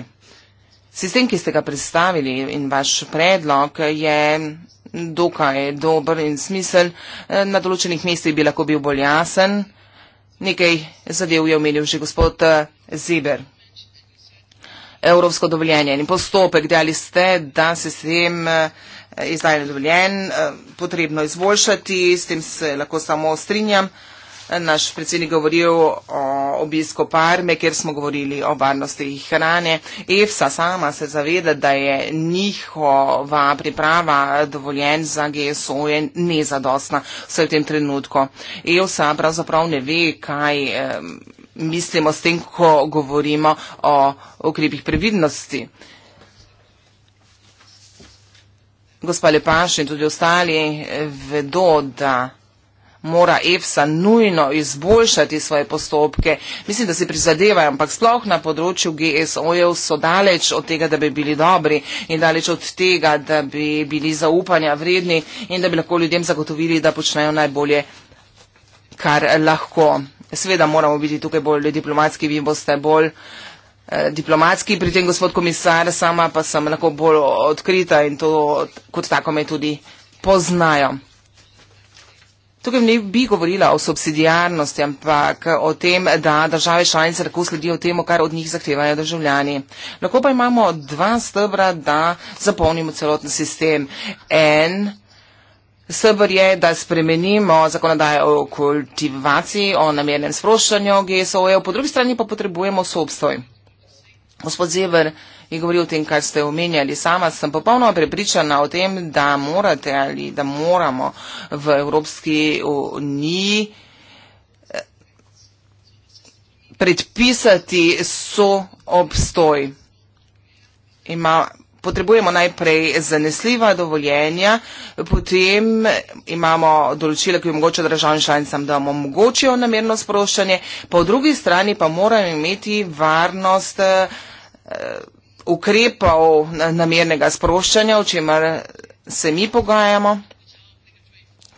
Speaker 2: Sistem, ki ste ga predstavili in vaš predlog je dokaj dober in smisel, na določenih mestih bi lahko bil bolj jasen. Nekaj zadev je omenil že gospod eh, Ziber. Evropsko dovoljenje in postopek, dali ste, da se s tem eh, izdajanjem dovoljen eh, potrebno izboljšati, s tem se lahko samo strinjam naš predsednik govoril o obisko Parme, kjer smo govorili o varnosti hrane. EFSA sama se zaveda, da je njihova priprava dovoljen za GSO je nezadostna vse v tem trenutku. EFSA pravzaprav ne ve, kaj. Eh, mislimo s tem, ko govorimo o ukrepih previdnosti. Gospa Lepaš in tudi ostali eh, vedo, da mora EFSA nujno izboljšati svoje postopke. Mislim, da si prizadevajo, ampak sploh na področju GSO-jev so daleč od tega, da bi bili dobri in daleč od tega, da bi bili zaupanja vredni in da bi lahko ljudem zagotovili, da počnejo najbolje, kar lahko. Sveda moramo biti tukaj bolj diplomatski, vi boste bolj eh, diplomatski, pri tem gospod komisar, sama pa sem lahko bolj odkrita in to kot tako me tudi poznajo. Tukaj ne bi govorila o subsidijarnosti, ampak o tem, da države članice lahko sledijo temu, kar od njih zahtevajo državljani. Lahko pa imamo dva stebra, da zapolnimo celoten sistem. En stebr je, da spremenimo zakonodajo o kultivaciji, o namernem sproščanju GSO-jev, po drugi strani pa potrebujemo sobstoj. Gospod Zever, in govori o tem, kar ste omenjali. Sama sem popolnoma prepričana o tem, da morate ali da moramo v Evropski uniji eh, predpisati so obstoj. Ima, potrebujemo najprej zanesljiva dovoljenja, potem imamo določila, ki omogočajo državnim članicam, da bomo omogočili namerno sproščanje, po drugi strani pa moramo imeti varnost. Eh, ukrepov namernega sproščanja, o čemer se mi pogajamo,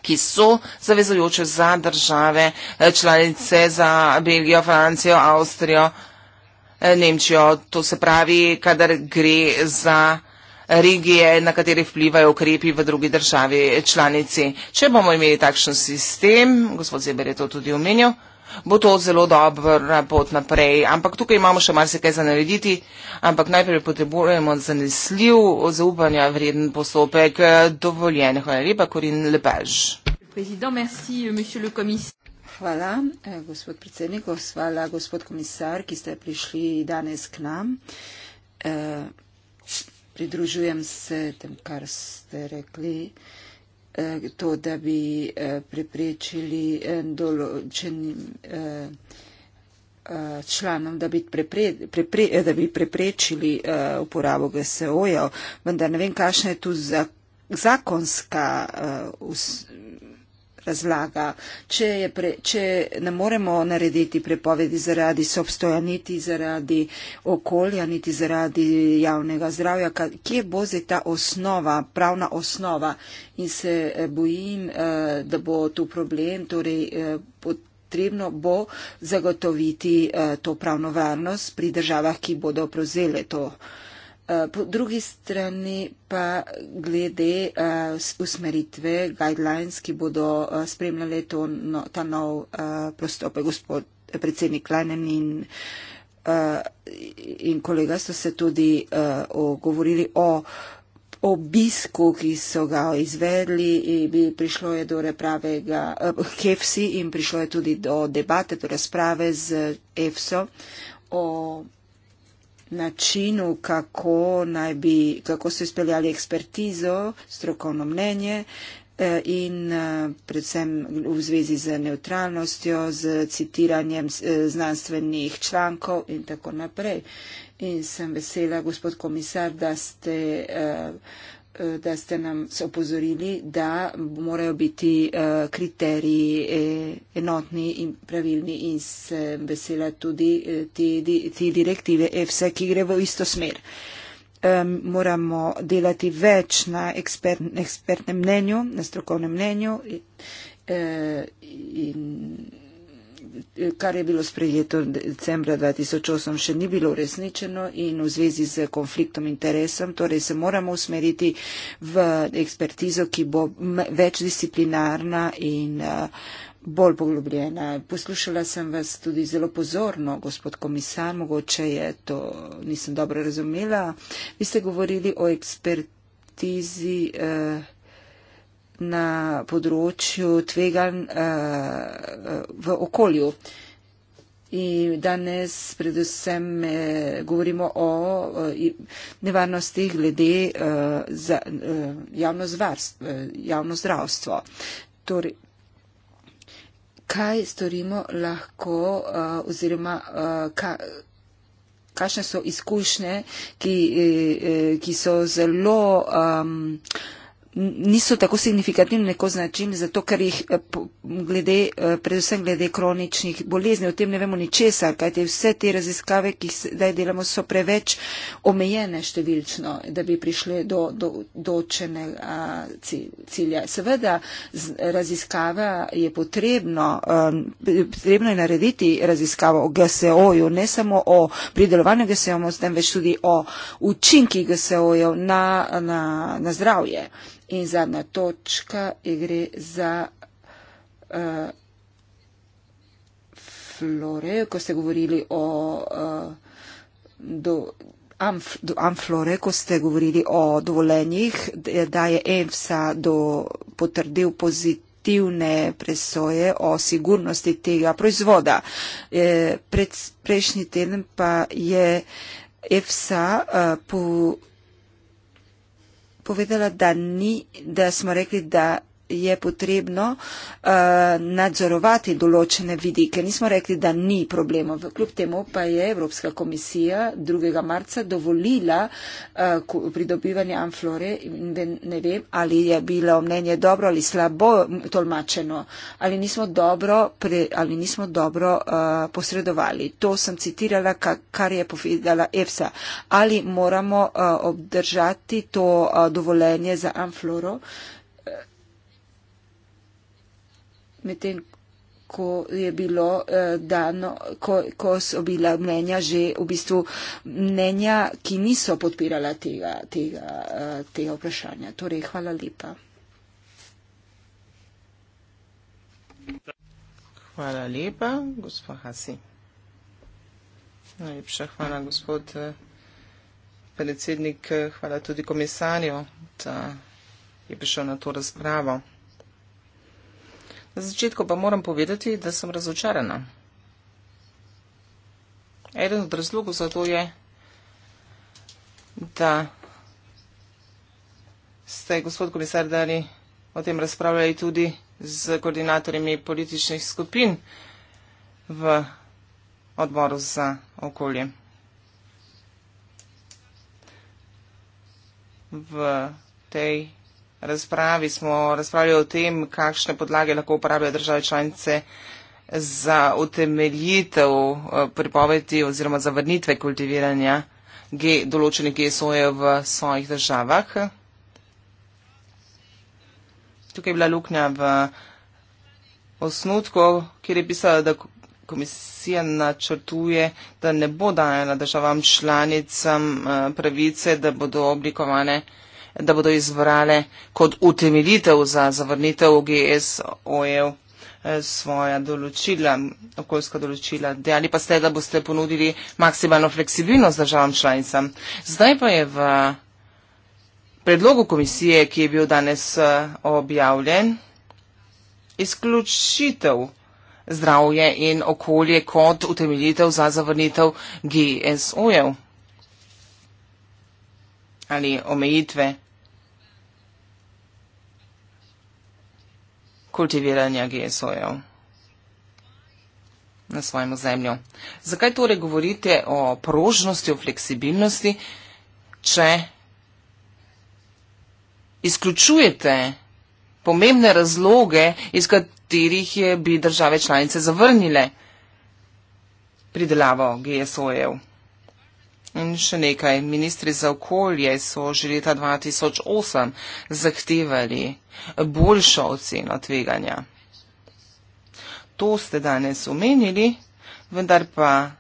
Speaker 2: ki so zavezujoče za države eh, članice, za Belgijo, Francijo, Avstrijo, eh, Nemčijo, to se pravi, kadar gre za regije, na katere vplivajo ukrepi v drugi državi eh, članici. Če bomo imeli takšen sistem, gospod Zeber je to tudi omenil, bo to zelo dobra pot naprej. Ampak tukaj imamo še marsikaj za narediti, ampak najprej potrebujemo zanesljiv, zaupanja vreden postopek. Eh, dovoljen. Hvala lepa, Korin Lepež.
Speaker 1: Euh, hvala, eh, gospod predsednik, hvala, gospod komisar, ki ste prišli danes k nam. Eh, pridružujem se tem, kar ste rekli. Eh, to, da bi eh, preprečili eh, določenim članom, da bi, prepre, prepre, da bi preprečili uporabo GSO-jev, vendar ne vem, kakšna je tu zakonska razlaga. Če, pre, če ne moremo narediti prepovedi zaradi sobstoja, niti zaradi okolja, niti zaradi javnega zdravja, kje bo zdaj ta osnova, pravna osnova in se eh, bojim, eh, da bo tu problem, torej eh, potrebno bo zagotoviti to pravno varnost pri državah, ki bodo prevzele to. Eh, po drugi strani pa glede uh, usmeritve, guidelines, ki bodo uh, eh, spremljali to, no, ta nov uh, prostop, gospod predsednik Lenin in, uh, in kolega so se tudi uh, o, govorili o obisku, ki so ga izvedli in bi prišlo je do repravega uh, Kefsi in prišlo je tudi do debate, do razprave z EFSO o načinu, kako, naj bi, kako so izpeljali ekspertizo, strokovno mnenje eh, in eh, predvsem v zvezi z neutralnostjo, z citiranjem eh, znanstvenih člankov in tako naprej. In sem vesela, gospod komisar, da ste uh, Eh, da ste nam se opozorili, da morajo biti eh, kriteriji eh, enotni in pravilni in se vesela tudi te, te direktive EFSA, ki gre v isto smer. Moramo delati več na ekspert, ekspertnem mnenju, na strokovnem mnenju in, in kar je bilo sprejeto decembra 2008, še ni bilo uresničeno in v zvezi z konfliktom interesom, torej se moramo usmeriti v ekspertizo, ki bo večdisciplinarna in eh, bolj poglobljena. Poslušala sem vas tudi zelo pozorno, gospod komisar, mogoče je to, nisem dobro razumela. Vi ste govorili o ekspertizi. Eh, na področju tvegan eh, v okolju. In danes predvsem eh, govorimo o eh, nevarnostih glede za javno, zvarst, javno zdravstvo. Torej, kaj storimo lahko oziroma ka, kakšne so izkušnje, ki, ki so zelo. Um, niso tako signifikativni neko značim, zato ker jih eh, glede, eh, predvsem glede kroničnih bolezni, o tem ne vemo ničesa, kajte vse te raziskave, ki zdaj delamo, so preveč omejene številčno, da bi prišli do določenega eh, cilja. Seveda, raziskava je potrebno, potrebno je narediti raziskavo o GSO-ju, ne samo o pridelovanju GSO-ju, temveč tudi o učinkih GSO-jev na, na, na zdravje in zadnja točka je gre za uh, flore, ko ste govorili o uh, do. Amflore, ko ste govorili o dovoljenjih, da je EMSA do potrdil pozitivne presoje o sigurnosti tega proizvoda. E, pred, prejšnji teden pa je EFSA uh, po povedala, da ni, da smo rekli, da je potrebno uh, nadzorovati določene vidike. Nismo rekli, da ni problema. Kljub temu pa je Evropska komisija 2. marca dovolila uh, pridobivanje amflore in ne vem, ali je bilo mnenje dobro ali slabo tolmačeno, ali nismo dobro, pre, ali nismo dobro uh, posredovali. To sem citirala, kar je povedala EFSA. Ali moramo uh, obdržati to uh, dovoljenje za amfloro? medtem ko je bilo eh, dano, ko, ko so bila mnenja že v bistvu mnenja, ki niso podpirala tega, tega, eh, tega vprašanja. Torej, hvala lepa. Hvala lepa, gospod Hasi.
Speaker 2: Najlepša hvala, gospod eh, predsednik. Hvala tudi komisarju, da je prišel na to razpravo. Na začetku pa moram povedati, da sem razočarana. Eden od razlogov za to je, da ste, gospod komisar, dali o tem razpravljali tudi z koordinatorjami političnih skupin v odboru za okolje. V tej razpravi smo razpravljali o tem, kakšne podlage lahko uporabljajo države članice za utemeljitev eh, pripovedi oziroma zavrnitve kultiviranja določenih GSO-jev v svojih državah. Tukaj je bila luknja v osnutku, kjer je pisala, da komisija načrtuje, da ne bo dajala državam članicam eh, pravice, da bodo oblikovane da bodo izbrale kot utemeljitev za zavrnitev GSO-jev eh, svoja določila, okoljska določila, De ali pa ste, da boste ponudili maksimalno fleksibilnost državam članicam. Zdaj pa je v predlogu komisije, ki je bil danes eh, objavljen, izključitev zdravje in okolje kot utemeljitev za zavrnitev GSO-jev ali omejitve kultiviranja GSO-jev na svojemu zemlju. Zakaj torej govorite o prožnosti, o fleksibilnosti, če izključujete pomembne razloge, iz katerih je bi države članice zavrnile pridelavo GSO-jev? In še nekaj, ministri za okolje so že leta 2008 zahtevali boljšo oceno tveganja. To ste danes omenili, vendar pa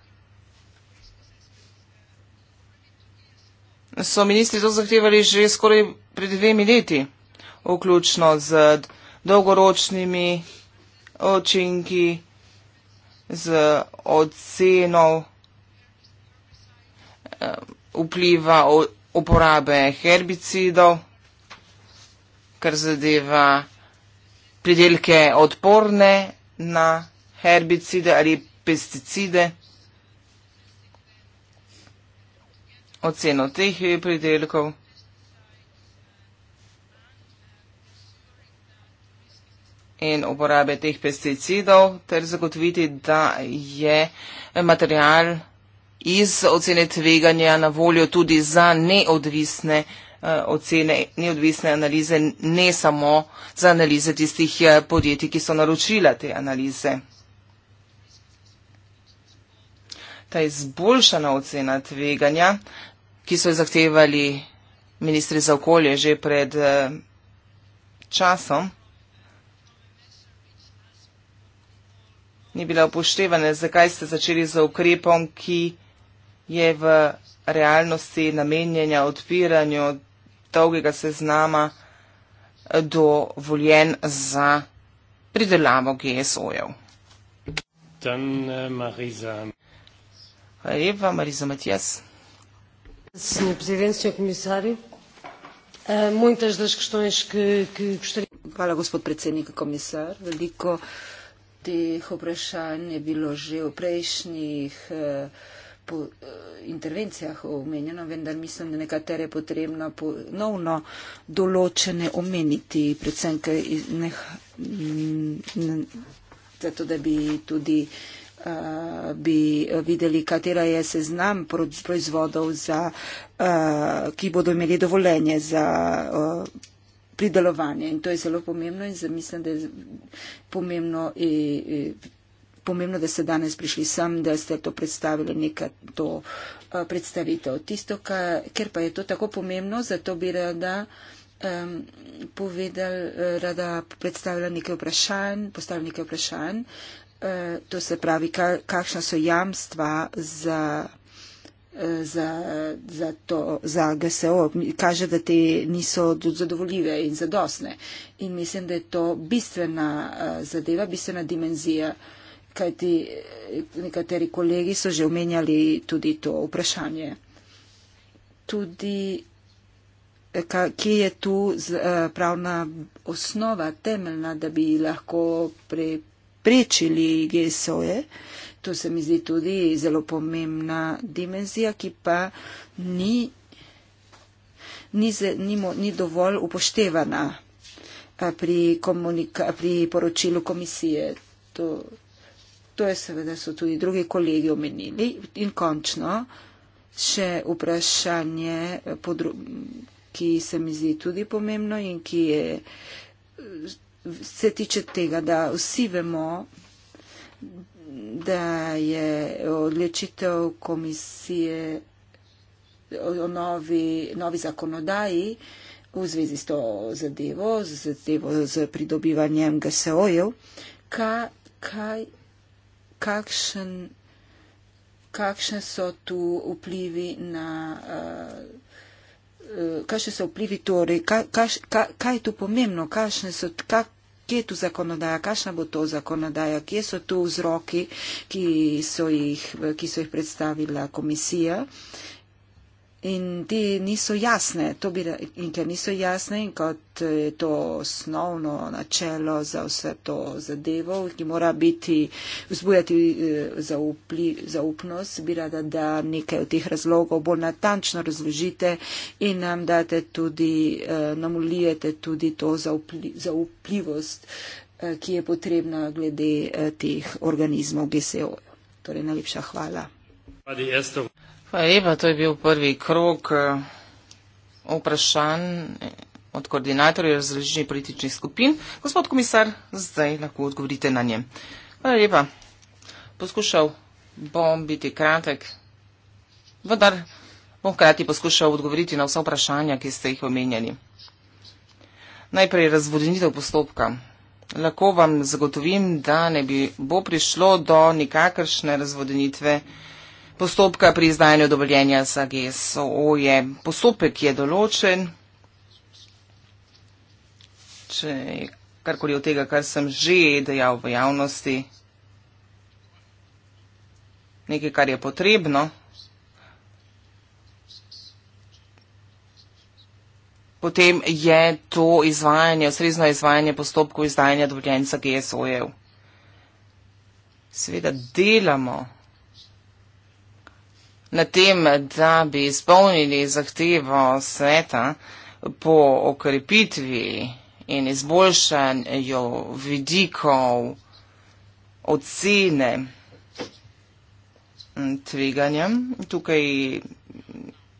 Speaker 2: so ministri to zahtevali že skoraj pred dvemi leti, vključno z dolgoročnimi očinki, z ocenov. Eh, vpliva uporabe herbicidov, kar zadeva pridelke odporne na herbicide ali pesticide. Oceno teh pridelkov. in uporabe teh pesticidov, ter zagotoviti, da je material iz ocene tveganja na voljo tudi za neodvisne eh, ocene, neodvisne analize, ne samo za analize tistih eh, podjetij, ki so naročila te analize. Ta izboljšana ocena tveganja, ki so jo zahtevali ministri za okolje že pred eh, časom, ni bila upoštevana. Zakaj ste začeli za ukrepom, ki je je v realnosti namenjena odpiranju dolgega seznama dovoljen za pridelavo GSO-jev. Eh, Hvala lepa, Mariza Matijas.
Speaker 1: Eh, Hvala, gospod predsednik, komisar. Veliko teh vprašanj je bilo že v prejšnjih eh, po eh, intervencijah omenjeno, vendar mislim, da nekatere je potrebno ponovno določene omeniti, predvsem, ker neh, n, n, zato, da bi tudi uh, bi videli, katera je seznam proizvodov, za, uh, ki bodo imeli dovoljenje za. Uh, pridelovanje in to je zelo pomembno in mislim, da je pomembno in, in pomembno, da ste danes prišli sem, da ste to predstavili neka to uh, predstavitev. Tisto, ka, ker pa je to tako pomembno, zato bi rada um, povedal, rada predstavila nekaj vprašanj, postavila nekaj vprašanj. Uh, to se pravi, ka, kakšna so jamstva za. Eh, za, za, to, za GSO, kaže, da te niso zadovoljive in zadosne. In mislim, da je to bistvena zadeva, bistvena dimenzija uh, kajti eh, nekateri kolegi so že omenjali tudi to vprašanje. Tudi, eh, kje je tu eh, pravna osnova temeljna, da bi lahko preprečili GSO-je? To se mi zdi tudi zelo pomembna dimenzija, ki pa ni, ni, z, ni, mo, ni dovolj upoštevana pri, komunika, pri poročilu komisije. To, To je seveda so tudi drugi kolegi omenili. In končno, še vprašanje, ki se mi zdi tudi pomembno in ki je, se tiče tega, da vsi vemo, da je odločitev komisije o novi, novi zakonodaji v zvezi s to zadevo, z zadevo z pridobivanjem GSO-jev, kaj, kaj kakšen, kakšen so tu vplivi na. Uh, eh, eh, Kakšni so vplivi torej, ka, kaš, ka, kaj je tu pomembno, so, ka, kje je tu zakonodaja, kakšna bo to zakonodaja, kje so tu vzroki, ki so jih, ki so jih predstavila komisija. Uh, in te niso jasne, to bi, in ker niso jasne in kot je to osnovno načelo za vse to zadevo, ki mora biti vzbujati eh, zaupli, zaupnost, bi rada, da nekaj od teh razlogov bolj natančno razložite in nam date tudi, eh, nam ulijete tudi to zaupli, zaupljivost, eh, ki je potrebna glede teh organizmov GSO. Torej, najlepša hvala.
Speaker 2: Hvala, Ester.
Speaker 1: Hvala lepa, to je
Speaker 2: bil prvi krok eh, vprašanj eh, od koordinatorjev različnih političnih skupin. Gospod komisar, zdaj lahko odgovorite na njem. Hvala lepa. Poskušal bom biti kratek, vendar bom hkrati poskušal odgovoriti na vsa vprašanja, ki ste jih omenjali. Najprej razvodnitev postopka. Lahko vam zagotovim, da ne bi, bo prišlo do nikakršne razvodnitve postopka pri izdajanju dovoljenja za GSO je postopek, ki je določen. Če je karkoli od tega, kar sem že dejal v javnosti, nekaj, kar je potrebno, potem je to izvajanje, osrezno izvajanje postopkov izdajanja dovoljenja za GSO-jev. Seveda delamo na tem, da bi izpolnili zahtevo sveta po okrepitvi in izboljšanju vidikov ocene tveganja. Tukaj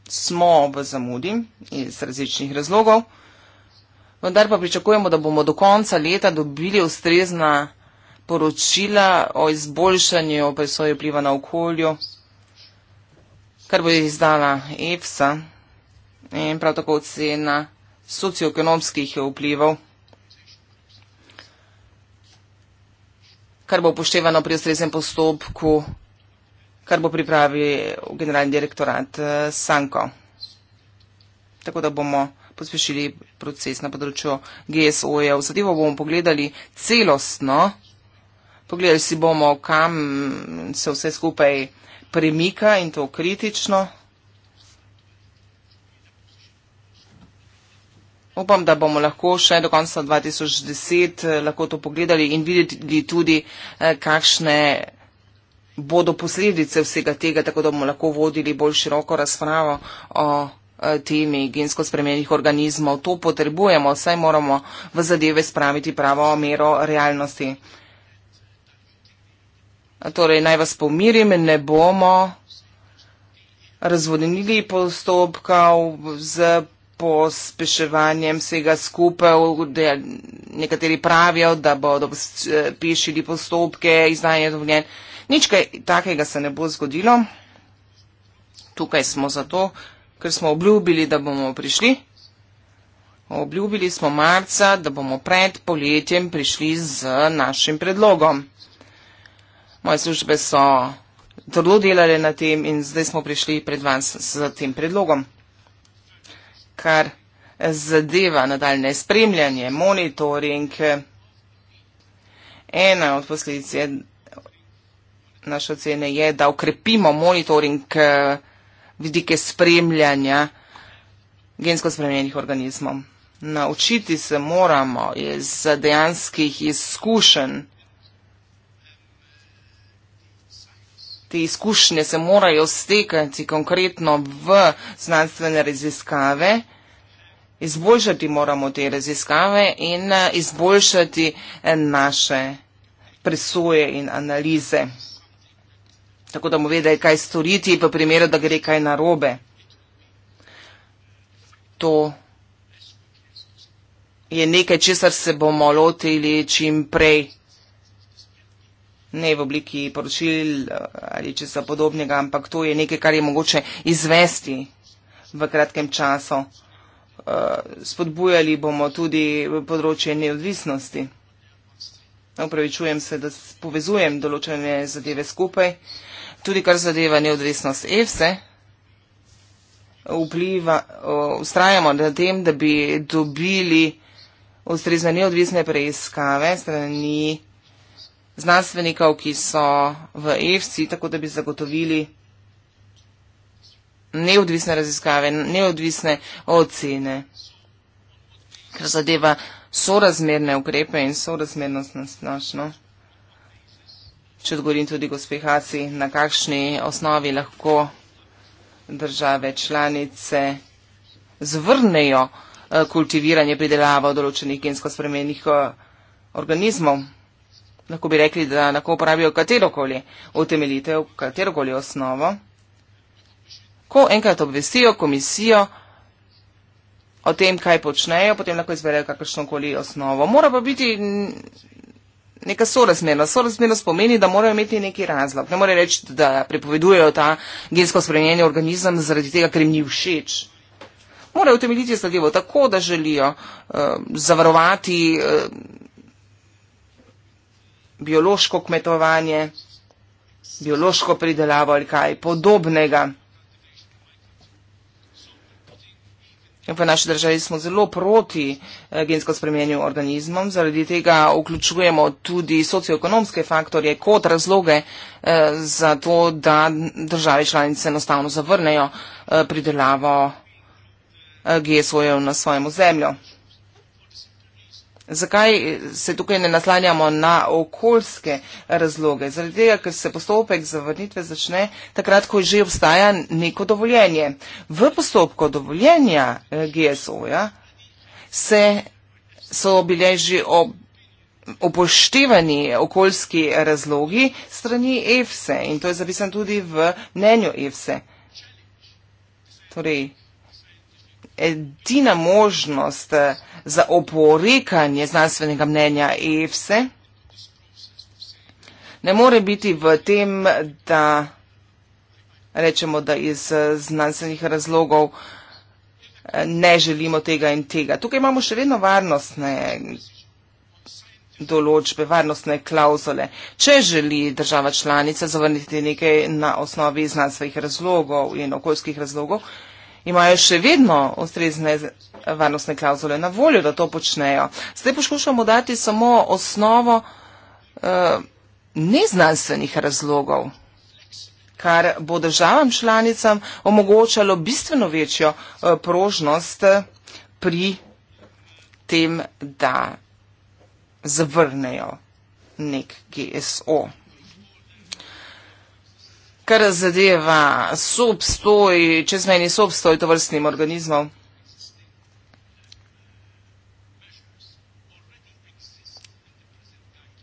Speaker 2: smo v zamudi iz različnih razlogov, vendar pa pričakujemo, da bomo do konca leta dobili ustrezna poročila o izboljšanju presoje vpliva na okolje kar bo izdala EFSA in prav tako ocena socioekonomskih vplivov, kar bo upoštevano pri ustreznem postopku, kar bo pripravil generalni direktorat eh, Sanko. Tako da bomo pospešili proces na področju GSO-ja. V zadevo bomo pogledali celostno, pogledali si bomo, kam se vse skupaj premika in to kritično. Upam, da bomo lahko še do konca 2010 eh, lahko to pogledali in videli tudi, eh, kakšne bodo posledice vsega tega, tako da bomo lahko vodili bolj široko razpravo o eh, temi gensko spremenjenih organizmov. To potrebujemo, saj moramo v zadeve spraviti pravo mero realnosti. Torej, naj vas pomirim, ne bomo razvodnili postopkov z pospeševanjem vsega skupaj. Nekateri pravijo, da bodo pišili postopke izdajanja dovoljen. Nič kaj takega se ne bo zgodilo. Tukaj smo zato, ker smo obljubili, da bomo prišli. Obljubili smo marca, da bomo pred poletjem prišli z našim predlogom moje službe so trdo delale na tem in zdaj smo prišli pred vas z tem predlogom. Kar zadeva nadaljne spremljanje, monitoring, ena od posledic je, naše ocene je, da ukrepimo monitoring vidike spremljanja gensko spremenjenih organizmov. Naučiti se moramo iz dejanskih izkušenj, te izkušnje se morajo stekati konkretno v znanstvene raziskave, izboljšati moramo te raziskave in eh, izboljšati eh, naše presoje in analize. Tako da bomo vedeli, kaj storiti, pa primere, da gre kaj narobe. To je nekaj, česar se bomo lotili čim prej ne v obliki poročil eh, ali česa podobnega, ampak to je nekaj, kar je mogoče izvesti v kratkem času. Eh, spodbujali bomo tudi področje neodvisnosti. Upravičujem se, da povezujem določene zadeve skupaj. Tudi kar zadeva neodvisnost EFSE, vpliva, ustrajamo na tem, da bi dobili ustrezne neodvisne preiskave strani znanstvenikov, ki so v EFSI, tako da bi zagotovili neodvisne raziskave, neodvisne ocene, kar zadeva sorazmerne ukrepe in sorazmernost nasplošno. Če odgovorim tudi gospehaci, na kakšni osnovi lahko države članice zvrnejo eh, kultiviranje, pridelavo določenih gensko spremenjenih eh, organizmov lahko bi rekli, da lahko uporabijo katerokoli utemeljitev, katerokoli osnovo, ko enkrat obvestijo komisijo o tem, kaj počnejo, potem lahko izberejo kakršnokoli osnovo. Mora pa biti neka sorazmernost. Sorazmernost pomeni, da morajo imeti neki razlog. Ne more reči, da prepovedujejo ta gensko spremenjeni organizem zaradi tega, ker jim ni všeč. Morajo utemeljiti zadevo tako, da želijo uh, zavarovati uh, biološko kmetovanje, biološko pridelavo ali kaj podobnega. V naši državi smo zelo proti eh, gensko spremenju organizmom, zaradi tega vključujemo tudi socioekonomske faktorje kot razloge eh, za to, da države članice enostavno zavrnejo eh, pridelavo GSO-jev na svojemu zemlju. Zakaj se tukaj ne naslanjamo na okoljske razloge? Zaradi tega, ker se postopek zavrnitve začne takrat, ko že obstaja neko dovoljenje. V postopku dovoljenja eh, GSO-ja so bile že ob upoštevani okoljski razlogi strani EFSE e in to je zapisano tudi v mnenju EFSE. E. Torej, edina možnost eh, za oporekanje znanstvenega mnenja EFSE e ne more biti v tem, da rečemo, da iz eh, znanstvenih razlogov eh, ne želimo tega in tega. Tukaj imamo še vedno varnostne določbe, varnostne klauzole. Če želi država članica zavrniti nekaj na osnovi znanstvenih razlogov in okoljskih razlogov, imajo še vedno ustrezne varnostne klauzule na voljo, da to počnejo. Zdaj poskušamo dati samo osnovo eh, neznanstvenih razlogov, kar bo državam članicam omogočalo bistveno večjo eh, prožnost eh, pri tem, da zavrnejo nek GSO kar zadeva substoj, čezmejni substoj tovrstnim organizmom.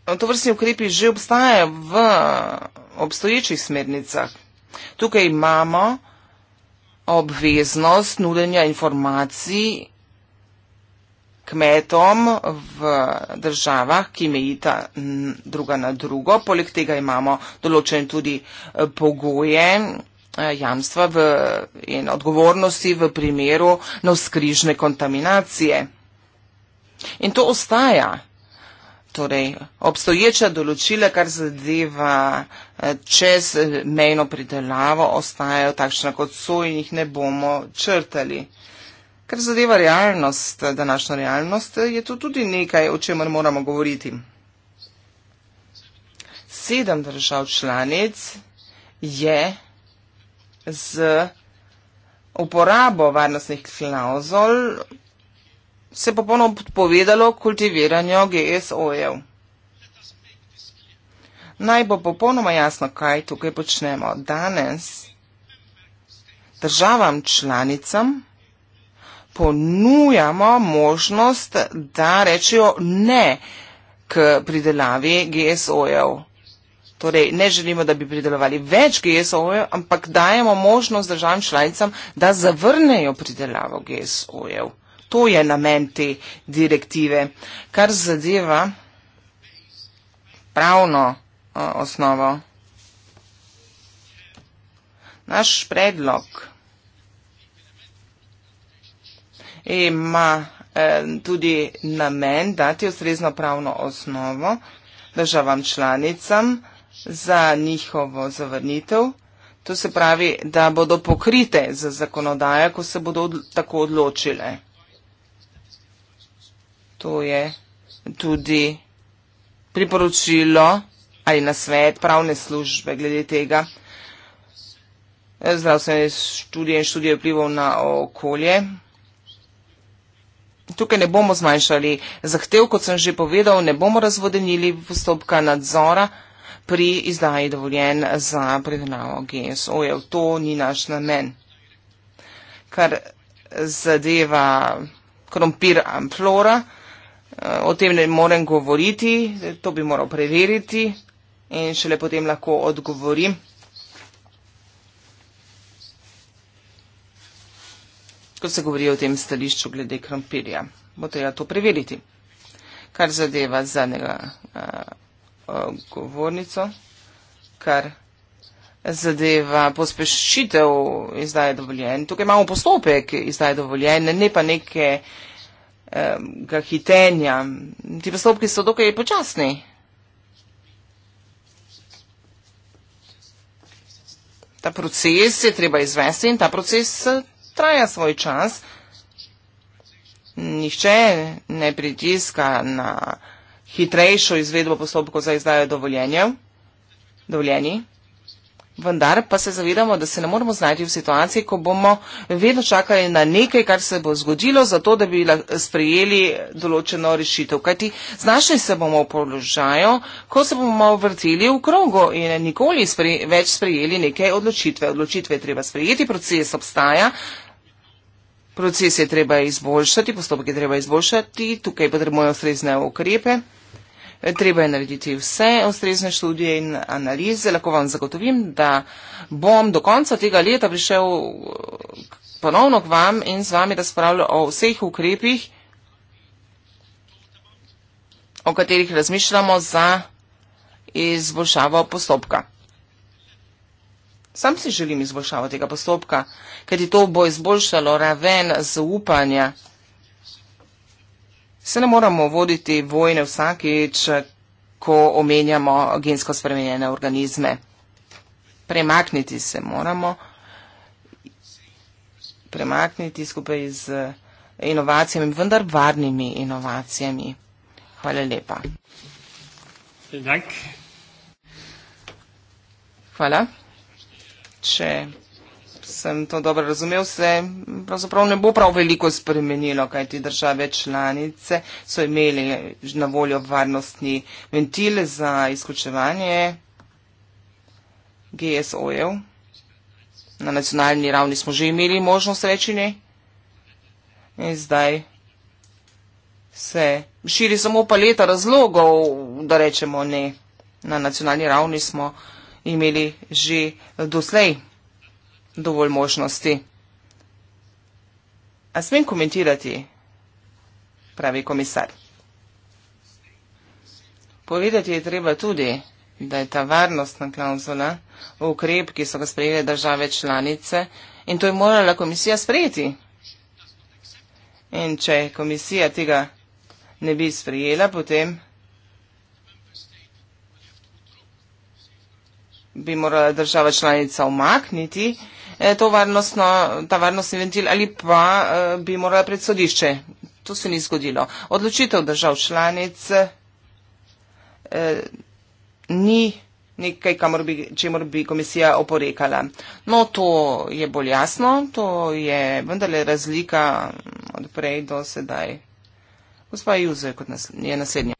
Speaker 2: To vrstni ukrepi že obstajajo v obstoječih smernicah. Tukaj imamo obveznost nudenja informacij kmetom v državah, ki mejita druga na drugo. Poleg tega imamo določene tudi eh, pogoje eh, jamstva v, in odgovornosti v primeru navskrižne kontaminacije. In to ostaja. Torej, obstoječa določila, kar zadeva eh, čezmejno pridelavo, ostajajo takšna kot so in jih ne bomo črtali. Ker zadeva realnost, današnjo realnost, je to tudi nekaj, o čemer moramo govoriti. Sedem držav članic je z uporabo varnostnih klauzol se popolnoma odpovedalo kultiviranju GSO-jev. Naj bo popolnoma jasno, kaj tukaj počnemo danes državam članicam ponujamo možnost, da rečejo ne k pridelavi GSO-jev. Torej, ne želimo, da bi pridelovali več GSO-jev, ampak dajemo možnost državam članicam, da zavrnejo pridelavo GSO-jev. To je namen te direktive. Kar zadeva pravno uh, osnovo. Naš predlog ima eh, tudi namen dati ustrezno pravno osnovo državam članicam za njihovo zavrnitev. To se pravi, da bodo pokrite za zakonodajo, ko se bodo tako odločile. To je tudi priporočilo ali nasvet pravne službe glede tega eh, zdravstvene študije in študije vplivov na okolje tukaj ne bomo zmanjšali zahtev, kot sem že povedal, ne bomo razvodenili postopka nadzora pri izdaji dovoljen za predenavo GSO-jev. To ni naš namen. Kar zadeva krompir amplora, eh, o tem ne morem govoriti, to bi moral preveriti in šele potem lahko odgovorim. kot se govori o tem stališču glede krompirja. Bo treba to preveriti. Kar zadeva zadnjega a, a, govornico, kar zadeva pospešitev izdaje dovoljen. Tukaj imamo postopek izdaje dovoljen, ne pa neke a, hitenja. Ti postopki so dokaj počasni. Ta proces je treba izvesti in ta proces traja svoj čas. Nihče ne pritiska na hitrejšo izvedbo postopkov za izdajo dovoljenja, vendar pa se zavedamo, da se ne moramo znajti v situaciji, ko bomo vedno čakali na nekaj, kar se bo zgodilo, zato da bi sprejeli določeno rešitev. Kajti znašli se bomo v položaju, ko se bomo vrtili v krogu in nikoli spre, več sprejeli neke odločitve. Odločitve je treba sprejeti, proces obstaja, proces je treba izboljšati, postopke je treba izboljšati, tukaj potrebujemo ustrezne ukrepe. Treba je narediti vse ustrezne študije in analize. Lahko vam zagotovim, da bom do konca tega leta prišel eh, ponovno k vam in z vami razpravljal o vseh ukrepih, o katerih razmišljamo za izboljšavo postopka. Sam si želim izboljšavo tega postopka, ker ti to bo izboljšalo raven zaupanja. Se ne moramo voditi vojne vsakič, ko omenjamo gensko spremenjene organizme. Premakniti se moramo, premakniti skupaj z inovacijami, vendar varnimi inovacijami. Hvala lepa. Hvala če sem to dobro razumel, se pravzaprav ne bo prav veliko spremenilo, kaj ti države članice so imeli na voljo varnostni ventil za izključevanje GSO-jev. Na nacionalni ravni smo že imeli možnost rečine in zdaj se širi samo paleta razlogov, da rečemo ne. Na nacionalni ravni smo imeli že doslej dovolj možnosti. A smem komentirati, pravi komisar. Povedati je treba tudi, da je ta varnostna klauzula ukrep, ki so ga sprejeli države članice in to je morala komisija sprejeti. In če komisija tega ne bi sprejela, potem bi morala država članica umakniti e, to varnostno, ta varnostni ventil ali pa e, bi morala pred sodišče. To se ni zgodilo. Odločitev držav članic eh, ni nekaj, bi, čemor bi komisija oporekala. No, to je bolj jasno, to je vendarle razlika od prej do sedaj.
Speaker 1: Gospa Juze je, kot nas, je naslednja.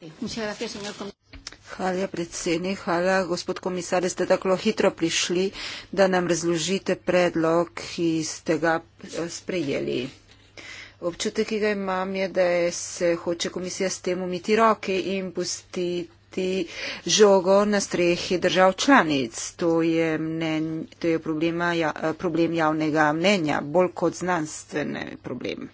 Speaker 1: Hvala, predsednik. Hvala, gospod komisar, da ste tako hitro prišli, da nam razložite predlog, ki ste ga eh, sprejeli. Občutek, ki ga imam, je, da se hoče komisija s tem umiti roke in pustiti igrati žogo na strehi držav članic. To je, mnen, to je problema, ja, problem javnega mnenja, bolj kot znanstvene problem.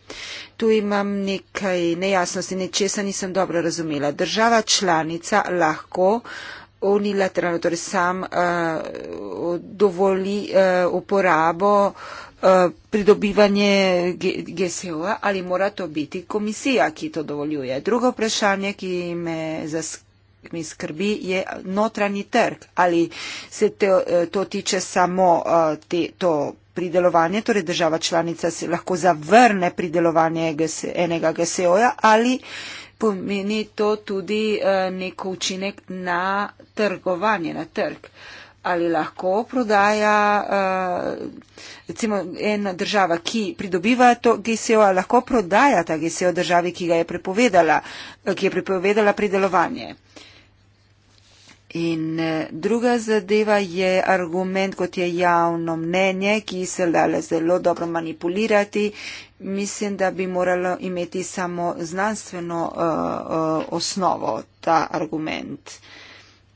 Speaker 1: Tu imam nekaj nejasnosti, nečesa nisem dobro razumela. Država članica lahko unilateralno, torej sam, uh, dovoli uh, uporabo eh, pridobivanje GSO-a ali mora to biti komisija, ki to dovoljuje. Drugo vprašanje, ki me zaskrbi mi skrbi, je notranji trg. Ali se te, eh, to tiče samo eh, te, to pridelovanje, torej država članica se lahko zavrne pridelovanje enega GSO-ja ali pomeni to tudi eh, nek učinek na trgovanje, na trg. Ali lahko prodaja, recimo ena država, ki pridobiva to GSO, ali lahko prodaja ta GSO državi, ki, ga je ki je prepovedala pridelovanje. In eh, druga zadeva je argument, kot je javno mnenje, ki se dale zelo dobro manipulirati. Mislim, da bi moralo imeti samo znanstveno uh, uh, osnovo ta argument.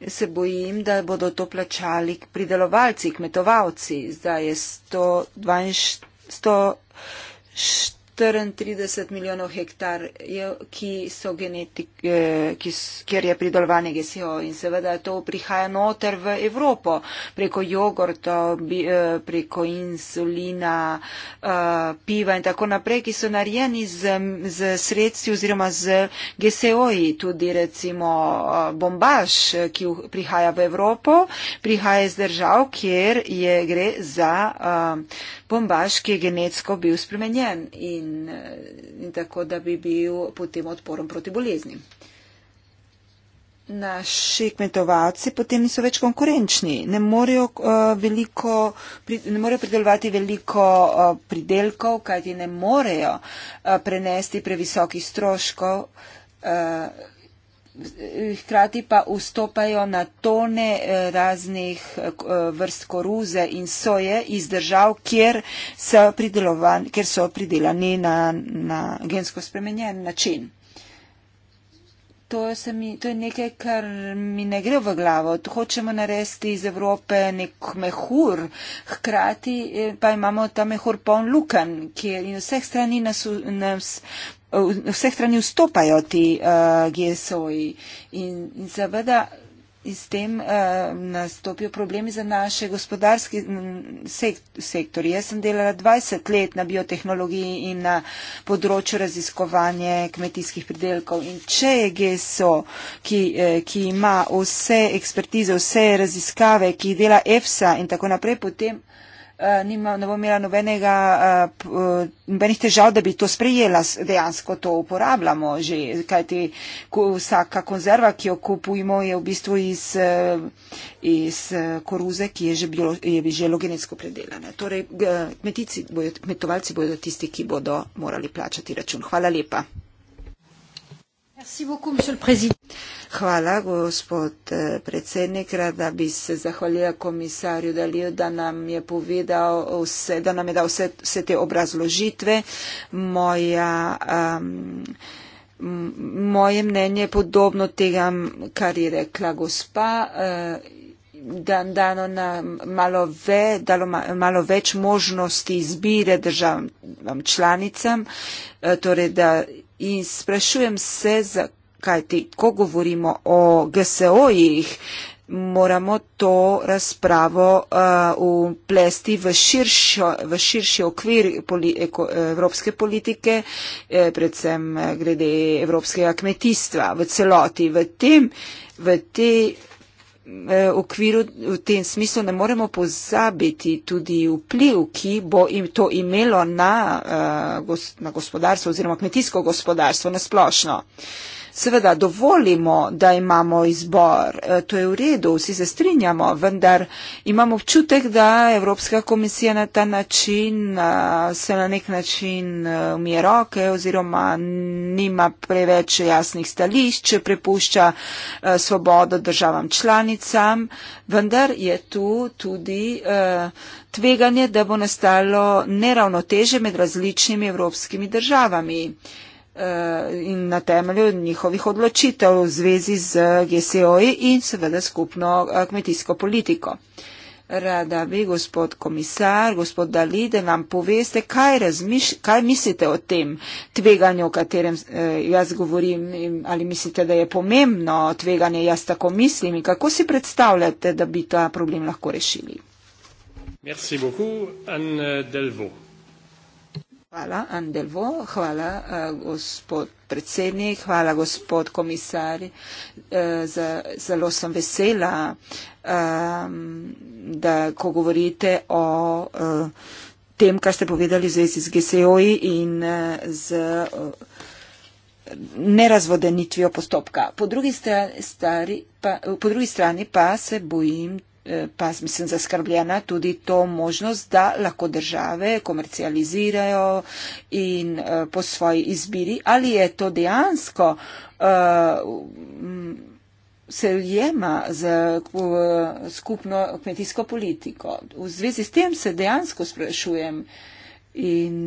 Speaker 1: Se bojim, da bodo to plačali pridelovalci, kmetovalci. Zdaj je 142 trn 30 milijonov hektar, ki so genetik, eh, ki, kjer je pridelovanje GSO in seveda to prihaja noter v Evropo preko jogurta, eh, preko insulina, eh, piva in tako naprej, ki so narejeni z, z sredstvi oziroma z GSO-ji. Tudi recimo bombaž, ki prihaja v Evropo, prihaja iz držav, kjer je, gre za. Uh, bombaž, ki je genetsko bil spremenjen in, eh, in tako, da bi bil potem odporen proti bolezni. Naši kmetovalci potem niso več konkurenčni, ne morejo, uh, veliko, pri, ne morejo pridelovati veliko uh, pridelkov, kajti ne morejo uh, prenesti previsokih stroškov. Uh, hkrati pa vstopajo na tone eh, raznih eh, eh, vrst koruze in soje iz držav, kjer so, kjer so pridelani na, na gensko spremenjen način. To, mi, to je nekaj, kar mi ne gre v glavo. To hočemo naresti iz Evrope nek mehur, hkrati pa imamo ta mehur poln lukan, kjer in vseh strani nas, nas vse strani vstopajo ti uh, eh, GSO-ji in, in seveda s tem uh, nastopijo problemi za naše gospodarski sektor. Jaz sem delala 20 let na biotehnologiji in na področju raziskovanja kmetijskih pridelkov in če je GSO, ki, eh, ki ima vse ekspertize, vse raziskave, ki dela EFSA in tako naprej, potem. Uh, Eh, nima, ne bo imela nobenega, eh, eh, nobenih težav, da bi to sprejela. Dejansko to uporabljamo že, kajti vsaka konzerva, ki jo kupujemo, je v bistvu iz, iz koruze, ki je že, bilo, je že logenetsko predelana. Torej, bojo, kmetovalci bodo tisti, ki bodo morali plačati račun. Hvala lepa. Merci beaucoup, monsieur le président. Hvala, gospod eh, predsednik. Rada bi se zahvalila komisarju Daliju, da nam je povedal vse, da nam je dal vse, vse te obrazložitve. Moja, um, moje mnenje je podobno tega, kar je rekla gospa. Uh, Dan, dano nam malo, ve, dalo ma, malo več možnosti izbire državam članicam, eh, torej da in sprašujem se, za kajti ko govorimo o GSO-jih, moramo to razpravo uh, vplesti uh, v, v širši okvir poli, eko, evropske politike, eh, predvsem eh, glede evropskega kmetijstva v celoti. V tem, v te, eh, okviru, v tem smislu ne moremo pozabiti tudi vpliv, ki bo im to imelo na, eh, gos, na gospodarstvo oziroma kmetijsko gospodarstvo nasplošno. Eh, seveda dovolimo, da imamo izbor, e, to je v redu, vsi se strinjamo, vendar imamo občutek, da Evropska komisija na ta način e, se na nek način e, umije roke oziroma nima preveč jasnih stališč, prepušča svobodo državam članicam, vendar je tu tudi tveganje, da bo nastalo neravnoteže med različnimi evropskimi državami. Eh, in na temelju njihovih odločitev v zvezi z GSO-ji e in seveda skupno eh, kmetijsko politiko. Rada bi, gospod komisar, gospod Dali, da nam poveste, kaj, razmiš, kaj mislite o tem tveganju, o katerem eh, jaz govorim, in ali mislite, da je pomembno tveganje, jaz tako mislim in kako si predstavljate, da bi ta problem lahko rešili.
Speaker 4: Merci beaucoup, Anne Delvaux.
Speaker 1: Hvala, Andelvo, hvala, eh, gospod predsednik, hvala, gospod komisar. Eh, zelo sem vesela, ehm, da ko govorite o eh, tem, kar ste povedali v zvezi z GSO-ji in z nerazvodenitvijo postopka. Po drugi, stari, pa, po drugi strani pa se bojim Eh, pa sem zaskrbljena tudi to možnost, da lahko države komercializirajo in eh, po svoji izbiri, ali je to dejansko eh, se jema z skupno kmetijsko politiko. V zvezi s tem se dejansko sprašujem in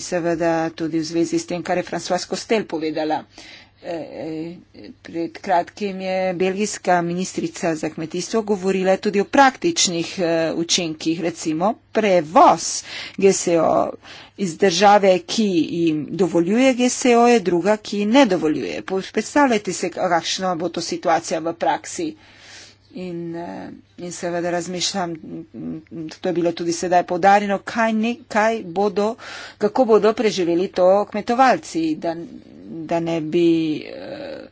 Speaker 1: seveda tudi v zvezi s tem, kar je Francois Kostel povedala. E, pred kratkim je belgijska ministrica za kmetijstvo govorila tudi o praktičnih e, učinkih, recimo prevoz GSO iz države, ki jim dovoljuje GSO, je druga, ki ne dovoljuje. Predstavljajte se, kakšna bo to situacija v praksi in, eh, in seveda razmišljam, to je bilo tudi sedaj podarjeno, kaj ne, kaj bodo, kako bodo preživeli to kmetovalci, da, da ne bi eh,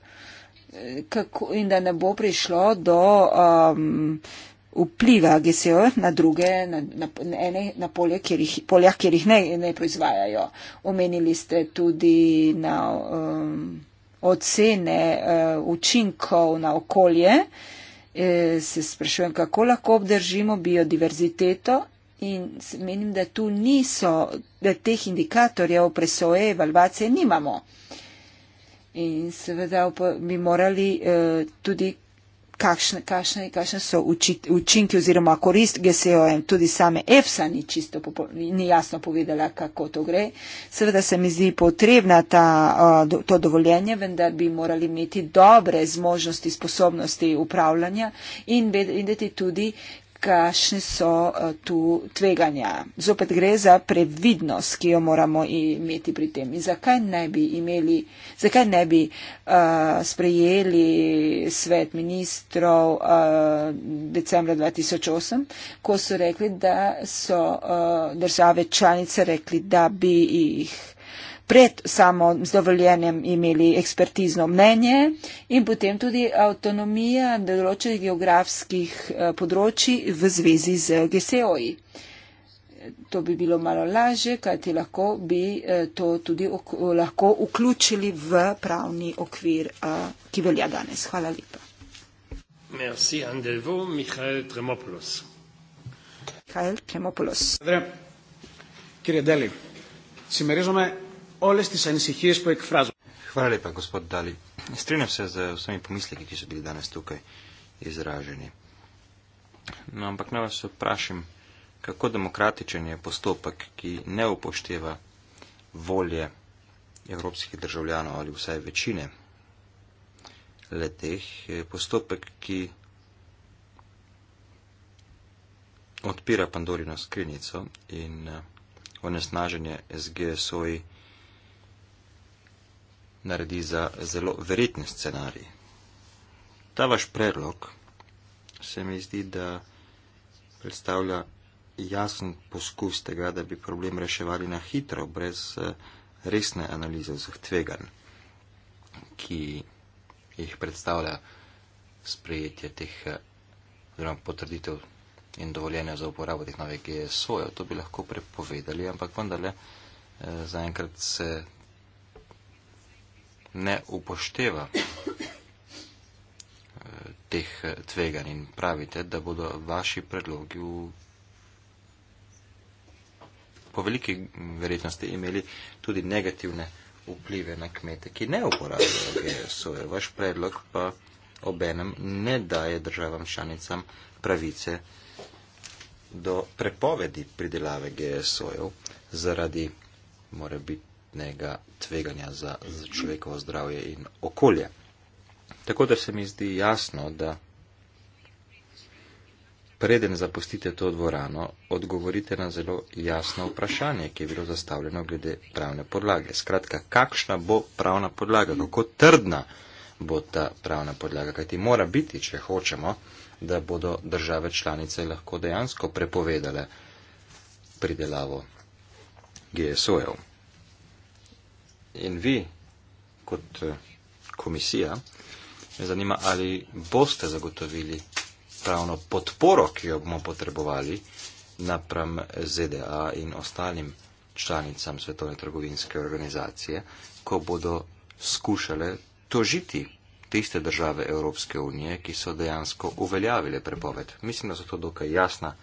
Speaker 1: kako, in da ne bo prišlo do um, vpliva GSO na druge, na, na, ene, na polje, kjer jih, polja, kjer jih ne, ne proizvajajo. Omenili ste tudi na. Um, ocene uh, učinkov na okolje. Uh, E, se sprašujem, kako lahko obdržimo biodiverziteto in menim, da tu niso, da teh indikatorjev presoje evalvacije nimamo. In seveda bi morali e, tudi kakšne, kakšne, kakšne so učinki oziroma korist GSOM. Tudi same EFSA ni čisto ni jasno povedala, kako to gre. Seveda se mi zdi potrebna ta, to dovoljenje, vendar bi morali imeti dobre zmožnosti, sposobnosti upravljanja in vedeti tudi, kakšne so eh, tu tveganja. Zopet gre za previdnost, ki jo moramo imeti pri tem. In zakaj ne bi imeli, zakaj ne bi uh, sprejeli svet ministrov uh, decembra 2008, ko so rekli, da so uh, države članice rekli, da bi jih pred samom zadovoljenjem imeli ekspertizno mnenje in potem tudi avtonomija določenih geografskih eh, področji v zvezi z GSEO-ji. To bi bilo malo lažje, kajti lahko bi eh, to tudi lahko vključili v pravni okvir, eh, ki velja danes. Hvala lepa.
Speaker 4: Merci, Andelvo, Mihajl Tremopoulos.
Speaker 1: Mihajl Tremopoulos. Kjer je deli? Si me rezume, όλες τις ανησυχίες που εκφράζω. Hvala
Speaker 3: lepa, gospod Dali. Strinjam se z vsemi pomisleki, ki so bili danes tukaj izraženi. No, ampak naj vas vprašam, kako demokratičen je postopek, ki ne upošteva volje evropskih državljanov ali vsaj večine leteh, postopek, ki odpira Pandorino skrinjico in eh, onesnaženje z GSO-ji naredi za zelo verjetni scenarij. Ta vaš predlog se mi zdi, da predstavlja jasen poskus tega, da bi problem reševali na hitro, brez eh, resne analize vseh tveganj, ki jih predstavlja sprejetje teh eh, potrditev in dovoljenja za uporabo teh novih GSO-jev. To bi lahko prepovedali, ampak vendarle eh, zaenkrat se ne upošteva eh, teh eh, tveganj in pravite, da bodo vaši predlogi v, po veliki verjetnosti imeli tudi negativne vplive na kmete, ki ne uporabljajo GSO. Vaš predlog pa obenem ne daje državam članicam pravice do prepovedi pridelave GSO-jev zaradi morebit dodatnega tveganja za, za človekovo zdravje in okolje. Tako da se mi zdi jasno, da preden zapustite to dvorano, odgovorite na zelo jasno vprašanje, ki je bilo zastavljeno glede pravne podlage. Skratka, kakšna bo pravna podlaga, kako trdna bo ta pravna podlaga, kajti mora biti, če hočemo, da bodo države članice lahko dejansko prepovedale pridelavo GSO-jev in vi kot eh, komisija, me zanima, ali boste zagotovili pravno podporo, ki jo bomo potrebovali napram ZDA in ostalim članicam Svetovne trgovinske organizacije, ko bodo skušale tožiti tiste države Evropske unije, ki so dejansko uveljavile prepoved. Mislim, da so to dokaj jasna,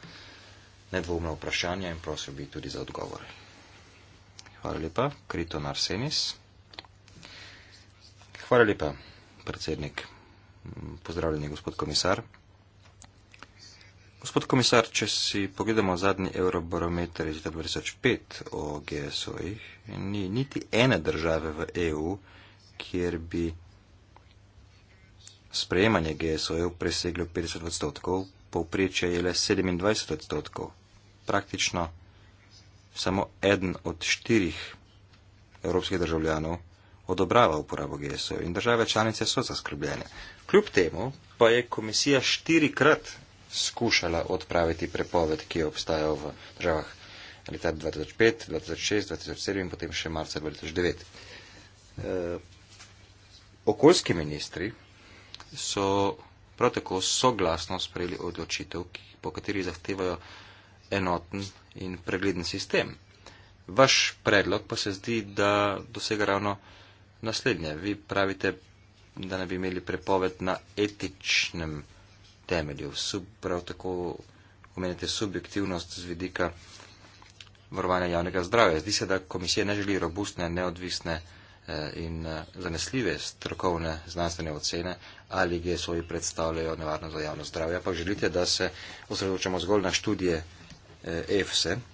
Speaker 3: nedvomna vprašanja in prosil bi tudi za odgovore. Hvala lepa, Kriton Arsenis. Hvala lepa, predsednik. Pozdravljeni, gospod komisar. Gospod komisar, če si pogledamo zadnji eurobarometer iz 2005 o GSO-jih, ni niti ene države v EU, kjer bi sprejemanje GSO-jev preseglo 50 odstotkov, povprečje je le 27 odstotkov. Praktično samo eden od štirih evropskih državljanov odobrava uporabo GSO in države članice so zaskrbljene. Kljub temu pa je komisija štirikrat skušala odpraviti prepoved, ki je obstajal v državah leta 2005, 2006, 2007 in potem še marca 2009. E, eh, okoljski ministri so prav tako soglasno sprejeli odločitev, ki, po kateri zahtevajo enoten in pregleden sistem. Vaš predlog pa se zdi, da dosega ravno naslednje. Vi pravite, da ne bi imeli prepoved na etičnem temelju. Sub, prav tako omenjate subjektivnost z vidika varovanja javnega zdravja. Zdi se, da komisija ne želi robustne, neodvisne eh, in eh, zanesljive strokovne znanstvene ocene ali GSO-ji predstavljajo nevarno za javno zdravje, pa želite, da se osredotočamo zgolj na študije EFSE. Eh, e.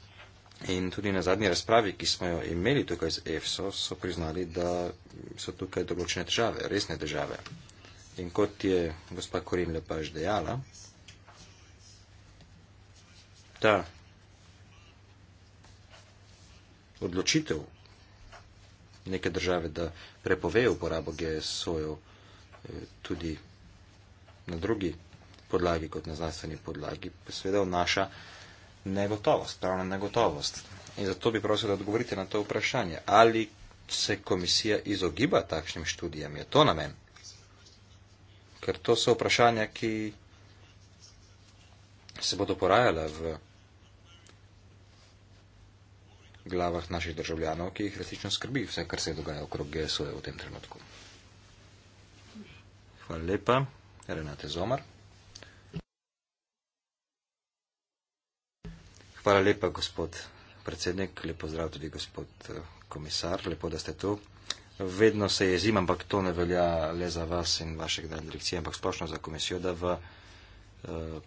Speaker 3: In tudi na zadnji razpravi, ki smo jo imeli tukaj z EFSO, so priznali, da so tukaj določene države, resne države. In kot je gospa Korin Lepaž dejala, ta odločitev neke države, da prepove uporabo GSO-jev eh, tudi na drugi podlagi kot na znanstveni podlagi, pa seveda vnaša negotovost, pravna negotovost. In zato bi prosil, da odgovorite na to vprašanje. Ali se komisija izogiba takšnim študijam? Je to namen? Ker to so vprašanja, ki se bodo porajale v glavah naših državljanov, ki jih resnično skrbi vse, kar se dogaja okrog GSO-ja v tem trenutku. Hvala lepa. Renate Zomar. Hvala lepa, gospod predsednik, lepo zdrav tudi gospod eh, komisar, lepo, da ste tu. Vedno se jezim, ampak to ne velja le za vas in vaše generalne direkcije, ampak splošno za komisijo, da v uh,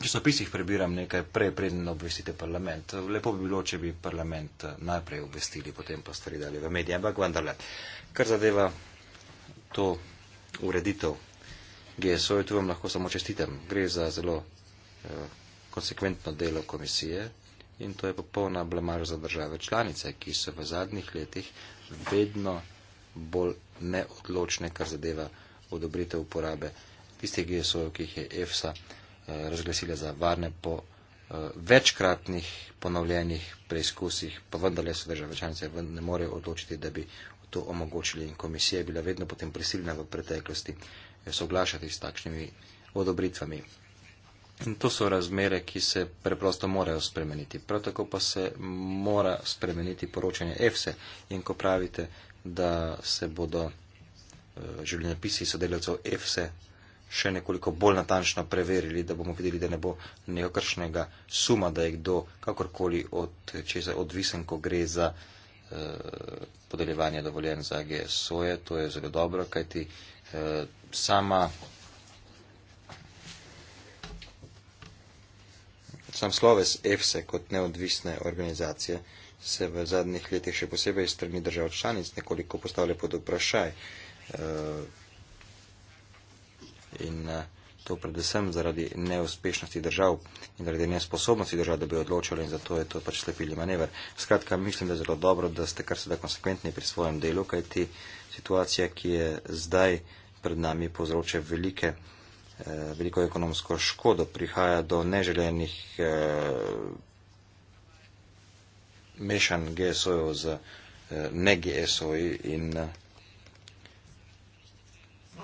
Speaker 3: časopisih prebiram nekaj prej, preden obvestite parlament. Lepo bi bilo, če bi parlament eh, najprej obvestili, potem pa stvari dali v medije, ampak vendarle. Kar zadeva to ureditev GSO, tu vam lahko samo čestitem. Gre za zelo. Uh, konsekventno delo komisije in to je popolna blamar za države članice, ki so v zadnjih letih vedno bolj neodločne, kar zadeva odobritev uporabe tistih GSO-jev, ki jih je EFSA eh, razglasila za varne po eh, večkratnih ponovljenih preizkusih, pa vendarle so države članice ne morejo odločiti, da bi to omogočili in komisija je bila vedno potem prisiljena v preteklosti eh, soglašati s takšnimi odobritvami. In to so razmere, ki se preprosto morajo spremeniti. Prav tako pa se mora spremeniti poročanje EFSE. In ko pravite, da se bodo eh, življenjopisi sodelavcev EFSE še nekoliko bolj natančno preverili, da bomo videli, da ne bo nekakršnega suma, da je kdo kakorkoli od česa odvisen, ko gre za eh, podeljevanje dovoljen za GSO-je. To je zelo dobro, kajti eh, sama Sam sloves EFSE kot neodvisne organizacije se v zadnjih letih še posebej strani držav članic nekoliko postavlja pod vprašaj. Eh, in eh, to predvsem zaradi neuspešnosti držav in zaradi nesposobnosti držav, da bi odločali in zato je to pač slepili manever. Skratka, mislim, da je zelo dobro, da ste kar seveda konsekventni pri svojem delu, kajti situacija, ki je zdaj pred nami, povzroča velike. Eh, veliko ekonomsko škodo, prihaja do neželenih eh, mešanj GSO-jev z eh, ne GSO-ji in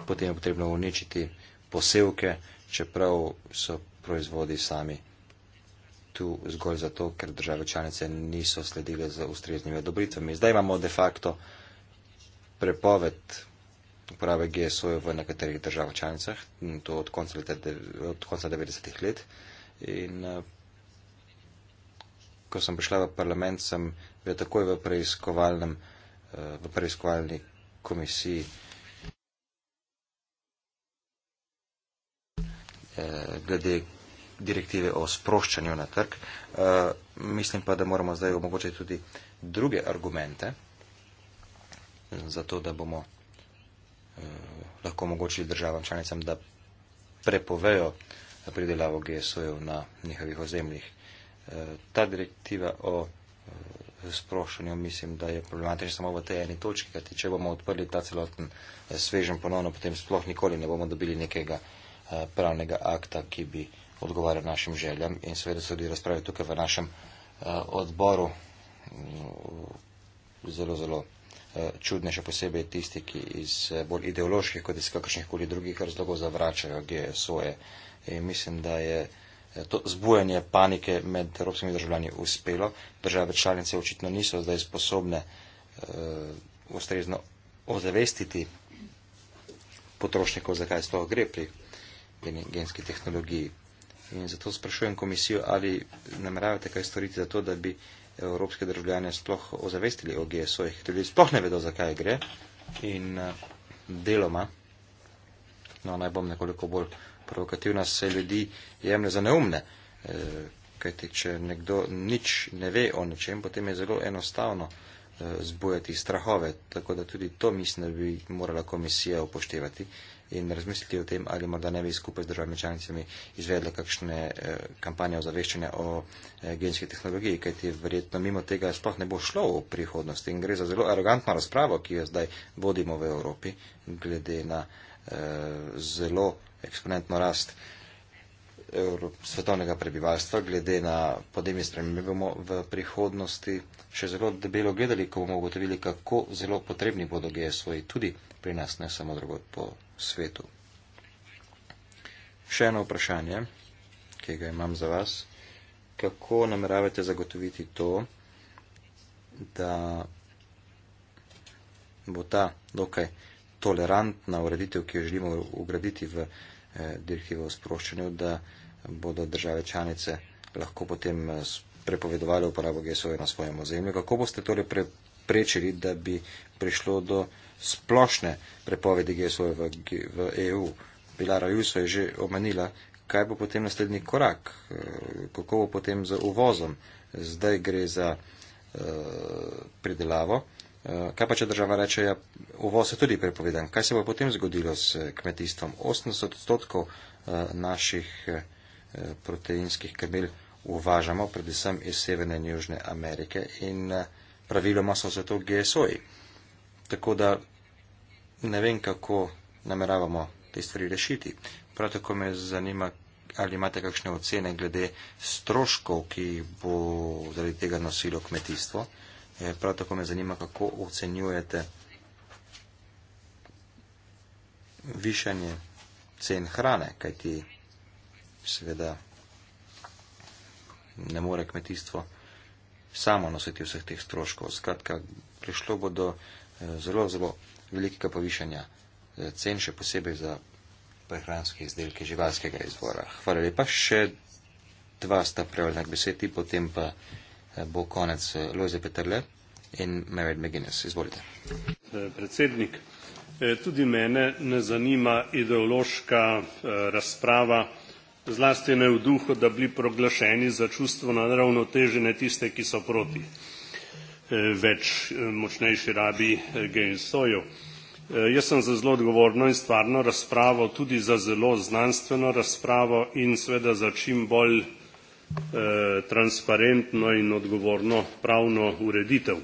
Speaker 3: potem je potrebno uničiti posevke, čeprav so proizvodi sami tu zgolj zato, ker države članice niso sledile z ustreznimi odobritvami. Zdaj imamo de facto prepoved uporabe GSO-ja v nekaterih državah članicah, to od konca, leta, od konca 90-ih let. In eh, ko sem prišla v parlament, sem bila takoj v, preiskovalnem, eh, v preiskovalni komisiji. Eh, glede direktive o sproščanju na trg. E, mislim pa, da moramo zdaj omogočiti tudi druge argumente, zato da bomo Eh, lahko omogočili državam članicam, da prepovejo pridelavo GSO-jev na njihovih ozemljih. Eh, ta direktiva o eh, sproščanju mislim, da je problematična samo v tej eni točki, kajti če bomo odprli ta celoten svežen ponovno, potem sploh nikoli ne bomo dobili nekega pravnega akta, ki bi odgovarjal našim željam in seveda so tudi razprave tukaj v našem odboru mm, zelo, zelo Eh, čudne, še posebej tisti, ki iz eh, bolj ideoloških kot iz kakršnih koli drugih razlogov zavračajo GSO-je. In mislim, da je eh, to zbujanje panike med evropskimi državljani uspelo. Države članice očitno niso zdaj sposobne uh, ustrezno ozavestiti potrošnikov, zakaj sploh gre pri genski tehnologiji. In zato sprašujem komisijo, ali nameravate kaj storiti za to, da bi uh, evropske državljane sploh ozavestili o GSO-jih. Tudi sploh ne vedo, zakaj gre in eh, deloma, no naj bom nekoliko bolj provokativna, se ljudi jemne za neumne. E, kajti, če nekdo nič ne ve o nečem, potem je zelo enostavno e, zbujati strahove. Tako da tudi to mislim, da bi morala komisija upoštevati in razmisliti o tem, ali morda ne bi skupaj z državami članicami izvedla kakšne eh, kampanje ozaveščanja o eh, genski tehnologiji, kajti verjetno mimo tega sploh ne bo šlo v prihodnosti in gre za zelo arogantno razpravo, ki jo zdaj vodimo v Evropi glede na eh, zelo eksponentno rast evrop, svetovnega prebivalstva, glede na podnebne spremembe bomo v prihodnosti še zelo debelo gledali, ko bomo ugotovili, kako zelo potrebni bodo GSO-ji tudi pri nas, ne samo drugot po svetu. Še eno vprašanje, ki ga imam za vas. Kako nameravate zagotoviti to, da bo ta dokaj tolerantna ureditev, ki jo želimo ugraditi v eh, direktivo o sproščanju, da eh, bodo države članice lahko potem eh, prepovedovali uporabo GSO-ja na svojem ozemlju. Kako boste torej preprečili, da bi prišlo do splošne prepovedi GSO-ja v, v EU? Bila Rajuso je že omenila, kaj bo potem naslednji korak, eh, kako bo potem z uvozom. Zdaj gre za uh, pridelavo. Kaj pa, če država reče, da ja, je uvoz tudi prepovedan? Kaj se bo potem zgodilo s kmetijstvom? 80 odstotkov naših Eh, proteinskih krmil uvažamo, predvsem iz Severne in Južne Amerike in eh, praviloma so zato GSO-ji. Tako da ne vem, kako nameravamo te stvari rešiti. Prav tako me zanima, ali imate kakšne ocene glede stroškov, ki bo zaradi tega nosilo kmetijstvo. Eh, prav tako me zanima, kako ocenjujete višanje cen hrane, kajti seveda ne more kmetijstvo samo nositi vseh teh stroškov. Skratka, prišlo bo do eh, zelo, zelo velikega povišanja eh, cen, še posebej za prehranske izdelke živalskega izvora. Hvala lepa. Še dva sta prevelna k besedi, potem pa eh, bo konec Lojze Petrle in Mary McGuinness. Izvolite.
Speaker 4: Predsednik, tudi mene ne zanima ideološka razprava zlasti ne v duhu, da bi proglašeni za čustveno neravnotežene tiste, ki so proti e, več e, močnejši rabi e, gensojev. Jaz sem za zelo odgovorno in stvarno razpravo, tudi za zelo znanstveno razpravo in seveda za čim bolj transparentno in odgovorno pravno ureditev.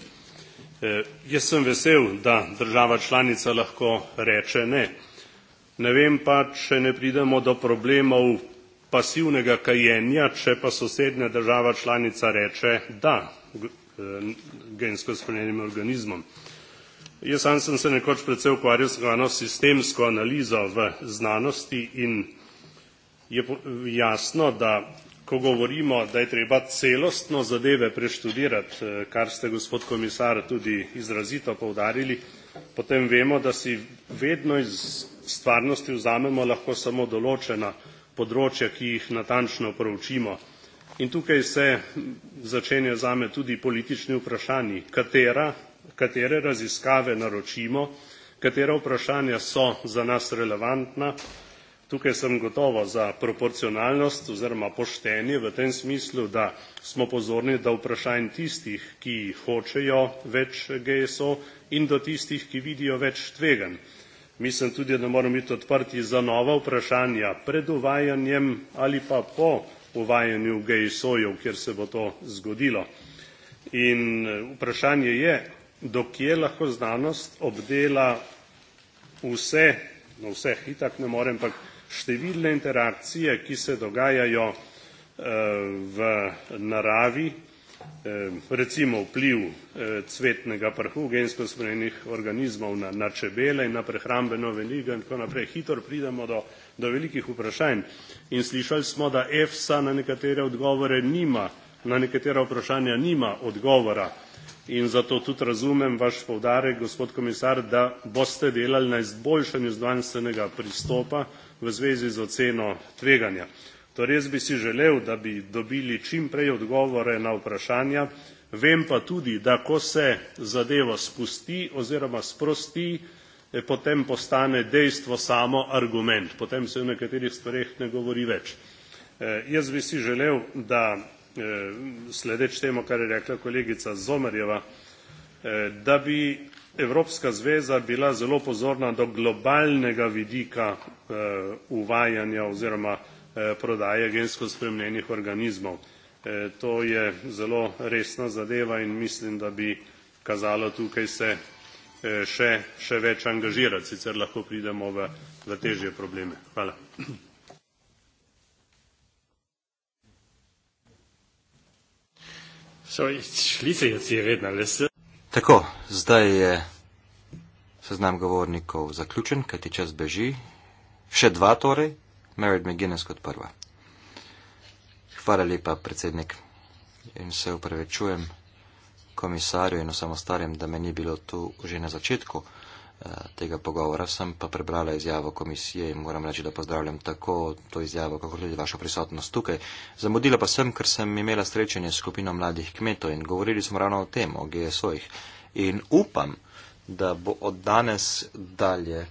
Speaker 4: Jaz sem vesel, da država članica lahko reče ne. Ne vem pa, če ne pridemo do problemov pasivnega kajenja, če pa sosednja država članica reče da eh, gensko spremenjenim organizmom. Jaz sam sem se nekoč predvsej ukvarjal s sistemsko analizo v znanosti in je jasno, da ko govorimo, da je treba celostno zadeve preštudirati, eh, kar ste gospod komisar tudi izrazito poudarili, potem vemo, da si vedno iz stvarnosti vzamemo lahko samo določena področja, ki jih natančno proučimo. In tukaj se začenja zame tudi politični vprašanji, katera, katere raziskave naročimo, katera vprašanja so za nas relevantna. Tukaj sem gotovo za proporcionalnost oziroma poštenje v tem smislu, da smo pozorni, da vprašanj tistih, ki hočejo več GSO in do tistih, ki vidijo več tveganj mislim tudi, da moramo biti odprti za nova vprašanja pred uvajanjem ali pa po uvajanju GSO-jev, kjer se bo to zgodilo. In eh, vprašanje je, dokje lahko znanost obdela vse, no vse, itak ne morem, ampak številne interakcije, ki se dogajajo eh, v naravi, recimo vpliv eh, cvetnega prahu, gensko spremenjenih organizmov na, na čebele in na prehrambeno veligo in tako naprej. Hitro pridemo do, do velikih vprašanj. In slišali smo, da EFSA na nekatere odgovore nima, na nekatera vprašanja nima odgovora. In zato tudi razumem vaš povdarek, gospod komisar, da boste delali na izboljšanju znanstvenega pristopa v zvezi z oceno tveganja. Torej, jaz bi si želel, da bi dobili čim prej odgovore na vprašanja. Vem pa tudi, da ko se zadeva spusti oziroma sprosti, eh, potem postane dejstvo samo argument, potem se v nekaterih stvareh ne govori več. Eh, jaz bi si želel, da eh, sledeč temu, kar je rekla kolegica Zomerjeva, da bi Evropska zveza bila zelo pozorna do globalnega vidika uvajanja oziroma Eh, prodaje gensko spremenjenih organizmov. Eh, to je zelo resna zadeva in mislim, da bi kazalo tukaj se eh, še, še več angažirati, sicer lahko pridemo v, v težje probleme. Hvala.
Speaker 3: Tako, zdaj je seznam govornikov zaključen, kajti čas beži. Še dva torej. Merit McGuinness kot prva. Hvala lepa, predsednik, in se upravičujem komisarju in vsem ostalim, da me ni bilo tu že na začetku eh, tega pogovora. Sem pa prebrala izjavo komisije in moram reči, da pozdravljam tako to izjavo, kako tudi vašo prisotnost tukaj. Zamudila pa sem, ker sem imela srečanje s skupino mladih kmetov in govorili smo ravno o tem, o GSO-jih. In upam, da bo od danes dalje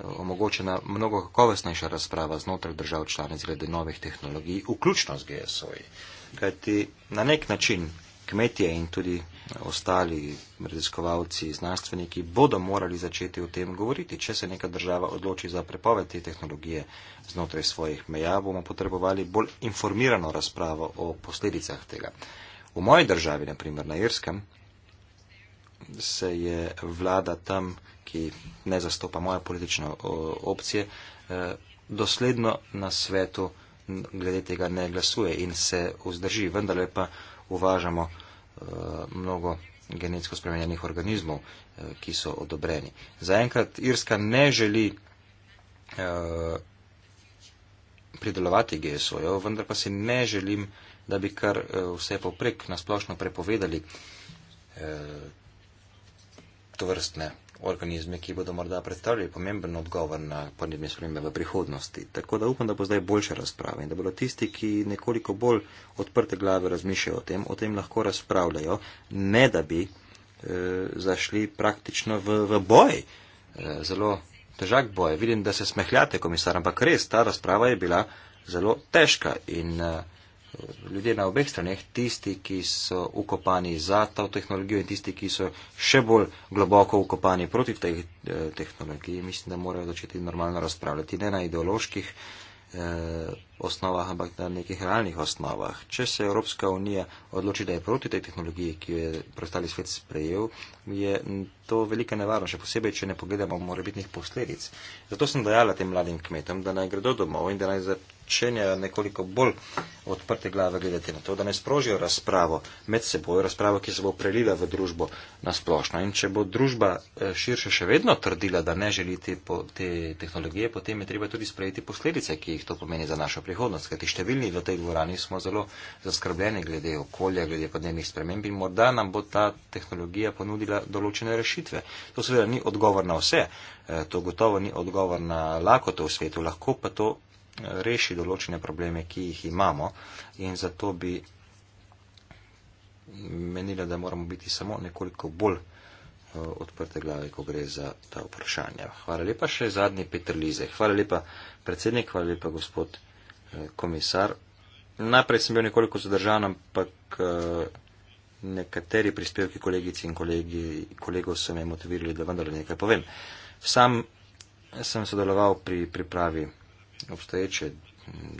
Speaker 3: omogočena mnogo kakovostnejša razprava znotraj držav članic glede novih tehnologij, vključno z GSO-ji. Kajti na nek način kmetije in tudi ostali raziskovalci, znanstveniki bodo morali začeti o tem govoriti. Če se neka država odloči za prepoved te tehnologije znotraj svojih meja, bomo potrebovali bolj informirano razpravo o posledicah tega. V moji državi, na primer na Irskem, se je vlada tam ki ne zastopa moje politične opcije, e, dosledno na svetu glede tega ne glasuje in se vzdrži, vendar le pa uvažamo e, mnogo genetsko spremenjenih organizmov, e, ki so odobreni. Zaenkrat Irska ne želi pridelovati GSO-jo, vendar pa si ne želim, da bi kar vse poprek nasplošno prepovedali to vrstne organizme, ki bodo morda predstavljali pomemben odgovor na podnebne spremembe v prihodnosti. Tako da upam, da bo zdaj boljša razprava in da bodo tisti, ki nekoliko bolj odprte glave razmišljajo o tem, o tem lahko razpravljajo, ne da bi e, zašli praktično v, v boj. E, zelo težak boj. Vidim, da se smehljate, komisar, ampak res ta razprava je bila zelo težka. In, e, ljudje na obeh straneh, tisti, ki so ukopani za to tehnologijo in tisti, ki so še bolj globoko ukopani proti tej eh, tehnologiji, mislim, da morajo začeti normalno razpravljati, ne na ideoloških eh, osnovah, ampak na nekih realnih osnovah. Če se Evropska unija odloči, da je proti tej tehnologiji, ki jo je prostali svet sprejel, je to velika nevarnost, še posebej, če ne pogledamo morebitnih posledic. Zato sem dajala tem mladim kmetom, da naj gredo domov in da naj za začenjajo nekoliko bolj odprte glave gledati na to, da ne sprožijo razpravo med seboj, razpravo, ki se bo prelila v družbo na splošno. In če bo družba eh, širše še vedno trdila, da ne želi te, po, te tehnologije, potem je treba tudi sprejeti posledice, ki jih to pomeni za našo prihodnost. Kajti številni v tej dvorani smo zelo zaskrbljeni glede okolja, glede podnebnih sprememb in morda nam bo ta tehnologija ponudila določene rešitve. To seveda ni odgovor na vse, eh, to gotovo ni odgovor na lakoto v svetu, lahko pa to reši določene probleme, ki jih imamo in zato bi menila, da moramo biti samo nekoliko bolj eh, odprte glave, ko gre za ta vprašanja. Hvala lepa še zadnji Petr Lize. Hvala lepa predsednik, hvala lepa gospod eh, komisar. Najprej sem bil nekoliko zadržan, ampak eh, nekateri prispevki kolegici in kolegi, kolegov so me motivirali, da vendar nekaj povem. Sam sem sodeloval pri pripravi obstoječe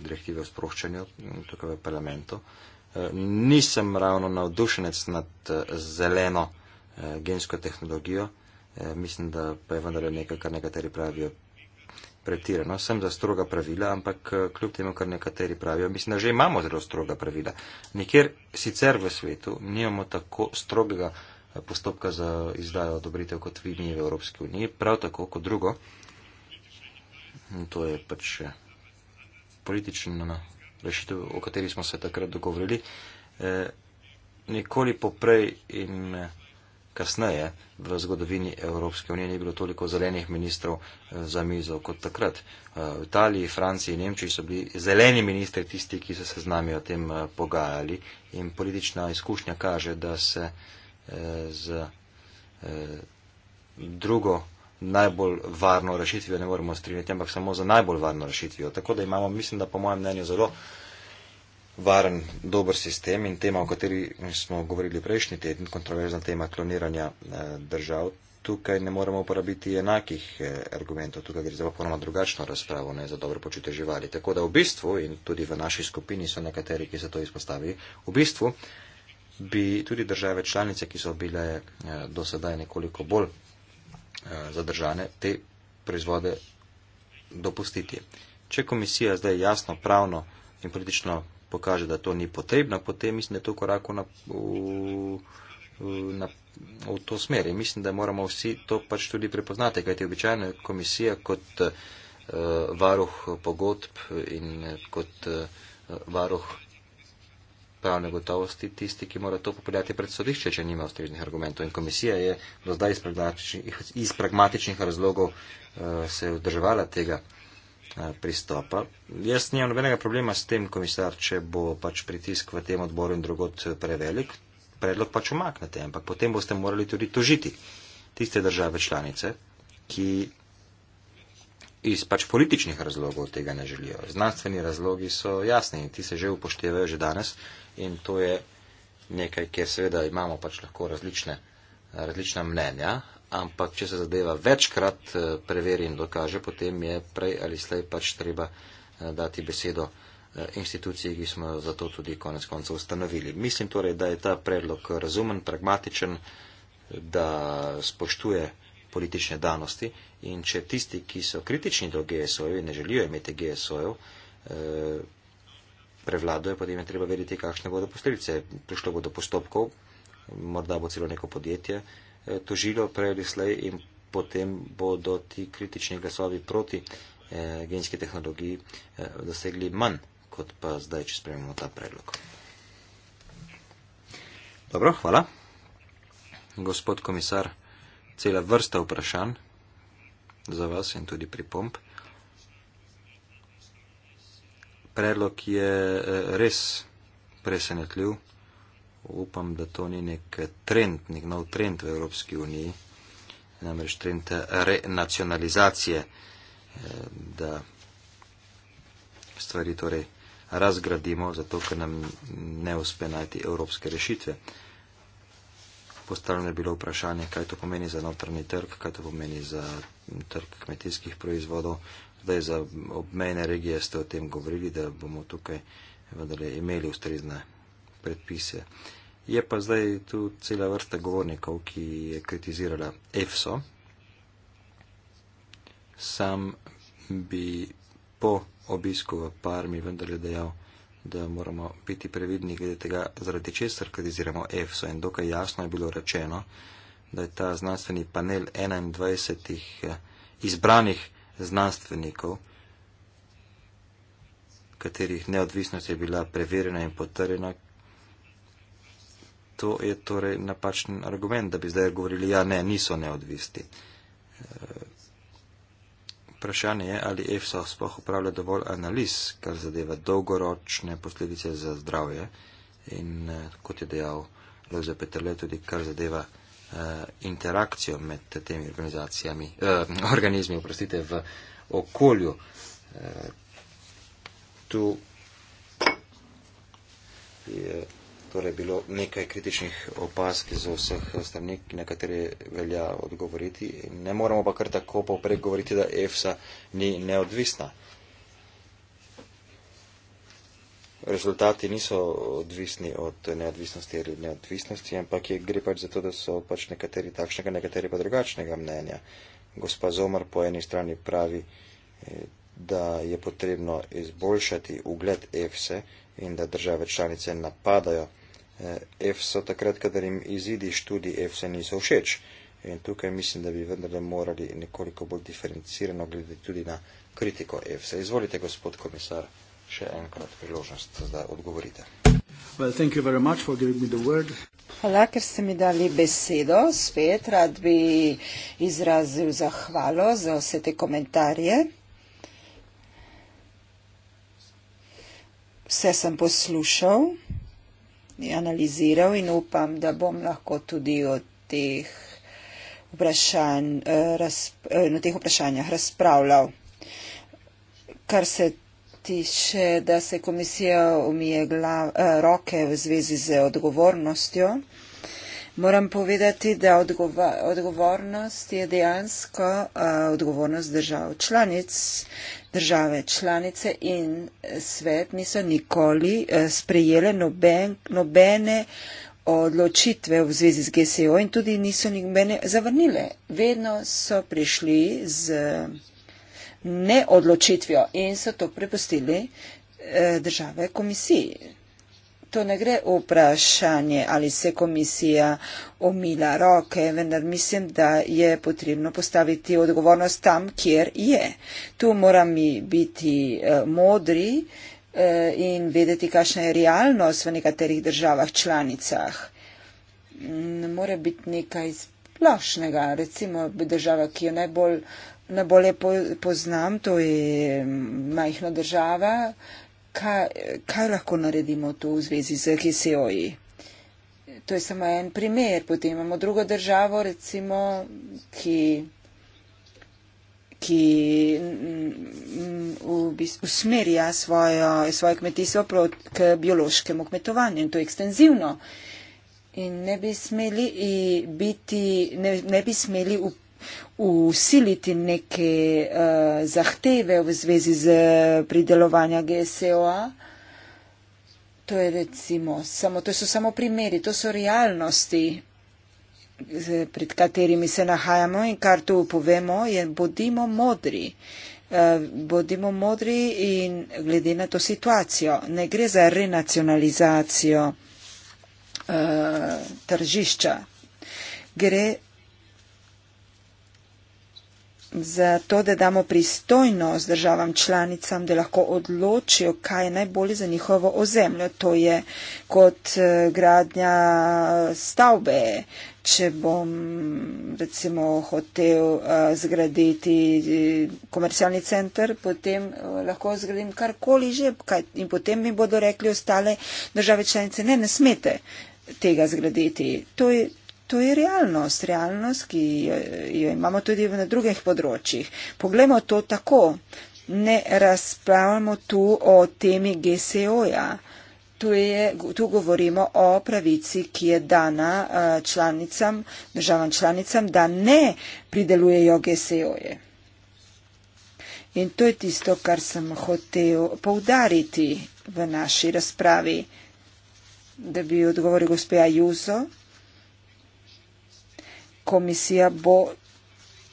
Speaker 3: direktive o sproščanju tukaj v parlamentu. E, nisem ravno navdušenec nad e, zeleno e, gensko tehnologijo. Mislim, da pa je vendar nekaj, kar nekateri pravijo pretirano. Sem za stroga pravila, ampak kljub temu, kar nekateri pravijo, mislim, da že imamo zelo stroga pravila. Nikjer sicer v svetu nimamo tako strogega postopka za izdajo odobritev kot vi mi v Evropski uniji, prav tako kot drugo to je pač politična rešitev, o kateri smo se takrat dogovorili. E, nikoli poprej in e, kasneje v zgodovini Evropske unije ni bilo toliko zelenih ministrov e, za mizo kot takrat. E, v Italiji, Franciji in Nemčiji so bili zeleni ministri tisti, ki so se z nami o tem pogajali in politična izkušnja kaže, da se z drugo najbolj varno rešitvijo, ne moremo strinjati, ampak samo za najbolj varno rešitvijo. Tako da imamo, mislim, da po mojem mnenju zelo varen, dober sistem in tema, o kateri smo govorili prejšnji teden, kontroverzna tema kloniranja eh, držav. Tukaj ne moremo uporabiti enakih eh, argumentov, tukaj gre za popolnoma drugačno razpravo, ne za dobro počutje živali. Tako da v bistvu, in tudi v naši skupini so nekateri, ki so to izpostavili, v bistvu bi tudi države članice, ki so bile eh, do sedaj nekoliko bolj Eh, zadržane te proizvode dopustiti. Če komisija zdaj jasno, pravno in politično pokaže, da to ni potrebno, potem mislim, da je to korak v, v, na, v to smer. In mislim, da moramo vsi to pač tudi prepoznati, kajti običajno je komisija kot uh, varuh pogodb in eh, kot uh, varuh prav negotovosti tisti, ki mora to popeljati pred sodišče, če nima ustreznih argumentov. In komisija je do zdaj iz pragmatičnih, iz pragmatičnih razlogov uh, se vzdrževala tega uh, pristopa. Jaz nimam nobenega problema s tem, komisar, če bo pač pritisk v tem odboru in drugot eh, prevelik, predlog pač umaknete, ampak potem boste morali tudi tožiti tiste države članice, ki iz pač političnih razlogov tega ne želijo. Znanstveni razlogi so jasni in ti se že upoštevajo že danes in to je nekaj, kjer seveda imamo pač lahko različne, različna mnenja, ampak če se zadeva večkrat eh, preveri in dokaže, potem je prej ali slej pač treba eh, dati besedo eh, inštituciji, ki smo za to tudi konec koncev ustanovili. Mislim torej, da je ta predlog razumen, pragmatičen, da spoštuje politične danosti in če tisti, ki so kritični do GSO-jev in ne želijo imeti GSO-jev, eh, prevladojo, potem je treba vedeti, kakšne bodo posledice. Prišlo bo do postopkov, morda bo celo neko podjetje eh, tožilo prej ali slej in potem bodo ti kritični glasovi proti eh, genski tehnologiji dosegli manj, kot pa zdaj, če spremimo ta predlog. Dobro, hvala. Gospod komisar cela vrsta vprašanj za vas in tudi pripomp. Predlog je eh, res presenetljiv. Upam, da to ni nek trend, nek nov trend v Evropski uniji, namreč trend eh, renacionalizacije, eh, da stvari torej razgradimo, zato ker nam ne uspe najti evropske rešitve postavljeno je bilo vprašanje, kaj to pomeni za notrni trg, kaj to pomeni za trg kmetijskih proizvodov. Zdaj za obmejne regije ste o tem govorili, da bomo tukaj vendarle imeli ustrezne predpise. Je pa zdaj tu cela vrsta govornikov, ki je kritizirala EFSO. Sam bi po obisku v Parmi vendarle dejal, da moramo biti previdni glede tega, zaradi česar kritiziramo EFSO. In dokaj jasno je bilo rečeno, da je ta znanstveni panel 21 eh, izbranih znanstvenikov, katerih neodvisnost je bila preverjena in potrjena. To je torej napačen argument, da bi zdaj govorili, ja ne, niso neodvisni. Eh, Vprašanje je, ali EFSA sploh upravlja dovolj analiz, kar zadeva dolgoročne posledice za zdravje in, eh, kot je dejal Lojze Petrle, tudi kar zadeva uh, interakcijo med temi organizacijami, uh, *laughs* organizmi, oprostite, v okolju. Uh, tu je torej bilo nekaj kritičnih opask z vseh strani, na katere velja odgovoriti. Ne moramo pa kar tako poprej govoriti, da EFSA ni neodvisna. Rezultati niso odvisni od neodvisnosti ali neodvisnosti, ampak je, gre pač za to, da so pač nekateri takšnega, nekateri pa drugačnega mnenja. Gospa Zomar po eni strani pravi, eh, da je potrebno izboljšati ugled EFSE in da države članice napadajo Eh, EFSA, takrat, kadar jim izidi študi EFSA niso všeč. In tukaj mislim, da bi vendarle morali nekoliko bolj diferencirano gledati tudi na kritiko EFSA. Izvolite, gospod komisar, še enkrat priložnost, da odgovorite.
Speaker 1: Well, Hvala, ker ste mi dali besedo. Svet, rad bi izrazil zahvalo za vse te komentarje. Vse sem poslušal analiziral in upam, da bom lahko tudi o teh, vprašanj, eh, raz, eh, na teh vprašanjah razpravljal. Kar se tiče, da se komisija umije glav, eh, roke v zvezi z odgovornostjo, moram povedati, da odgovo, odgovornost je dejansko odgovornost držav članic, države članice in svet niso nikoli eh, sprejele noben, nobene odločitve v zvezi z GSO in tudi niso nobene zavrnile. Vedno so prišli z neodločitvijo in so to prepustili eh, države komisiji. To ne gre v vprašanje, ali se komisija omila roke, vendar mislim, da je potrebno postaviti odgovornost tam, kjer je. Tu moramo biti eh, modri eh, in vedeti, kakšna je realnost v nekaterih državah članicah. Ne more biti nekaj splošnega, recimo država, ki jo najbolj, najbolje poznam, to je mm, majhna država, kaj, kaj lahko naredimo tu v zvezi z GSEO-ji? To je samo en primer. Potem imamo drugo državo, recimo, ki, ki usmerja svojo, svoje kmetijstvo prot, k biološkemu kmetovanju in to je ekstenzivno. In ne bi smeli, biti, ne, ne bi smeli upoštevati usiliti neke uh, zahteve v zvezi z eh, pridelovanja GSOA. To je recimo samo, to so samo primeri, to so realnosti, z, pred katerimi se nahajamo in kar tu povemo je, bodimo modri. Eh, bodimo modri in glede na to situacijo. Ne gre za renacionalizacijo uh, tržišča. Gre za to, da damo pristojnost državam članicam, da lahko odločijo, kaj je najbolje za njihovo ozemljo. To je kot eh, gradnja eh, stavbe. Če bom recimo hotel uh, zgraditi komercialni center, potem uh, lahko zgradim karkoli že kaj, in potem mi bodo rekli ostale države članice, ne, ne smete tega zgraditi. To je, to je realnost, realnost, ki jo, jo imamo tudi na drugih področjih. Poglejmo to tako, ne razpravljamo tu o temi GSO-ja. Tu, je, tu govorimo o pravici, ki je dana eh, članicam, državam članicam, da ne pridelujejo GSO-je. In to je tisto, kar sem hotel poudariti v naši razpravi, da bi odgovoril gospeja Juzo komisija bo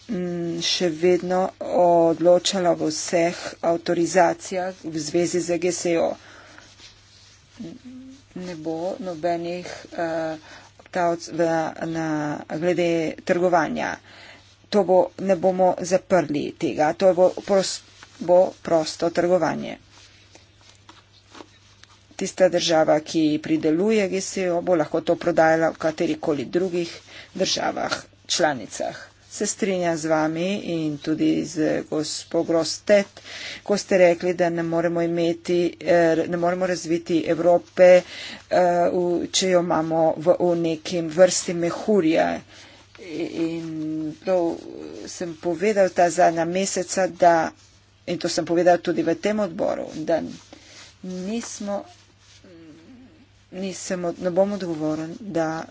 Speaker 1: mm, še vedno odločala v vseh avtorizacijah v zvezi z GSO. Ne bo nobenih uh, v, na, glede trgovanja. To bo, ne bomo zaprli tega. To bo, prost, bo prosto trgovanje. Tista država, ki prideluje GSO, bo lahko to prodajala v katerikoli drugih državah članicah. Se strinjam z vami in tudi z gospod Grostet, ko ste rekli, da ne moremo, imeti, eh, ne moremo razviti Evrope, eh, če jo imamo v, v nekem vrsti mehurja. In to sem povedal ta zadnja meseca, da, in to sem povedal tudi v tem odboru, da nismo nisem, ne bom odgovoren, da,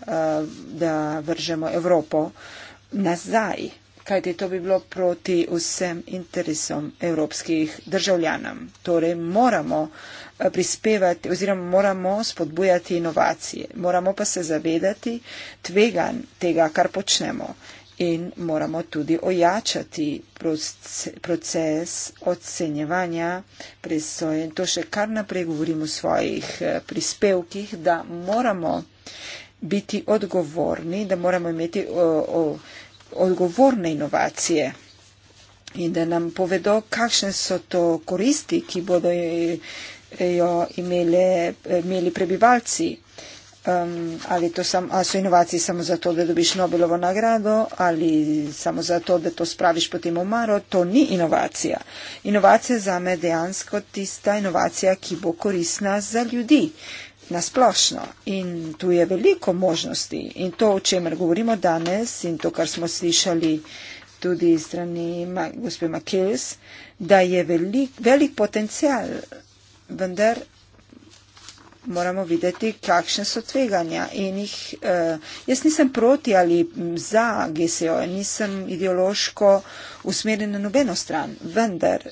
Speaker 1: da vržemo Evropo nazaj, kajti to bi bilo proti vsem interesom evropskih državljanom. Torej moramo prispevati oziroma moramo spodbujati inovacije, moramo pa se zavedati tvegan tega, kar počnemo in moramo tudi ojačati proces ocenjevanja presoje. In to še kar naprej govorim v svojih eh, prispevkih, da moramo biti odgovorni, da moramo imeti o, o, odgovorne inovacije in da nam povedo, kakšne so to koristi, ki bodo eh, jo eh, imeli prebivalci um, ali, to sam, ali so inovacije samo zato, da dobiš Nobelovo nagrado, ali samo zato, da to spraviš potem v maro, to ni inovacija. Inovacija za me je dejansko tista inovacija, ki bo korisna za ljudi nasplošno in tu je veliko možnosti in to, o čemer govorimo danes in to, kar smo slišali tudi strani ma, gospe Makels, da je velik, velik potencial, vendar moramo videti, kakšne so tveganja. Jih, eh, jaz nisem proti ali za GSO, nisem ideološko usmerjen na nobeno stran, vendar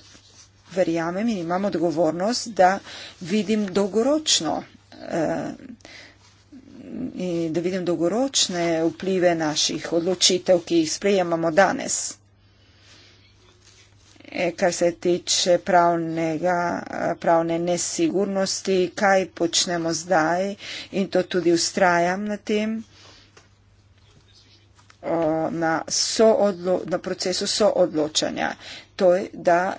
Speaker 1: verjamem in imam odgovornost, da vidim dolgoročno. Eh, In da vidim dolgoročne vplive naših odločitev, ki jih sprejemamo danes. E, kar se tiče pravnega, pravne nesigurnosti, kaj počnemo zdaj in to tudi ustrajam na tem, na, soodlo, na procesu soodločanja. To je, da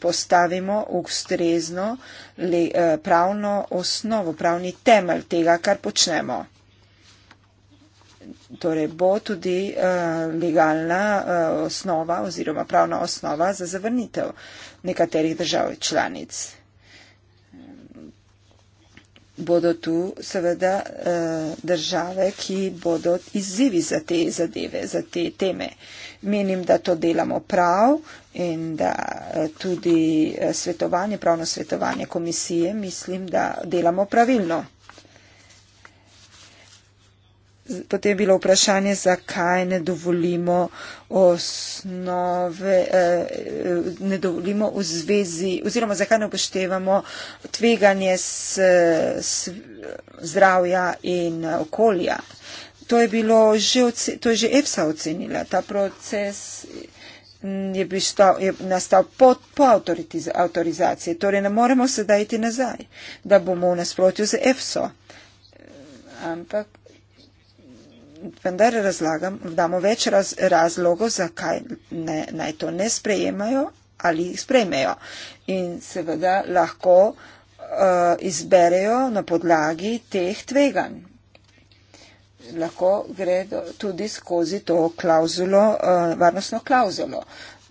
Speaker 1: postavimo ustrezno eh, pravno osnovo, pravni temelj tega, kar počnemo torej bo tudi uh, legalna uh, osnova oziroma pravna osnova za zavrnitev nekaterih držav članic. Bodo tu seveda uh, države, ki bodo izzivi za te zadeve, za te teme. Menim, da to delamo prav in da tudi svetovanje, pravno svetovanje komisije, mislim, da delamo pravilno. Potem je bilo vprašanje, zakaj ne dovolimo, osnove, eh, ne dovolimo v zvezi, oziroma zakaj ne upoštevamo tveganje s, s, zdravja in okolja. To je, bilo že, to je že EFSA ocenila. Ta proces je, stav, je nastal pod, po avtorizaciji. Torej ne moremo sedaj iti nazaj, da bomo v nasprotju z EFSO. Ampak vendar razlagam, damo več raz, razlogov, zakaj ne, naj to ne sprejemajo ali jih sprejmejo. In seveda lahko uh, izberejo na podlagi teh tveganj. Lahko gre tudi skozi to klauzulo, uh, varnostno klauzulo.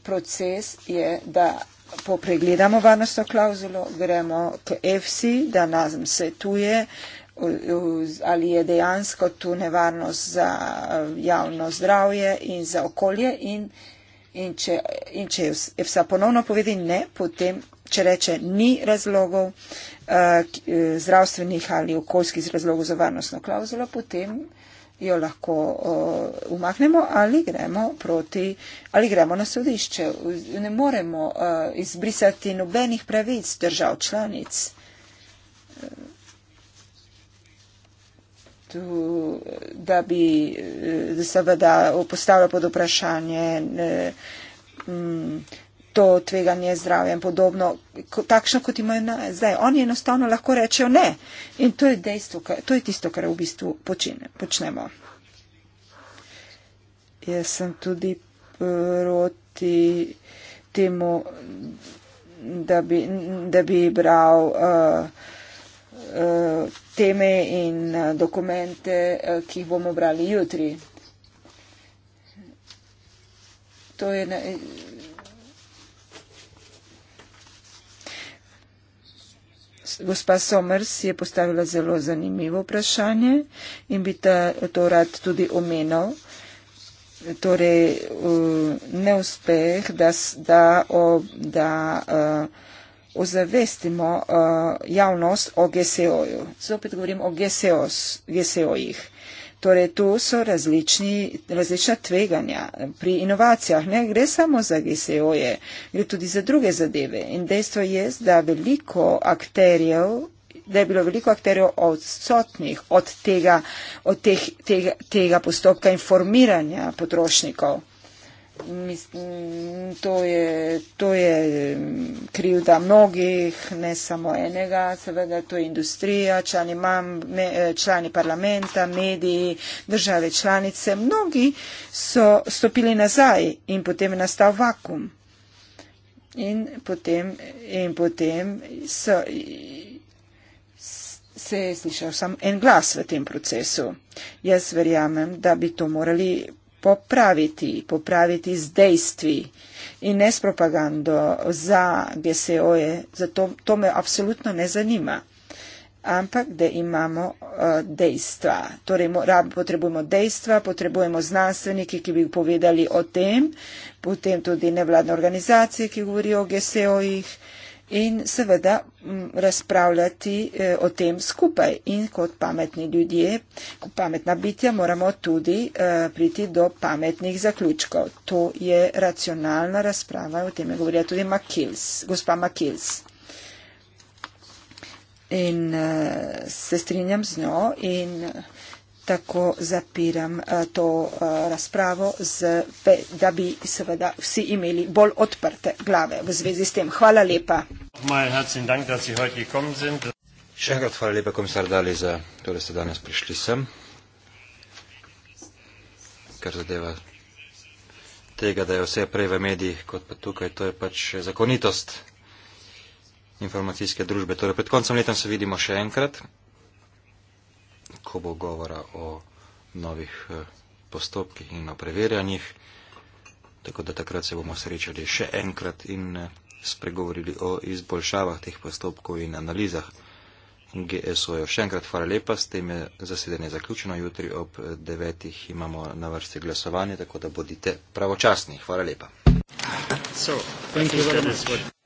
Speaker 1: Proces je, da popregledamo varnostno klauzulo, gremo k EFSI, da nas svetuje. Uh, ali je dejansko tu nevarnost za eh, javno zdravje in za okolje in, in, če, in če EFSA ponovno povedi ne, potem, če reče ni razlogov, eh, eh, zdravstvenih ali okoljskih razlogov za varnostno klauzulo, potem jo lahko uh, umahnemo ali gremo, proti, ali gremo na sodišče. Ne moremo uh, izbrisati nobenih pravic držav članic. Uh da bi eh, seveda postavila pod vprašanje eh, mm, to tveganje zdravja in podobno, takšno kot imajo zdaj. Oni enostavno lahko rečejo ne. In to je dejstvo, to je tisto, kar v bistvu počine, počnemo. Jaz sem tudi proti temu, da bi, da bi bral. Uh, uh, teme in eh, dokumente, eh, ki jih bomo brali jutri. To je na... Gospa Somers je postavila zelo zanimivo vprašanje in bi ta, to rad tudi omenil. Torej, eh, neuspeh, da, da, da uh, ozavestimo uh, javnost o GSO-ju. Zopet govorim o GSO-jih. Torej, tu so različni, različna tveganja pri inovacijah. Ne gre samo za GSO-je, gre tudi za druge zadeve. In dejstvo je, da, veliko akterjev, da je bilo veliko akterjev odsotnih od, tega, od teh, tega, tega postopka informiranja potrošnikov mislim, to je, to je krivda mnogih, ne samo enega, seveda to je industrija, člani, mam, me, eh, člani parlamenta, mediji, države članice, mnogi so stopili nazaj in potem je nastal vakum. In potem, in potem so, se je slišal samo en glas v tem procesu. Jaz verjamem, da bi to morali popraviti, popraviti z dejstvi in ne s propagando za GSO-je, zato to me apsolutno ne zanima. Ampak da imamo uh, dejstva. Torej, rab, potrebujemo dejstva, potrebujemo znanstveniki, ki bi povedali o tem, potem tudi nevladne organizacije, ki govorijo o GSO-jih. Uh, in seveda mm, razpravljati eh, o tem skupaj. In kot pametni ljudje, kot pametna bitja, moramo tudi eh, priti do pametnih zaključkov. To je racionalna razprava, o tem je govorila tudi Makils, gospa Makils. In eh, se strinjam z njo. In, tako zapiram eh, to eh, razpravo, da bi seveda vsi imeli bolj odprte glave v zvezi s tem. Hvala lepa.
Speaker 3: Še enkrat hvala lepa, komisar Dali, za to, da ste danes prišli sem. Kar zadeva tega, da je vse prej v medijih, kot pa tukaj, to je pač zakonitost informacijske družbe. Torej, pred koncem leta se vidimo še enkrat ko bo govora o novih eh, postopkih in o preverjanjih. Tako da takrat se bomo srečali še enkrat in eh, spregovorili o izboljšavah teh postopkov in analizah GSO-jo. Še enkrat hvala lepa, s tem je zasedanje zaključeno. Jutri ob eh, devetih imamo na vrsti glasovanje, tako da bodite pravočasni. Hvala lepa. So, thank you very much.